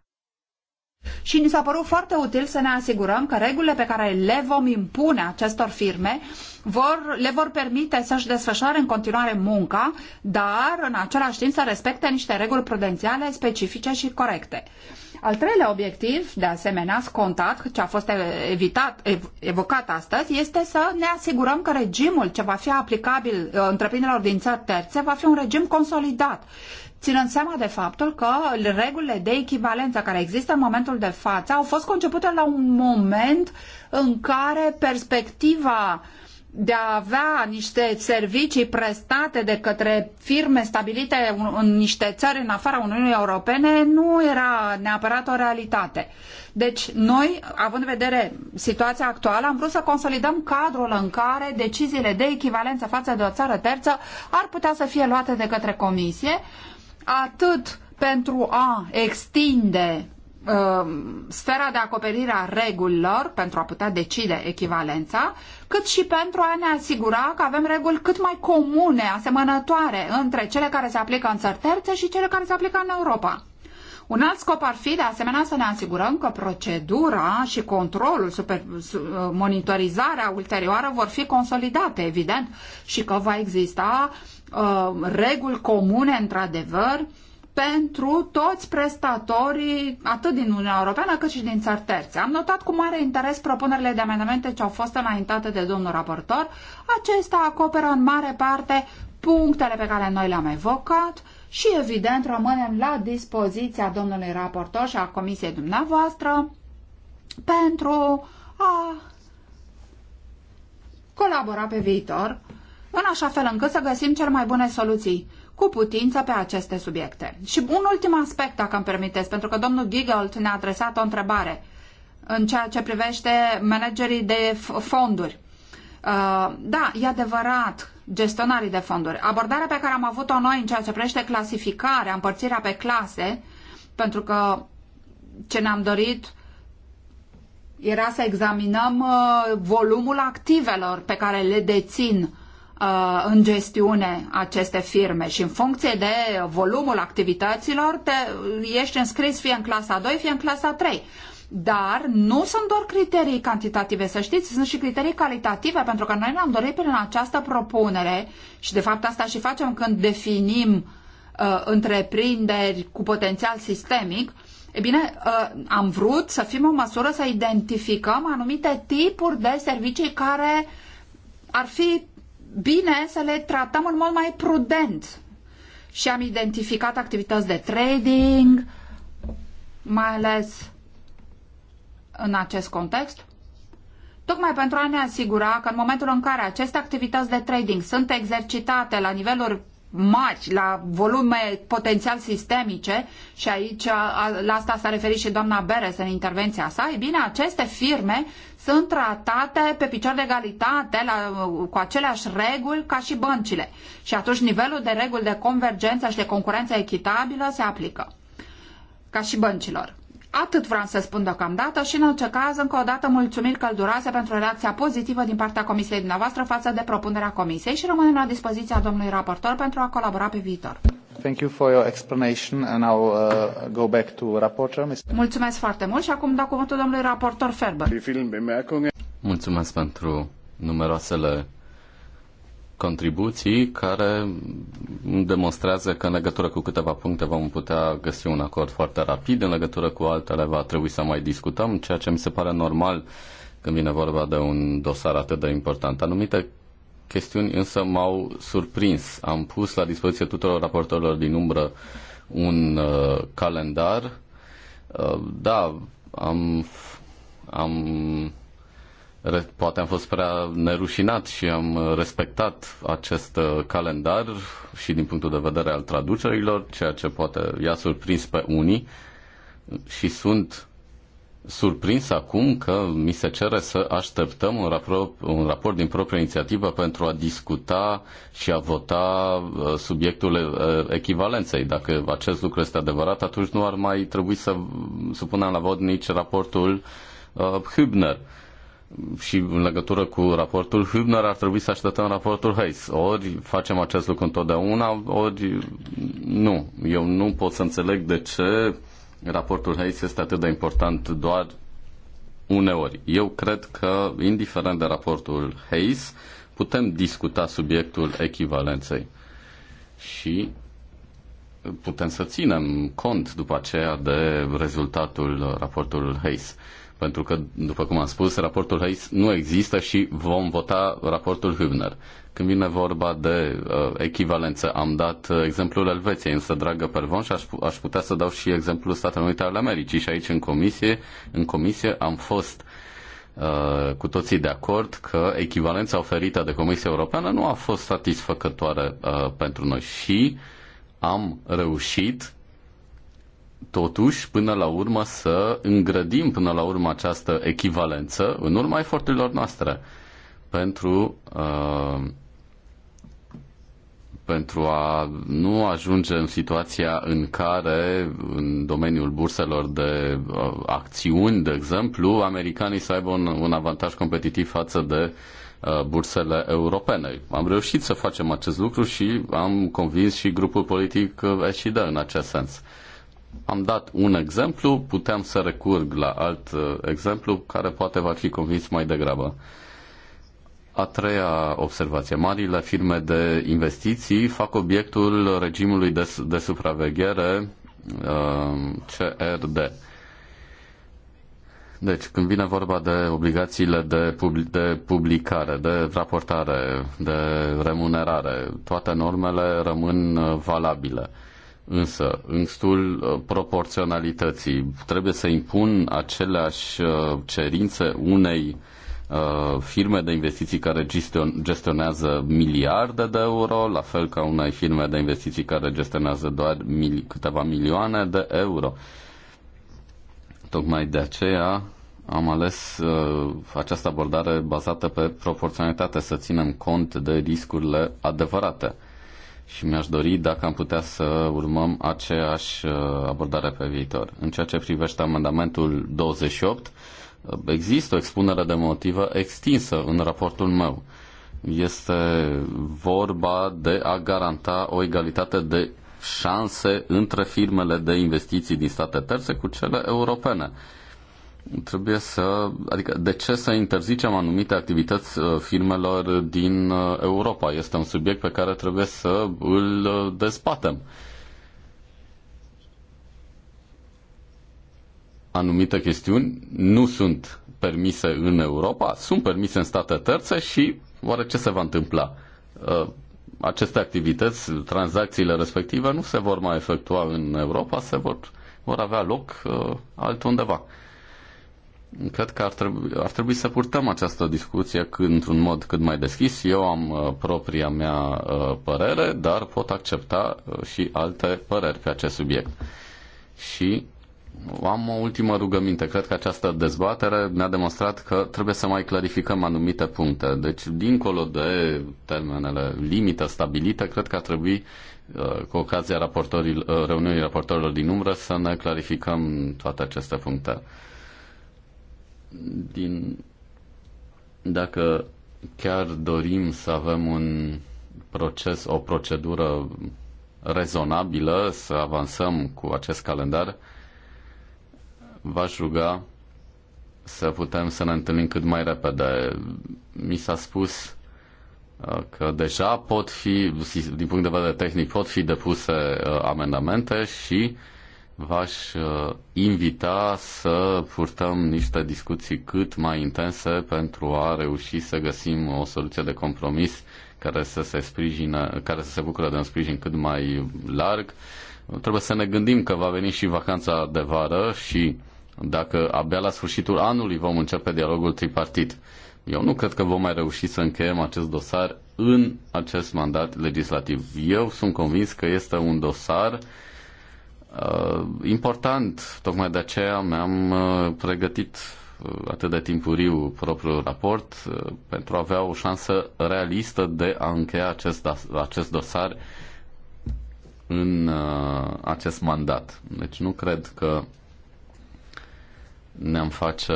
Și ni s-a părut foarte util să ne asigurăm că regulile pe care le vom impune acestor firme vor, le vor permite să-și desfășoare în continuare munca, dar în același timp să respecte niște reguli prudențiale specifice și corecte. Uh, al treilea obiectiv, de asemenea, scontat, ce a fost evitat, evocat astăzi, este să ne asigurăm că regimul ce va fi aplicabil uh, întreprinderilor din țări terțe va fi un regim consolidat ținând seama de faptul că regulile de echivalență care există în momentul de față au fost concepute la un moment în care perspectiva uh, de a avea niște servicii prestate de către firme stabilite în niște țări în afara Uniunii Europene nu era neapărat o realitate. Deci noi, având în vedere situația actuală, am vrut să consolidăm cadrul în care deciziile de echivalență față de o țară terță ar putea să fie luate de către Comisie, atât pentru a extinde Um, sfera de acoperire a regulilor pentru a putea decide echivalența, cât și pentru a ne asigura că avem reguli cât mai comune, asemănătoare între cele care se aplică în țări terțe și cele care se aplică în Europa. Un alt scop ar fi, de asemenea, să ne asigurăm că procedura și controlul, super, uh, monitorizarea ulterioară vor fi consolidate, evident, și că va exista uh, reguli comune, într-adevăr, uh, pentru toți prestatorii, atât din Uniunea Europeană cât și din țări terțe. Am notat cu mare interes propunerile de amendamente ce au fost înaintate de domnul raportor. Acesta acoperă în mare parte punctele pe care noi le-am evocat și, evident, rămânem la dispoziția domnului raportor și a comisiei dumneavoastră pentru a colabora pe viitor, în așa fel încât să găsim cel mai bune soluții cu putință pe aceste subiecte. Și un ultim aspect, dacă îmi permiteți, pentru că domnul Giggold ne-a adresat o întrebare în ceea ce privește managerii de fonduri. Uh, da, e adevărat, gestionarii de fonduri. Abordarea pe care am avut-o noi în ceea ce privește clasificarea, împărțirea pe clase, pentru că ce ne-am dorit era să examinăm uh, volumul activelor pe care le dețin Uh, în gestiune aceste firme și în funcție de volumul activităților te, ești înscris fie în clasa 2, fie în clasa 3. Dar nu sunt doar criterii cantitative, să știți, sunt și criterii calitative, pentru că noi ne-am dorit prin această propunere și de fapt asta și facem când definim uh, întreprinderi cu potențial sistemic, E bine, uh, am vrut să fim o măsură să identificăm anumite tipuri de servicii care ar fi bine să le tratăm în mod mai prudent. Și am identificat activități de trading, mai ales în acest context, tocmai pentru a ne asigura că în momentul în care aceste activități de trading sunt exercitate la niveluri mari, la volume potențial sistemice, și aici la asta s-a referit și doamna Beres în intervenția sa, e bine, aceste firme sunt tratate pe picior de egalitate, la, cu aceleași reguli ca și băncile. Și atunci nivelul de reguli de convergență și de concurență echitabilă se aplică ca și băncilor. Atât vreau să spun deocamdată și în orice caz, încă o dată, mulțumiri călduroase pentru reacția pozitivă din partea comisiei dumneavoastră față de propunerea comisiei și rămânem la dispoziția domnului raportor pentru a colabora pe viitor. Thank you for your explanation and I'll uh, go back to rapporteur. Mulțumesc foarte mult și acum dau cuvântul domnului raportor Ferber. Mulțumesc pentru numeroasele contribuții care demonstrează că în legătură cu câteva puncte vom putea găsi un acord foarte rapid, în legătură cu altele va trebui să mai discutăm, ceea ce mi se pare normal când vine vorba de un dosar atât de important. Anumite chestiuni însă m-au surprins. Am pus la dispoziție tuturor raportorilor din umbră un uh, calendar. Uh, da, am, am poate am fost prea nerușinat și am respectat acest uh, calendar și din punctul de vedere al traducerilor, ceea ce poate i-a surprins pe unii și sunt surprins acum că mi se cere să așteptăm un, raport, un raport din proprie inițiativă pentru a discuta și a vota uh, subiectul uh, echivalenței. Dacă acest lucru este adevărat, atunci nu ar mai trebui să supunem la vot nici raportul uh, Hübner. Și în legătură cu raportul Hübner ar trebui să așteptăm raportul Hayes. Ori facem acest lucru întotdeauna, ori nu. Eu nu pot să înțeleg de ce raportul Hayes este atât de important doar uneori. Eu cred că, indiferent de raportul Hayes, putem discuta subiectul echivalenței și putem să ținem cont după aceea de rezultatul raportului Hayes. Pentru că, după cum am spus, raportul Hayes nu există și vom vota raportul Hübner. Când vine vorba de uh, echivalență, am dat uh, exemplul Elveției, însă, dragă Pervon, și aș, aș putea să dau și exemplul Statelor Unite ale Americii. Și aici, în comisie, în comisie am fost uh, cu toții de acord că echivalența oferită de Comisia Europeană nu a fost satisfăcătoare uh, pentru noi și am reușit totuși, până la urmă, să îngrădim până la urmă această echivalență în urma eforturilor noastre. Uh, pentru uh, pentru a nu ajunge în situația în care, în domeniul burselor de uh, acțiuni, de exemplu, americanii să aibă un, un avantaj competitiv față de uh, bursele europene. Am reușit să facem acest lucru și am convins și grupul politic uh, SID în acest sens. Am dat un exemplu, puteam să recurg la alt uh, exemplu care poate va fi convins mai degrabă. A treia observație. Marile firme de investiții fac obiectul regimului de, de supraveghere uh, CRD. Deci, când vine vorba de obligațiile de, pub- de publicare, de raportare, de remunerare, toate normele rămân uh, valabile. Însă, în stul uh, proporționalității, trebuie să impun aceleași uh, cerințe unei Uh, firme de investiții care gestionează miliarde de euro, la fel ca unei firme de investiții care gestionează doar mil- câteva milioane de euro. Tocmai de aceea am ales uh, această abordare bazată pe proporționalitate, să ținem cont de riscurile adevărate. Și mi-aș dori dacă am putea să urmăm aceeași uh, abordare pe viitor. În ceea ce privește amendamentul 28, Există o expunere de motivă extinsă în raportul meu. Este vorba de a garanta o egalitate de șanse între firmele de investiții din state terțe cu cele europene. Trebuie să. Adică, de ce să interzicem anumite activități uh, firmelor din uh, Europa? Este un subiect pe care trebuie să îl uh, dezbatem. anumite chestiuni nu sunt permise în Europa, sunt permise în state terțe și oare ce se va întâmpla? Uh, aceste activități, tranzacțiile respective nu se vor mai efectua în Europa, se vor, vor avea loc uh, altundeva. Cred că ar trebui, ar trebui să purtăm această discuție într-un mod cât mai deschis. Eu am uh, propria mea părere, dar pot accepta și alte păreri pe acest subiect. Și am o ultimă rugăminte. Cred că această dezbatere ne-a demonstrat că trebuie să mai clarificăm anumite puncte. Deci, dincolo de termenele limită stabilite, cred că ar trebui uh, cu ocazia uh, reuniunii raportorilor din umbră să ne clarificăm toate aceste puncte. Din, dacă chiar dorim să avem un proces, o procedură rezonabilă, să avansăm cu acest calendar, v-aș ruga să putem să ne întâlnim cât mai repede. Mi s-a spus uh, că deja pot fi, din punct de vedere tehnic, pot fi depuse uh, amendamente și v-aș uh, invita să purtăm niște discuții cât mai intense pentru a reuși să găsim o soluție de compromis care să se, sprijine, care să se bucure de un sprijin cât mai larg. Trebuie să ne gândim că va veni și vacanța de vară și dacă abia la sfârșitul anului vom începe dialogul tripartit. Eu nu cred că vom mai reuși să încheiem acest dosar în acest mandat legislativ. Eu sunt convins că este un dosar uh, important, tocmai de aceea mi-am uh, pregătit uh, atât de timpuriu propriul raport uh, pentru a avea o șansă realistă de a încheia acest, acest dosar în uh, acest mandat. Deci nu cred că ne-am face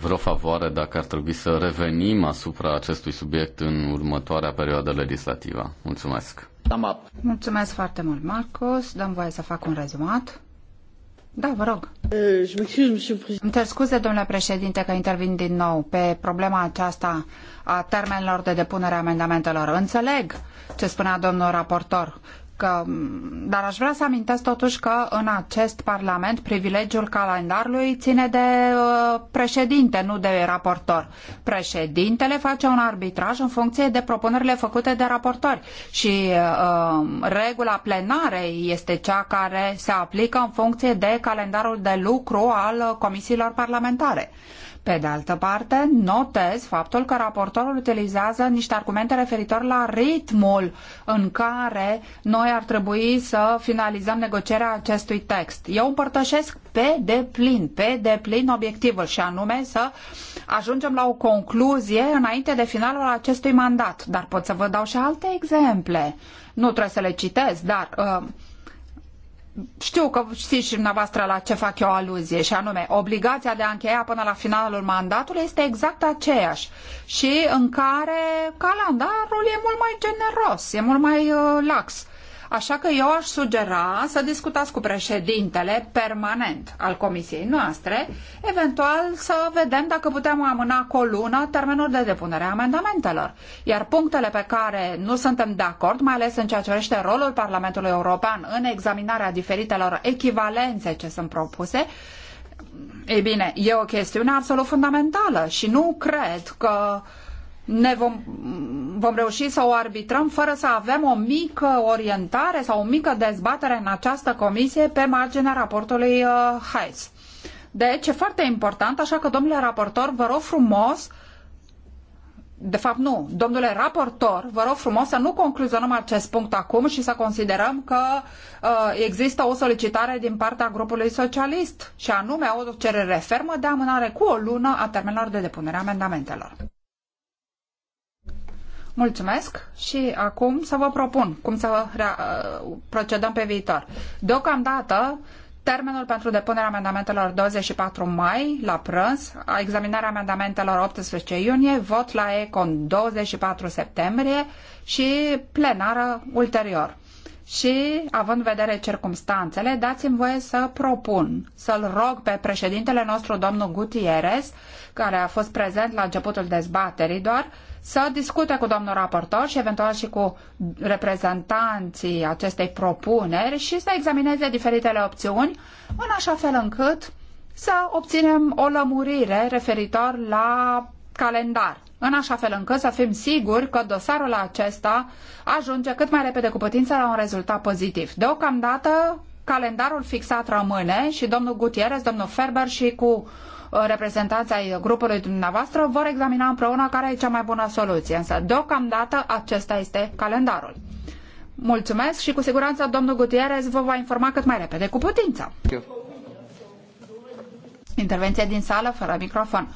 vreo favoare dacă ar trebui să revenim asupra acestui subiect în următoarea perioadă legislativă. Mulțumesc! Mulțumesc foarte mult, Marcos. Dăm voie să fac un rezumat. Da, vă rog. Îmi cer scuze, domnule președinte, că intervin din nou pe problema aceasta a termenilor de depunere a amendamentelor. Înțeleg ce spunea domnul raportor că, dar aș vrea să amintesc totuși că în acest Parlament privilegiul calendarului ține de uh, președinte, nu de raportor. Președintele face un arbitraj în funcție de propunerile făcute de raportori și uh, regula plenarei este cea care se aplică în funcție de calendarul de lucru al uh, comisiilor parlamentare. Uh, pe de altă parte, notez faptul că raportorul utilizează niște argumente referitor la ritmul în care noi ar trebui să finalizăm negocierea acestui text. Eu împărtășesc pe deplin, pe deplin obiectivul și anume să ajungem la o concluzie înainte de finalul acestui mandat. Dar pot să vă dau și alte exemple. Nu trebuie să le citez, dar uh, știu că știți și dumneavoastră la ce fac eu aluzie și anume obligația de a încheia până la finalul mandatului este exact aceeași și în care calendarul e mult mai generos, e mult mai uh, lax. Așa că eu aș sugera să discutați cu președintele permanent al comisiei noastre, eventual să vedem dacă putem amâna cu o lună termenul de depunere a amendamentelor. Iar punctele pe care nu suntem de acord, mai ales în ceea ce vrește rolul Parlamentului European în examinarea diferitelor echivalențe ce sunt propuse, ei bine, e o chestiune absolut fundamentală și nu cred că uh, ne vom, vom reuși să o arbitrăm fără să avem o mică orientare sau o mică dezbatere în această comisie pe marginea raportului uh, Hayes. Deci e foarte important, așa că domnule raportor, vă rog frumos de fapt nu, domnule raportor, vă rog frumos să nu concluzionăm acest punct acum și să considerăm că uh, există o solicitare din partea grupului socialist și anume o cerere fermă de amânare cu o lună a termenelor de depunere a amendamentelor. Mulțumesc și acum să vă propun cum să uh, procedăm pe viitor. Deocamdată, termenul pentru depunerea amendamentelor 24 mai la prânz, examinarea amendamentelor 18 iunie, vot la ECON 24 septembrie și plenară ulterior. Și, având în vedere circumstanțele, dați-mi voie să propun, să-l rog pe președintele nostru, domnul Gutierrez, care a fost prezent la începutul dezbaterii doar, să discute cu domnul raportor și eventual și cu reprezentanții acestei propuneri și să examineze diferitele opțiuni în așa fel încât să obținem o lămurire referitor la calendar, în așa fel încât să fim siguri că dosarul acesta ajunge cât mai repede cu putință la un rezultat pozitiv. Deocamdată, calendarul fixat rămâne și domnul Gutierrez, domnul Ferber și cu Uh, reprezentanți ai grupului dumneavoastră vor examina împreună care e cea mai bună soluție. Însă, deocamdată, acesta este calendarul. Mulțumesc și cu siguranță domnul Gutierrez vă va informa cât mai repede cu putință. Intervenție din sală, fără microfon.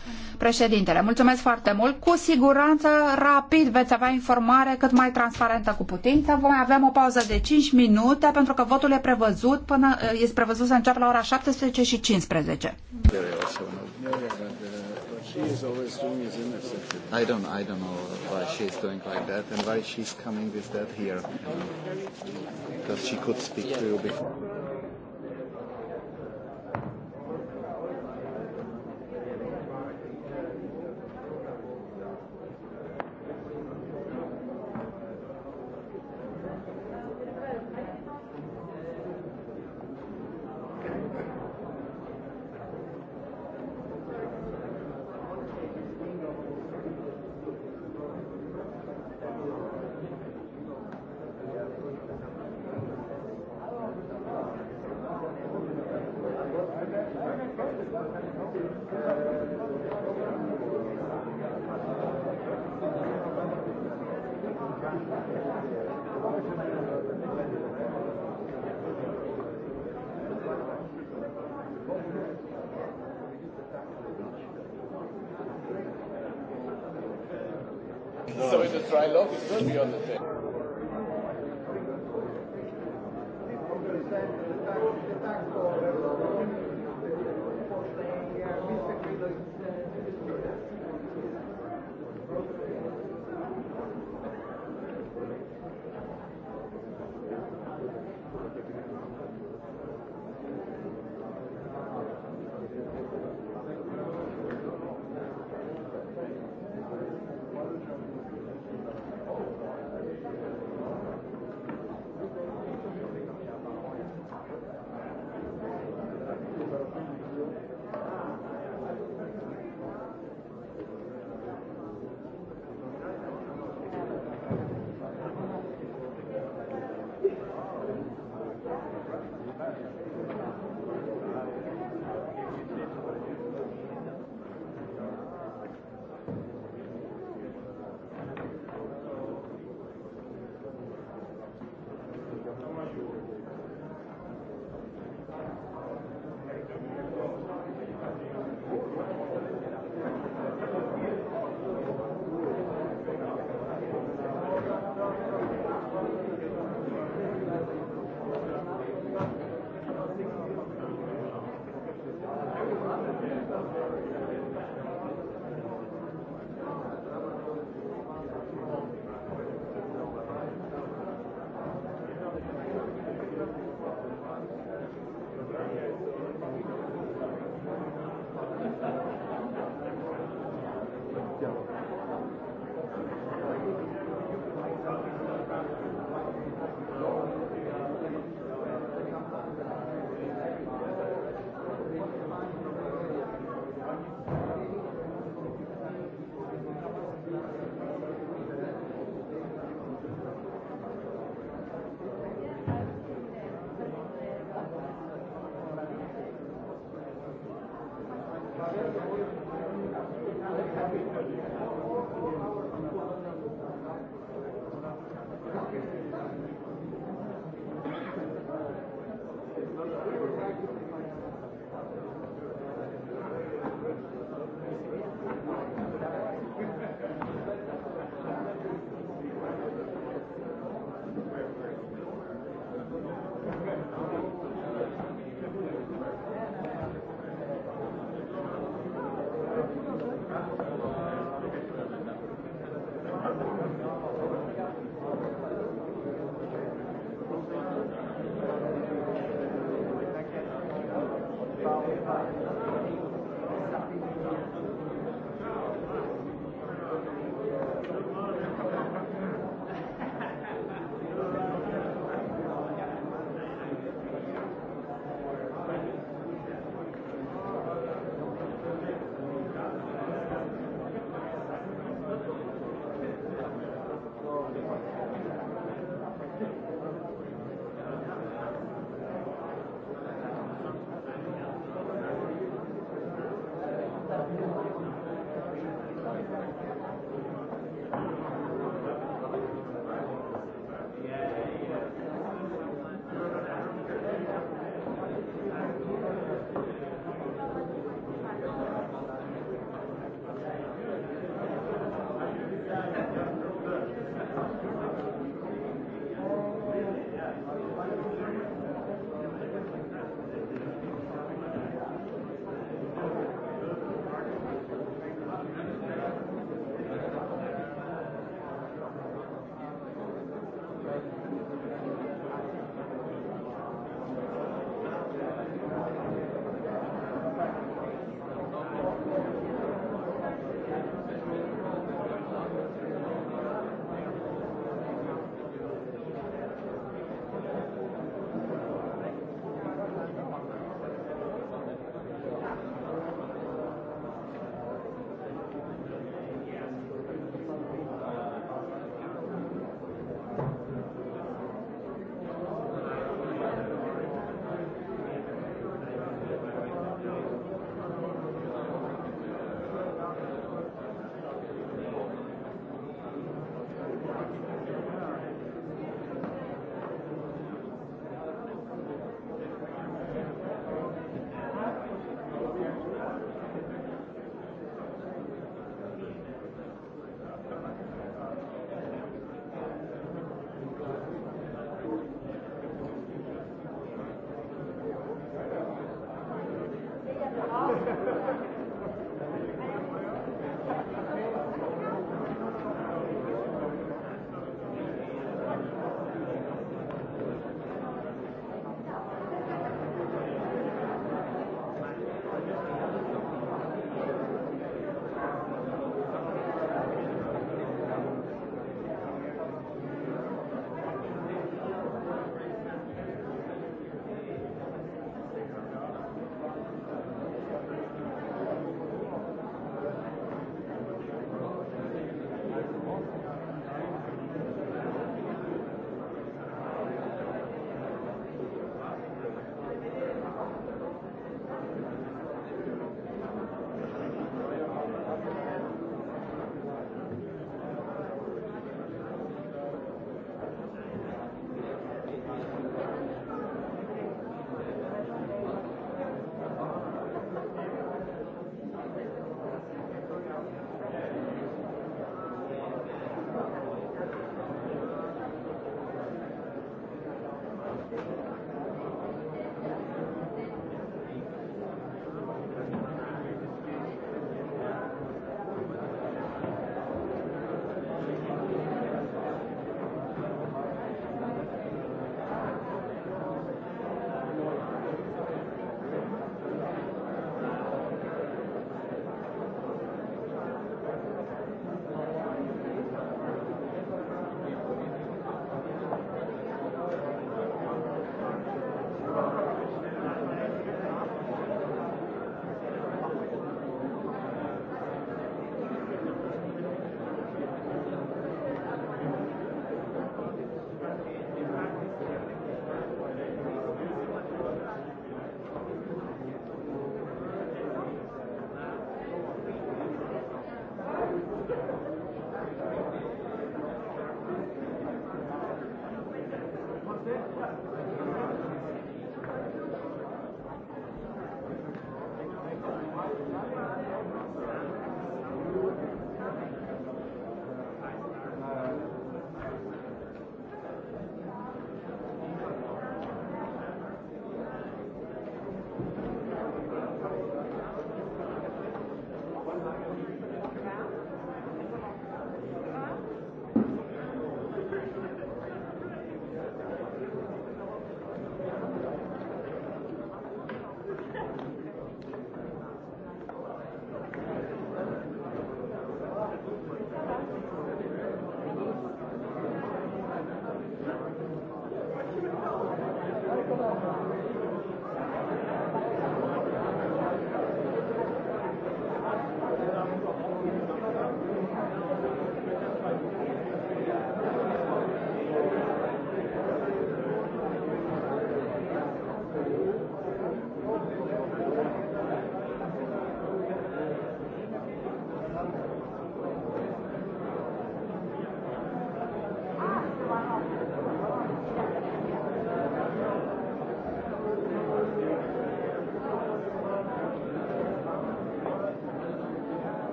Președintele, mulțumesc foarte mult. Cu siguranță, rapid, veți avea informare cât mai transparentă cu putință. Vom avea o pauză de 5 minute pentru că votul e prevăzut, până, este prevăzut să înceapă la ora 17 și 15. I don't, I don't know why she's doing like that and why she's coming with that here. Because she could speak to you before. Trilogue is to be on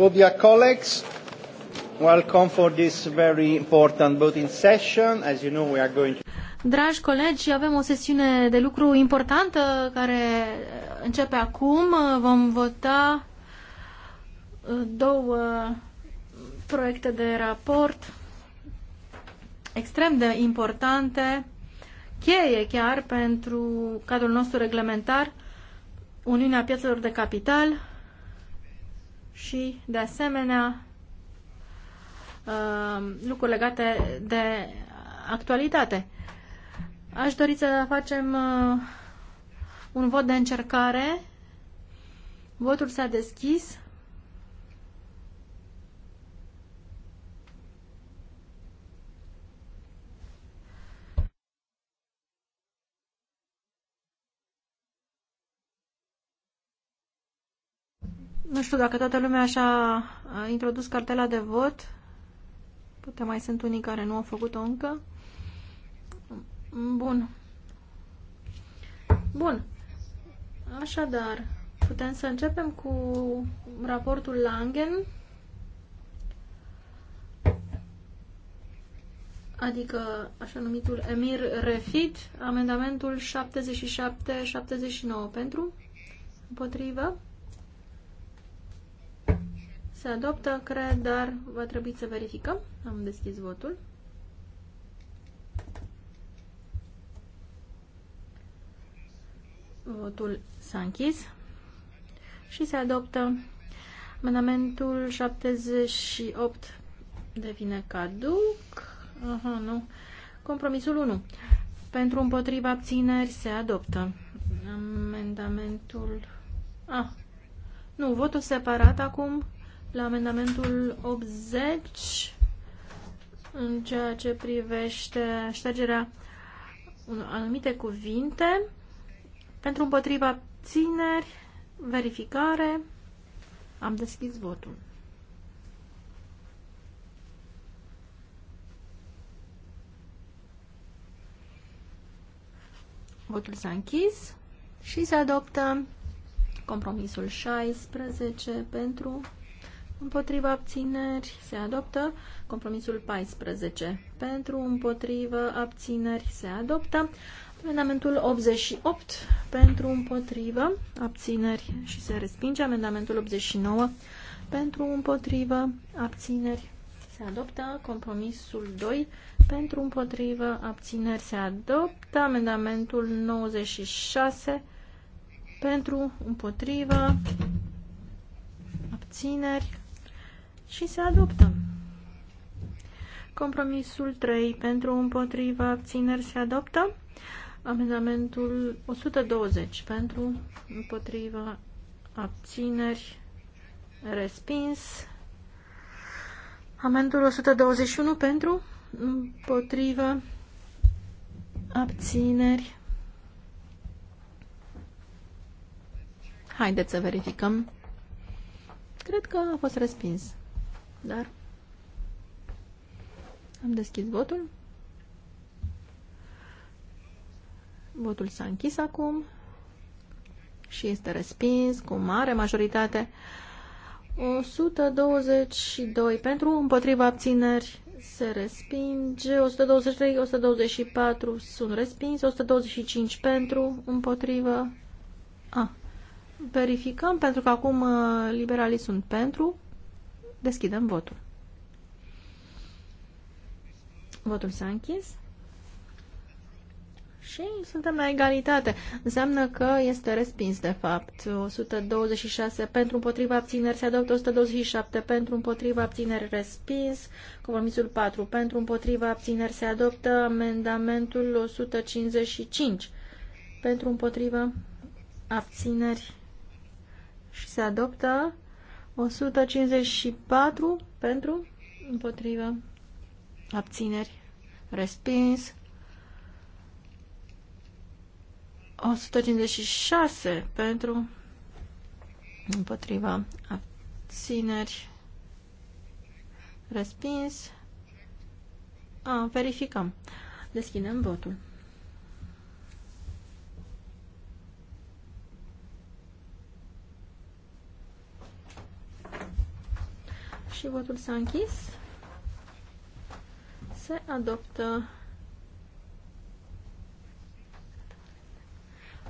So, dear colleagues, welcome for this very important voting session. As you know, we are going to... Dragi colegi, avem o sesiune de lucru importantă care începe acum. Vom vota uh, două proiecte de raport extrem de importante, cheie chiar pentru cadrul nostru reglementar, Uniunea Piețelor de Capital și, de asemenea, um, lucruri legate de actualitate. Aș dori să facem uh, un vot de încercare. Votul s-a deschis. Nu știu dacă toată lumea așa a introdus cartela de vot. Poate mai sunt unii care nu au făcut-o încă. Bun. Bun. Așadar, putem să începem cu raportul Langen, adică așa numitul Emir Refit, amendamentul 77-79 pentru, împotrivă, se adoptă, cred, dar va trebui să verificăm. Am deschis votul. Votul s-a închis și se adoptă amendamentul 78 devine caduc. Aha, nu. Compromisul 1. Pentru împotriva abțineri se adoptă. Amendamentul... Ah. Nu, votul separat acum la amendamentul 80 în ceea ce privește ștergerea anumite cuvinte pentru împotriva țineri, verificare, am deschis votul. Votul s-a închis și se adoptă compromisul 16 pentru Împotriva abțineri se adoptă. Compromisul 14. Pentru împotrivă abțineri se adoptă. Amendamentul 88 pentru împotrivă abțineri și se respinge. Amendamentul 89 pentru împotrivă abțineri se adoptă. Compromisul 2 pentru împotrivă abțineri se adoptă. Amendamentul 96 pentru împotrivă abțineri și se adoptă. Compromisul 3 pentru împotriva abțineri se adoptă. Amendamentul 120 pentru împotriva abțineri respins. Amendul 121 pentru împotriva abțineri. Haideți să verificăm. Cred că a fost respins. Dar am deschis votul. Votul s-a închis acum și este respins cu mare majoritate. 122 pentru, împotriva abțineri se respinge, 123, 124 sunt respins, 125 pentru, împotrivă. A. Verificăm pentru că acum uh, liberalii sunt pentru. Deschidem votul. Votul s-a închis. Și suntem la egalitate. Înseamnă că este respins, de fapt. 126 pentru împotriva abțineri se adoptă, 127 pentru împotriva abțineri respins, compromisul 4 pentru împotriva abțineri se adoptă, amendamentul 155 pentru împotriva abțineri și se adoptă 154 pentru, împotrivă, abțineri, respins. 156 pentru, împotriva, abțineri, respins. A, verificăm. Deschidem votul. și votul s-a închis. Se adoptă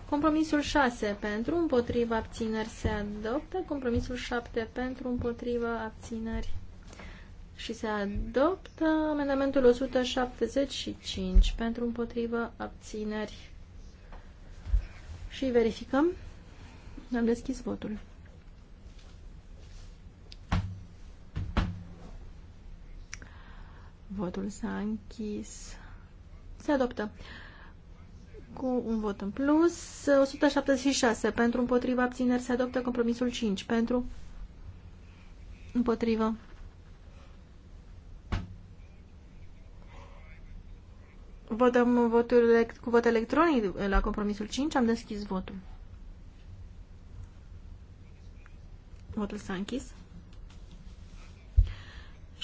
Compromisul 6 pentru, împotriva abțineri se adoptă. Compromisul 7 pentru, împotriva abțineri și se adoptă. Amendamentul 175 pentru, împotriva abțineri și verificăm. Am deschis votul. Votul s-a închis. Se adoptă. Cu un vot în plus, 176 pentru împotriva abțineri se adoptă compromisul 5 pentru împotrivă. Votăm votul cu vot electronic la compromisul 5. Am deschis votul. Votul s-a închis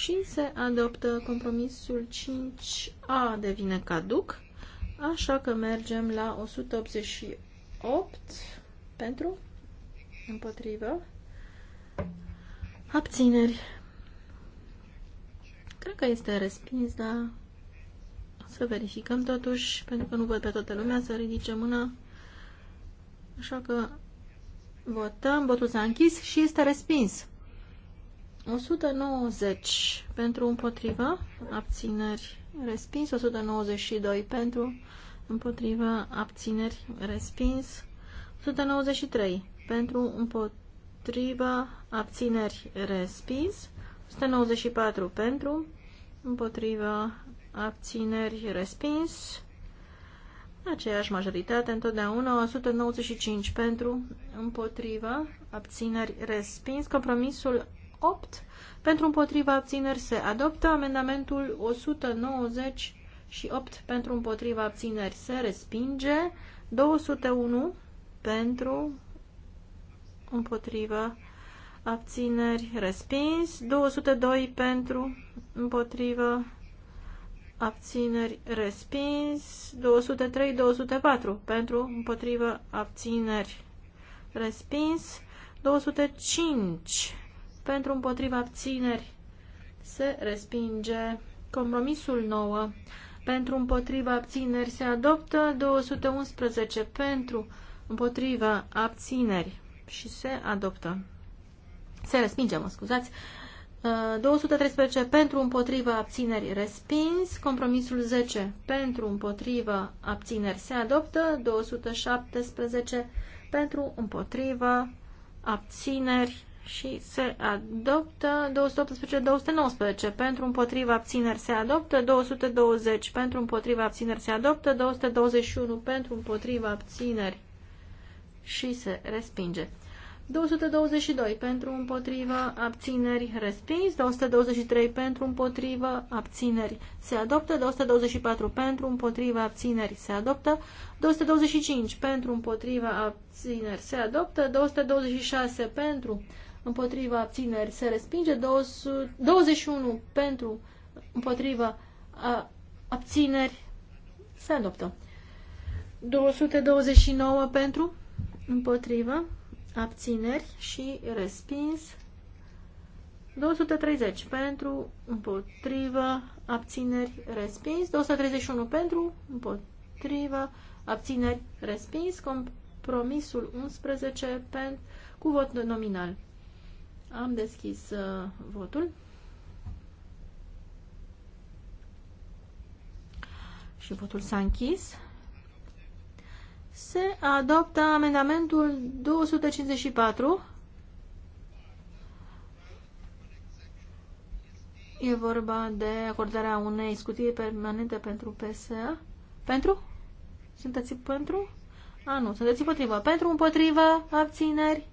și se adoptă compromisul 5A devine caduc, așa că mergem la 188 pentru, împotrivă, abțineri. Cred că este respins, dar să verificăm totuși, pentru că nu văd pe toată lumea să ridice mâna. Așa că votăm, votul s-a închis și este respins. 190 pentru împotrivă, abțineri respins, 192 pentru împotrivă, abțineri respins, 193 pentru împotrivă, abțineri respins, 194 pentru împotrivă, abțineri respins, aceeași majoritate întotdeauna, 195 pentru, împotriva, abțineri, respins. Compromisul 8. Pentru împotriva abțineri se adoptă amendamentul 198 pentru împotriva abțineri se respinge. 201 pentru împotriva abțineri respins. 202 pentru împotriva abțineri respins. 203-204 pentru împotriva abțineri respins. 205 pentru împotriva abțineri se respinge. Compromisul 9 pentru împotriva abțineri se adoptă 211 pentru împotriva abțineri și se adoptă. Se respinge, mă scuzați. 213 uh, pentru împotriva abțineri respins, compromisul 10 pentru împotriva abțineri se adoptă, 217 pentru împotriva abțineri și se adoptă 218-219 pentru împotriva abțineri se adoptă, 220 pentru împotriva abțineri se adoptă, 221 pentru împotriva abțineri și se respinge. 222 pentru împotriva abțineri respins, 223 pentru împotriva abțineri se adoptă, 224 pentru împotriva abțineri se adoptă, 225 pentru împotriva abțineri se adoptă, 226 pentru împotriva abțineri se respinge, 200, 21 pentru împotriva a, abțineri se adoptă. 229 pentru împotriva abțineri și respins. 230 pentru împotriva abțineri respins. 231 pentru împotriva abțineri respins. Compromisul 11 pentru cu vot nominal. Am deschis uh, votul. Și votul s-a închis. Se adoptă amendamentul 254. E vorba de acordarea unei scutiri permanente pentru PSA. Pentru? Sunteți pentru? A, nu, sunteți împotrivă. Pentru, împotrivă, abțineri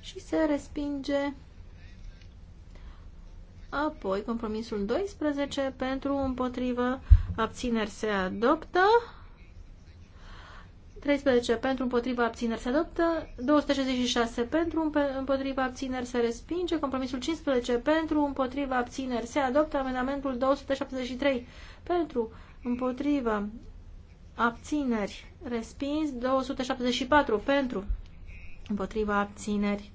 și se respinge. Apoi, compromisul 12 pentru împotrivă abțineri se adoptă. 13 pentru împotriva abțineri se adoptă, 266 pentru împotriva abțineri se respinge, compromisul 15 pentru împotriva abțineri se adoptă, amendamentul 273 pentru împotriva abțineri respins, 274 pentru împotriva abțineri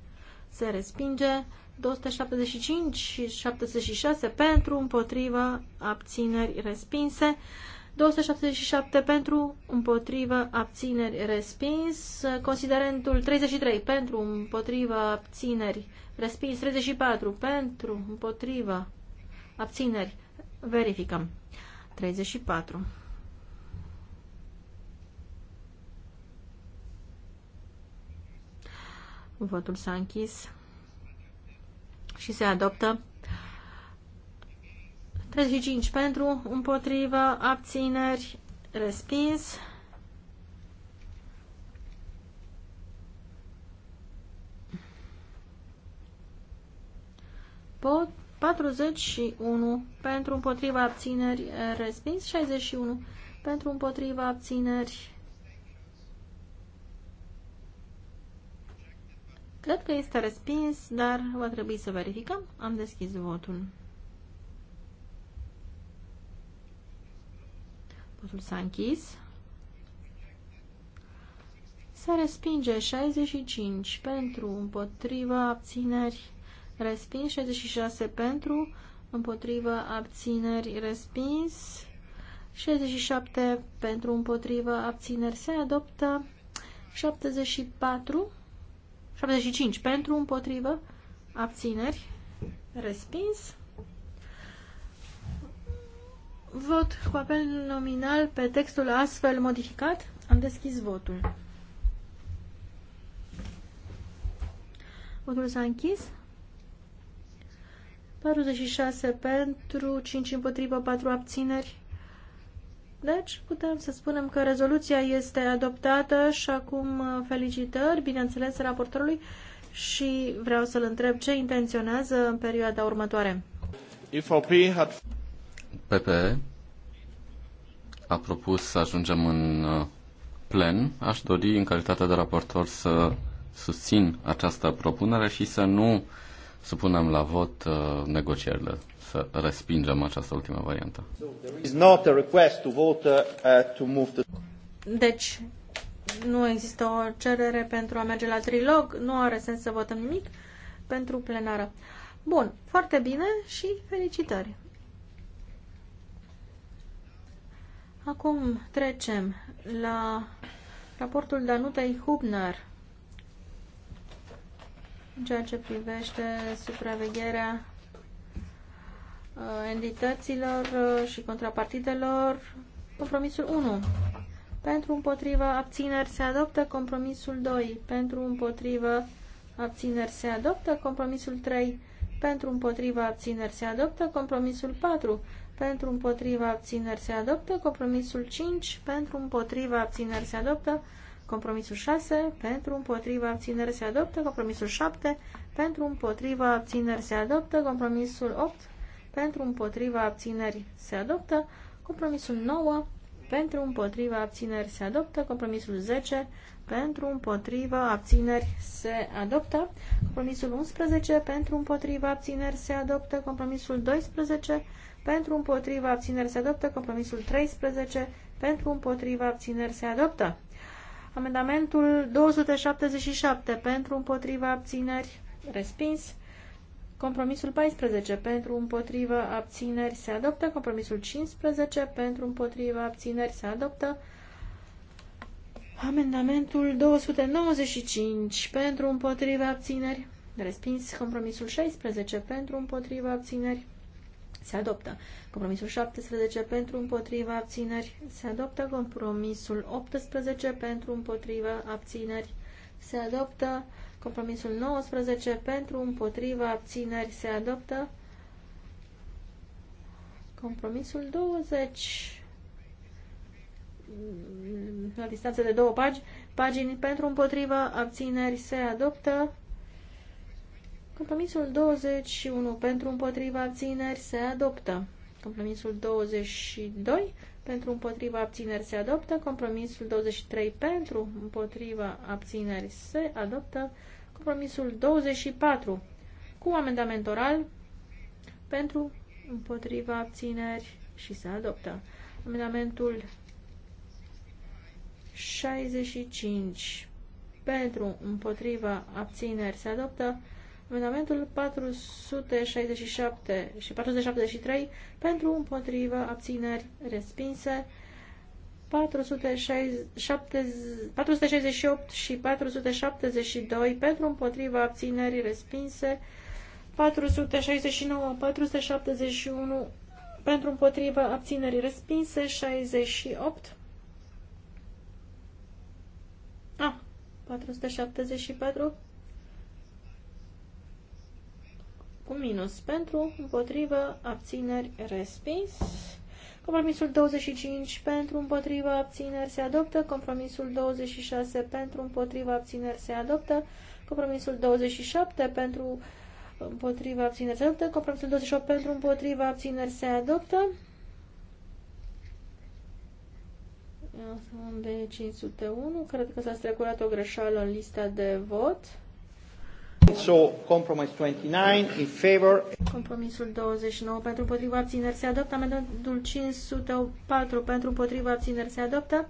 se respinge. 275 și 76 pentru, împotriva abțineri respinse. 277 pentru, împotriva abțineri, respins. Considerentul 33 pentru, împotriva abțineri, respins. 34 pentru, împotriva abțineri, verificăm. 34. Votul s-a închis și se adoptă. 35 pentru, împotrivă, abțineri, respins. Pot 41 pentru împotriva abțineri respins, 61 pentru împotriva abțineri Cred că este respins, dar va trebui să verificăm. Am deschis votul. Votul s-a închis. Se respinge 65 pentru, împotriva, abțineri, respins, 66 pentru, împotriva, abțineri, respins, 67 pentru, împotriva, abțineri, se adoptă, 74 75 pentru, împotrivă, abțineri, respins. Vot cu apel nominal pe textul astfel modificat. Am deschis votul. Votul s-a închis. 46 pentru, 5 împotrivă, 4 abțineri. Deci putem să spunem că rezoluția este adoptată și acum uh, felicitări, bineînțeles, raportorului și vreau să-l întreb ce intenționează în perioada următoare. PP a propus să ajungem în uh, plen. Aș dori, în calitate de raportor, să susțin această propunere și să nu supunem la vot uh, negocierile să respingem această ultimă variantă. Uh, uh, deci, nu există o cerere pentru a merge la trilog, nu are sens să votăm nimic pentru plenară. Bun, foarte bine și felicitări! Acum trecem la raportul Danutei Hubner în ceea ce privește supravegherea Uh, entităților uh, și contrapartidelor. Compromisul 1. Pentru împotrivă abțineri se adoptă compromisul 2. Pentru împotrivă abțineri se adoptă compromisul 3. Pentru împotrivă abțineri se adoptă compromisul 4. Pentru împotrivă abțineri se adoptă compromisul 5. Pentru împotrivă abțineri se adoptă compromisul 6. Pentru împotrivă abțineri se adoptă compromisul 7. Pentru împotrivă abțineri se adoptă compromisul 8 pentru împotriva abțineri se adoptă, compromisul 9 pentru împotriva abțineri se adoptă, compromisul 10 pentru împotriva abțineri se adoptă, compromisul 11 pentru împotriva abțineri se adoptă, compromisul 12 pentru împotriva abțineri se adoptă, compromisul 13 pentru împotriva abțineri se adoptă. Amendamentul 277 pentru împotriva abțineri respins. Compromisul 14 pentru împotrivă abțineri se adoptă. Compromisul 15 pentru împotrivă abțineri se adoptă. Amendamentul 295 pentru împotrivă abțineri. Respins compromisul 16 pentru împotrivă abțineri. Se adoptă. Compromisul 17 pentru împotriva abțineri. Se adoptă. Compromisul 18 pentru împotriva abțineri. Se adoptă. Compromisul 19 pentru, împotriva, abțineri se adoptă. Compromisul 20 la distanță de două pagi pagini pentru împotriva abțineri se adoptă. Compromisul 21 pentru împotriva abțineri se adoptă. Compromisul 22 pentru împotriva abțineri se adoptă, compromisul 23 pentru împotriva abțineri se adoptă, compromisul 24 cu amendament oral pentru împotriva abțineri și se adoptă. Amendamentul 65 pentru împotriva abțineri se adoptă, Amendamentul 467 și 473 pentru împotrivă abțineri respinse. 468 și 472 pentru împotriva abțineri respinse, 469, 471 pentru împotriva abțineri respinse, 68, a, ah, 474 cu minus pentru, împotrivă, abțineri, respins. Compromisul 25 pentru, împotrivă, abțineri, se adoptă. Compromisul 26 pentru, împotrivă, abțineri, se adoptă. Compromisul 27 pentru, împotrivă, abțineri, se adoptă. Compromisul 28 pentru, împotrivă, abțineri, se adoptă. B501, cred că s-a strecurat o greșeală în lista de vot. So, compromise 29 in favor. Compromisul 29 pentru împotriva abțineri se adoptă. Amendamentul 504 pentru împotriva abțineri se adoptă.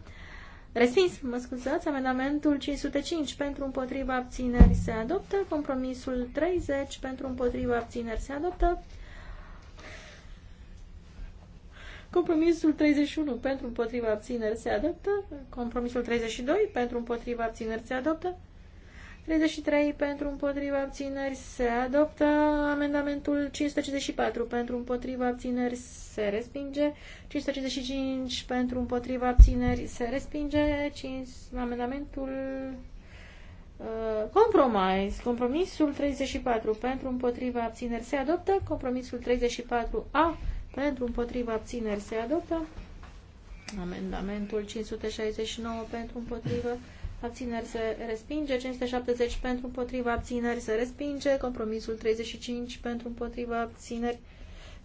Respins, mă scuzați, amendamentul 505 pentru împotriva abțineri se adoptă, compromisul 30 pentru împotriva abțineri se adoptă, compromisul 31 pentru împotriva abțineri se adoptă, compromisul 32 pentru împotriva abțineri se adoptă, 33 pentru împotriva abțineri se adoptă. Amendamentul 554 pentru împotriva abțineri se respinge. 555 pentru împotriva abțineri se respinge. 5, amendamentul uh, compromis. Compromisul 34 pentru împotriva abțineri se adoptă. Compromisul 34A pentru împotriva abțineri se adoptă. Amendamentul 569 pentru împotriva abțineri abțineri se respinge, 570 pentru împotriva abțineri se respinge, compromisul 35 pentru împotriva abțineri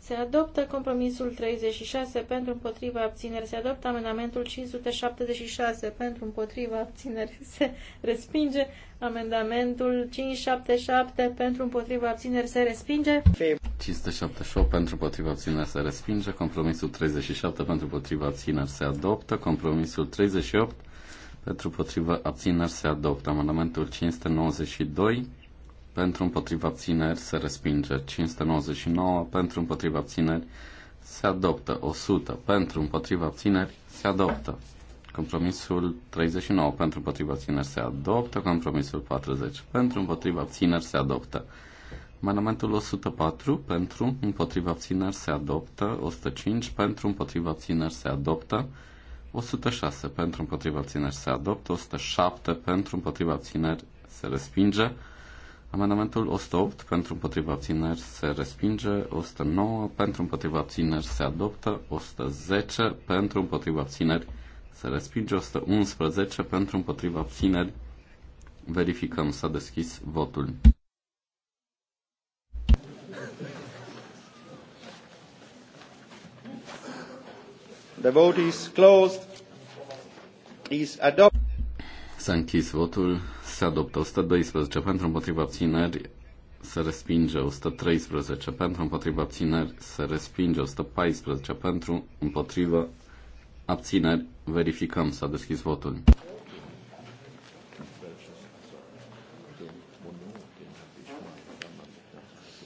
se adoptă, compromisul 36 pentru împotriva abțineri se adoptă, amendamentul 576 pentru împotriva abțineri se respinge, amendamentul 577 pentru împotriva abțineri se respinge. 578 pentru împotriva abțineri se respinge, compromisul 37 pentru împotriva abțineri se adoptă, compromisul 38 pentru împotriva abțineri se adoptă. Amendamentul 592. Pentru împotriva abțineri se respinge. 599. Pentru împotriva abțineri se adoptă. 100. Pentru împotriva abțineri se adoptă. Compromisul 39 pentru împotriva abțineri se adoptă. Compromisul 40 pentru împotriva abțineri se adoptă. Amendamentul 104 pentru împotriva abțineri se adoptă. 105 pentru împotriva abțineri se adoptă. 106 pentru împotriva abțineri se adoptă, 107 pentru împotriva abțineri se respinge, amendamentul 108 pentru împotriva abțineri se respinge, 109 pentru împotriva abțineri se adoptă, 110 pentru împotriva abțineri se respinge, 111 pentru împotriva abțineri verificăm s-a deschis votul. The vote is closed. Is adopted. S-a închis votul, se adoptă 112 pentru împotriva abțineri, se respinge 113 pentru împotriva abțineri, se respinge 114 pentru împotriva abțineri. Verificăm, s-a deschis votul.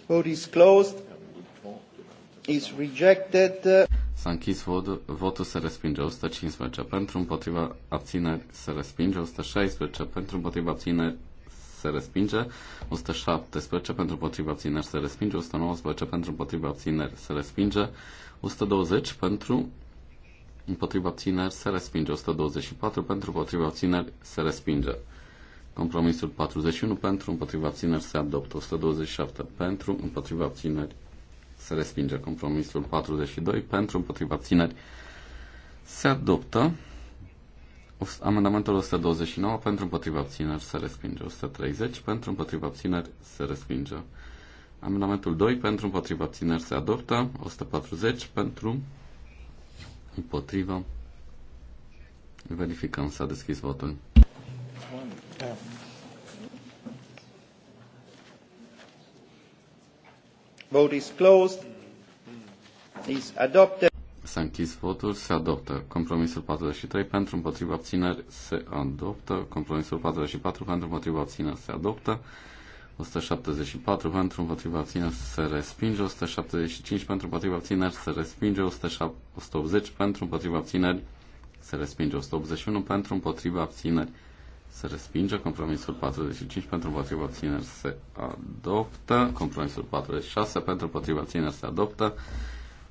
Vote is closed. Is rejected. S-a închis votul, votul se respinge 115 pentru, împotriva abțineri se respinge 116 pentru, împotriva abțineri se respinge 117 pentru, împotriva abțineri se respinge 119 pentru, împotriva abțineri se respinge 120 pentru, împotriva abțineri se respinge 124 pentru, împotriva abțineri se respinge. Compromisul 41 pentru, împotriva abțineri se adoptă 127 pentru, împotriva abțineri se respinge. Compromisul 42 pentru împotriva țineri. se adoptă. Amendamentul 129 pentru împotriva țineri se respinge. 130 pentru împotriva țineri se respinge. Amendamentul 2 pentru împotriva țineri se adoptă. 140 pentru împotriva. Verificăm s-a deschis votul. One, Vote is closed. Is adopted. S-a închis votul, se adoptă. Compromisul 43 pentru împotriva abțineri se adoptă. Compromisul 44 pentru împotriva abțineri se adoptă. 174 pentru împotriva abțineri se respinge, 175 pentru împotriva abțineri se respinge, 180 pentru împotriva abțineri se respinge, 181 pentru împotriva abțineri se respinge. Compromisul 45 pentru împotriva țineri se adoptă. Compromisul 46 pentru împotriva țineri se adoptă.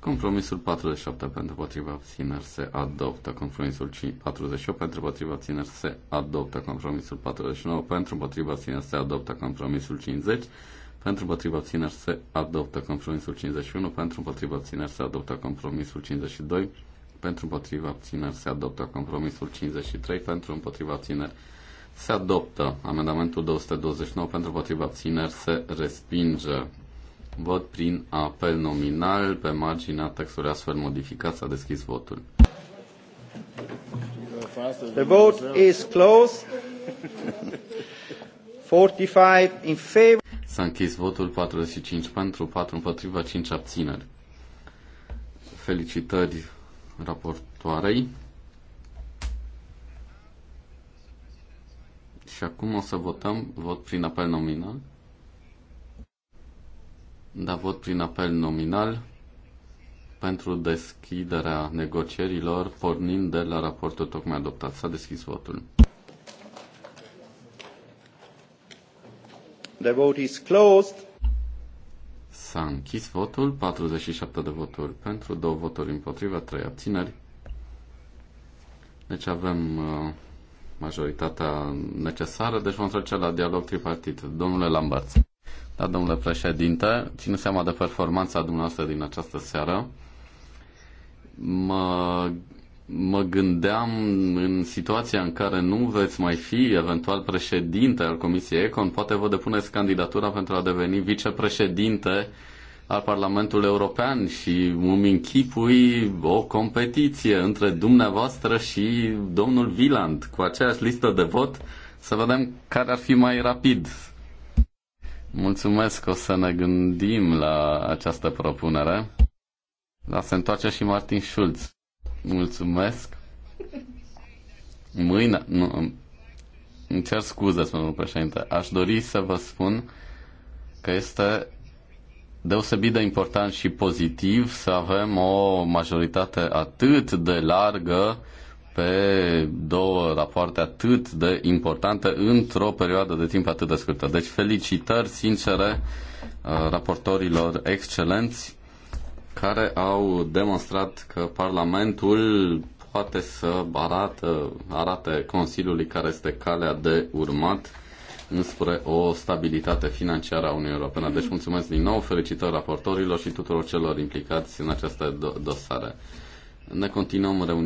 Compromisul 47 pentru împotriva abțineri se adoptă. Compromisul 48 pentru împotriva abțineri se adoptă. Compromisul 49 pentru împotriva abțineri se adoptă. Compromisul 50 pentru împotriva abțineri se adoptă. Compromisul 51 pentru împotriva abțineri se adoptă. Compromisul 52 pentru împotriva abțineri se adoptă. Compromisul 53 pentru împotriva abțineri se adoptă se adoptă amendamentul 229 pentru potriva abțineri, se respinge. Vot prin apel nominal pe marginea textului astfel modificat s-a deschis votul. The vote is closed. 45 in favor. S-a închis votul 45 pentru, 4 împotriva, 5 abțineri. Felicitări raportoarei. Și acum o să votăm vot prin apel nominal. Da, vot prin apel nominal pentru deschiderea negocierilor pornind de la raportul tocmai adoptat. S-a deschis votul. The vote is closed. S-a închis votul, 47 de voturi pentru, 2 voturi împotriva, 3 abțineri. Deci avem uh, majoritatea necesară, deci vom trece la dialog tripartit. Domnule Lamberts. Da, domnule președinte, ținând seama de performanța dumneavoastră din această seară, mă, mă gândeam în situația în care nu veți mai fi eventual președinte al Comisiei Econ, poate vă depuneți candidatura pentru a deveni vicepreședinte al Parlamentului European și îmi închipui o competiție între dumneavoastră și domnul Viland cu aceeași listă de vot să vedem care ar fi mai rapid. Mulțumesc, o să ne gândim la această propunere. Dar se întoarce și Martin Schulz. Mulțumesc. Mâine, nu, îmi cer scuze, domnul președinte. Aș dori să vă spun că este deosebit de important și pozitiv să avem o majoritate atât de largă pe două rapoarte atât de importante într-o perioadă de timp atât de scurtă. Deci felicitări sincere uh, raportorilor excelenți care au demonstrat că Parlamentul poate să arată, arate Consiliului care este calea de urmat înspre o stabilitate financiară a Uniunii Europene. Deci mulțumesc din nou, felicitări raportorilor și tuturor celor implicați în do- dosare. Ne continuăm reuniunea.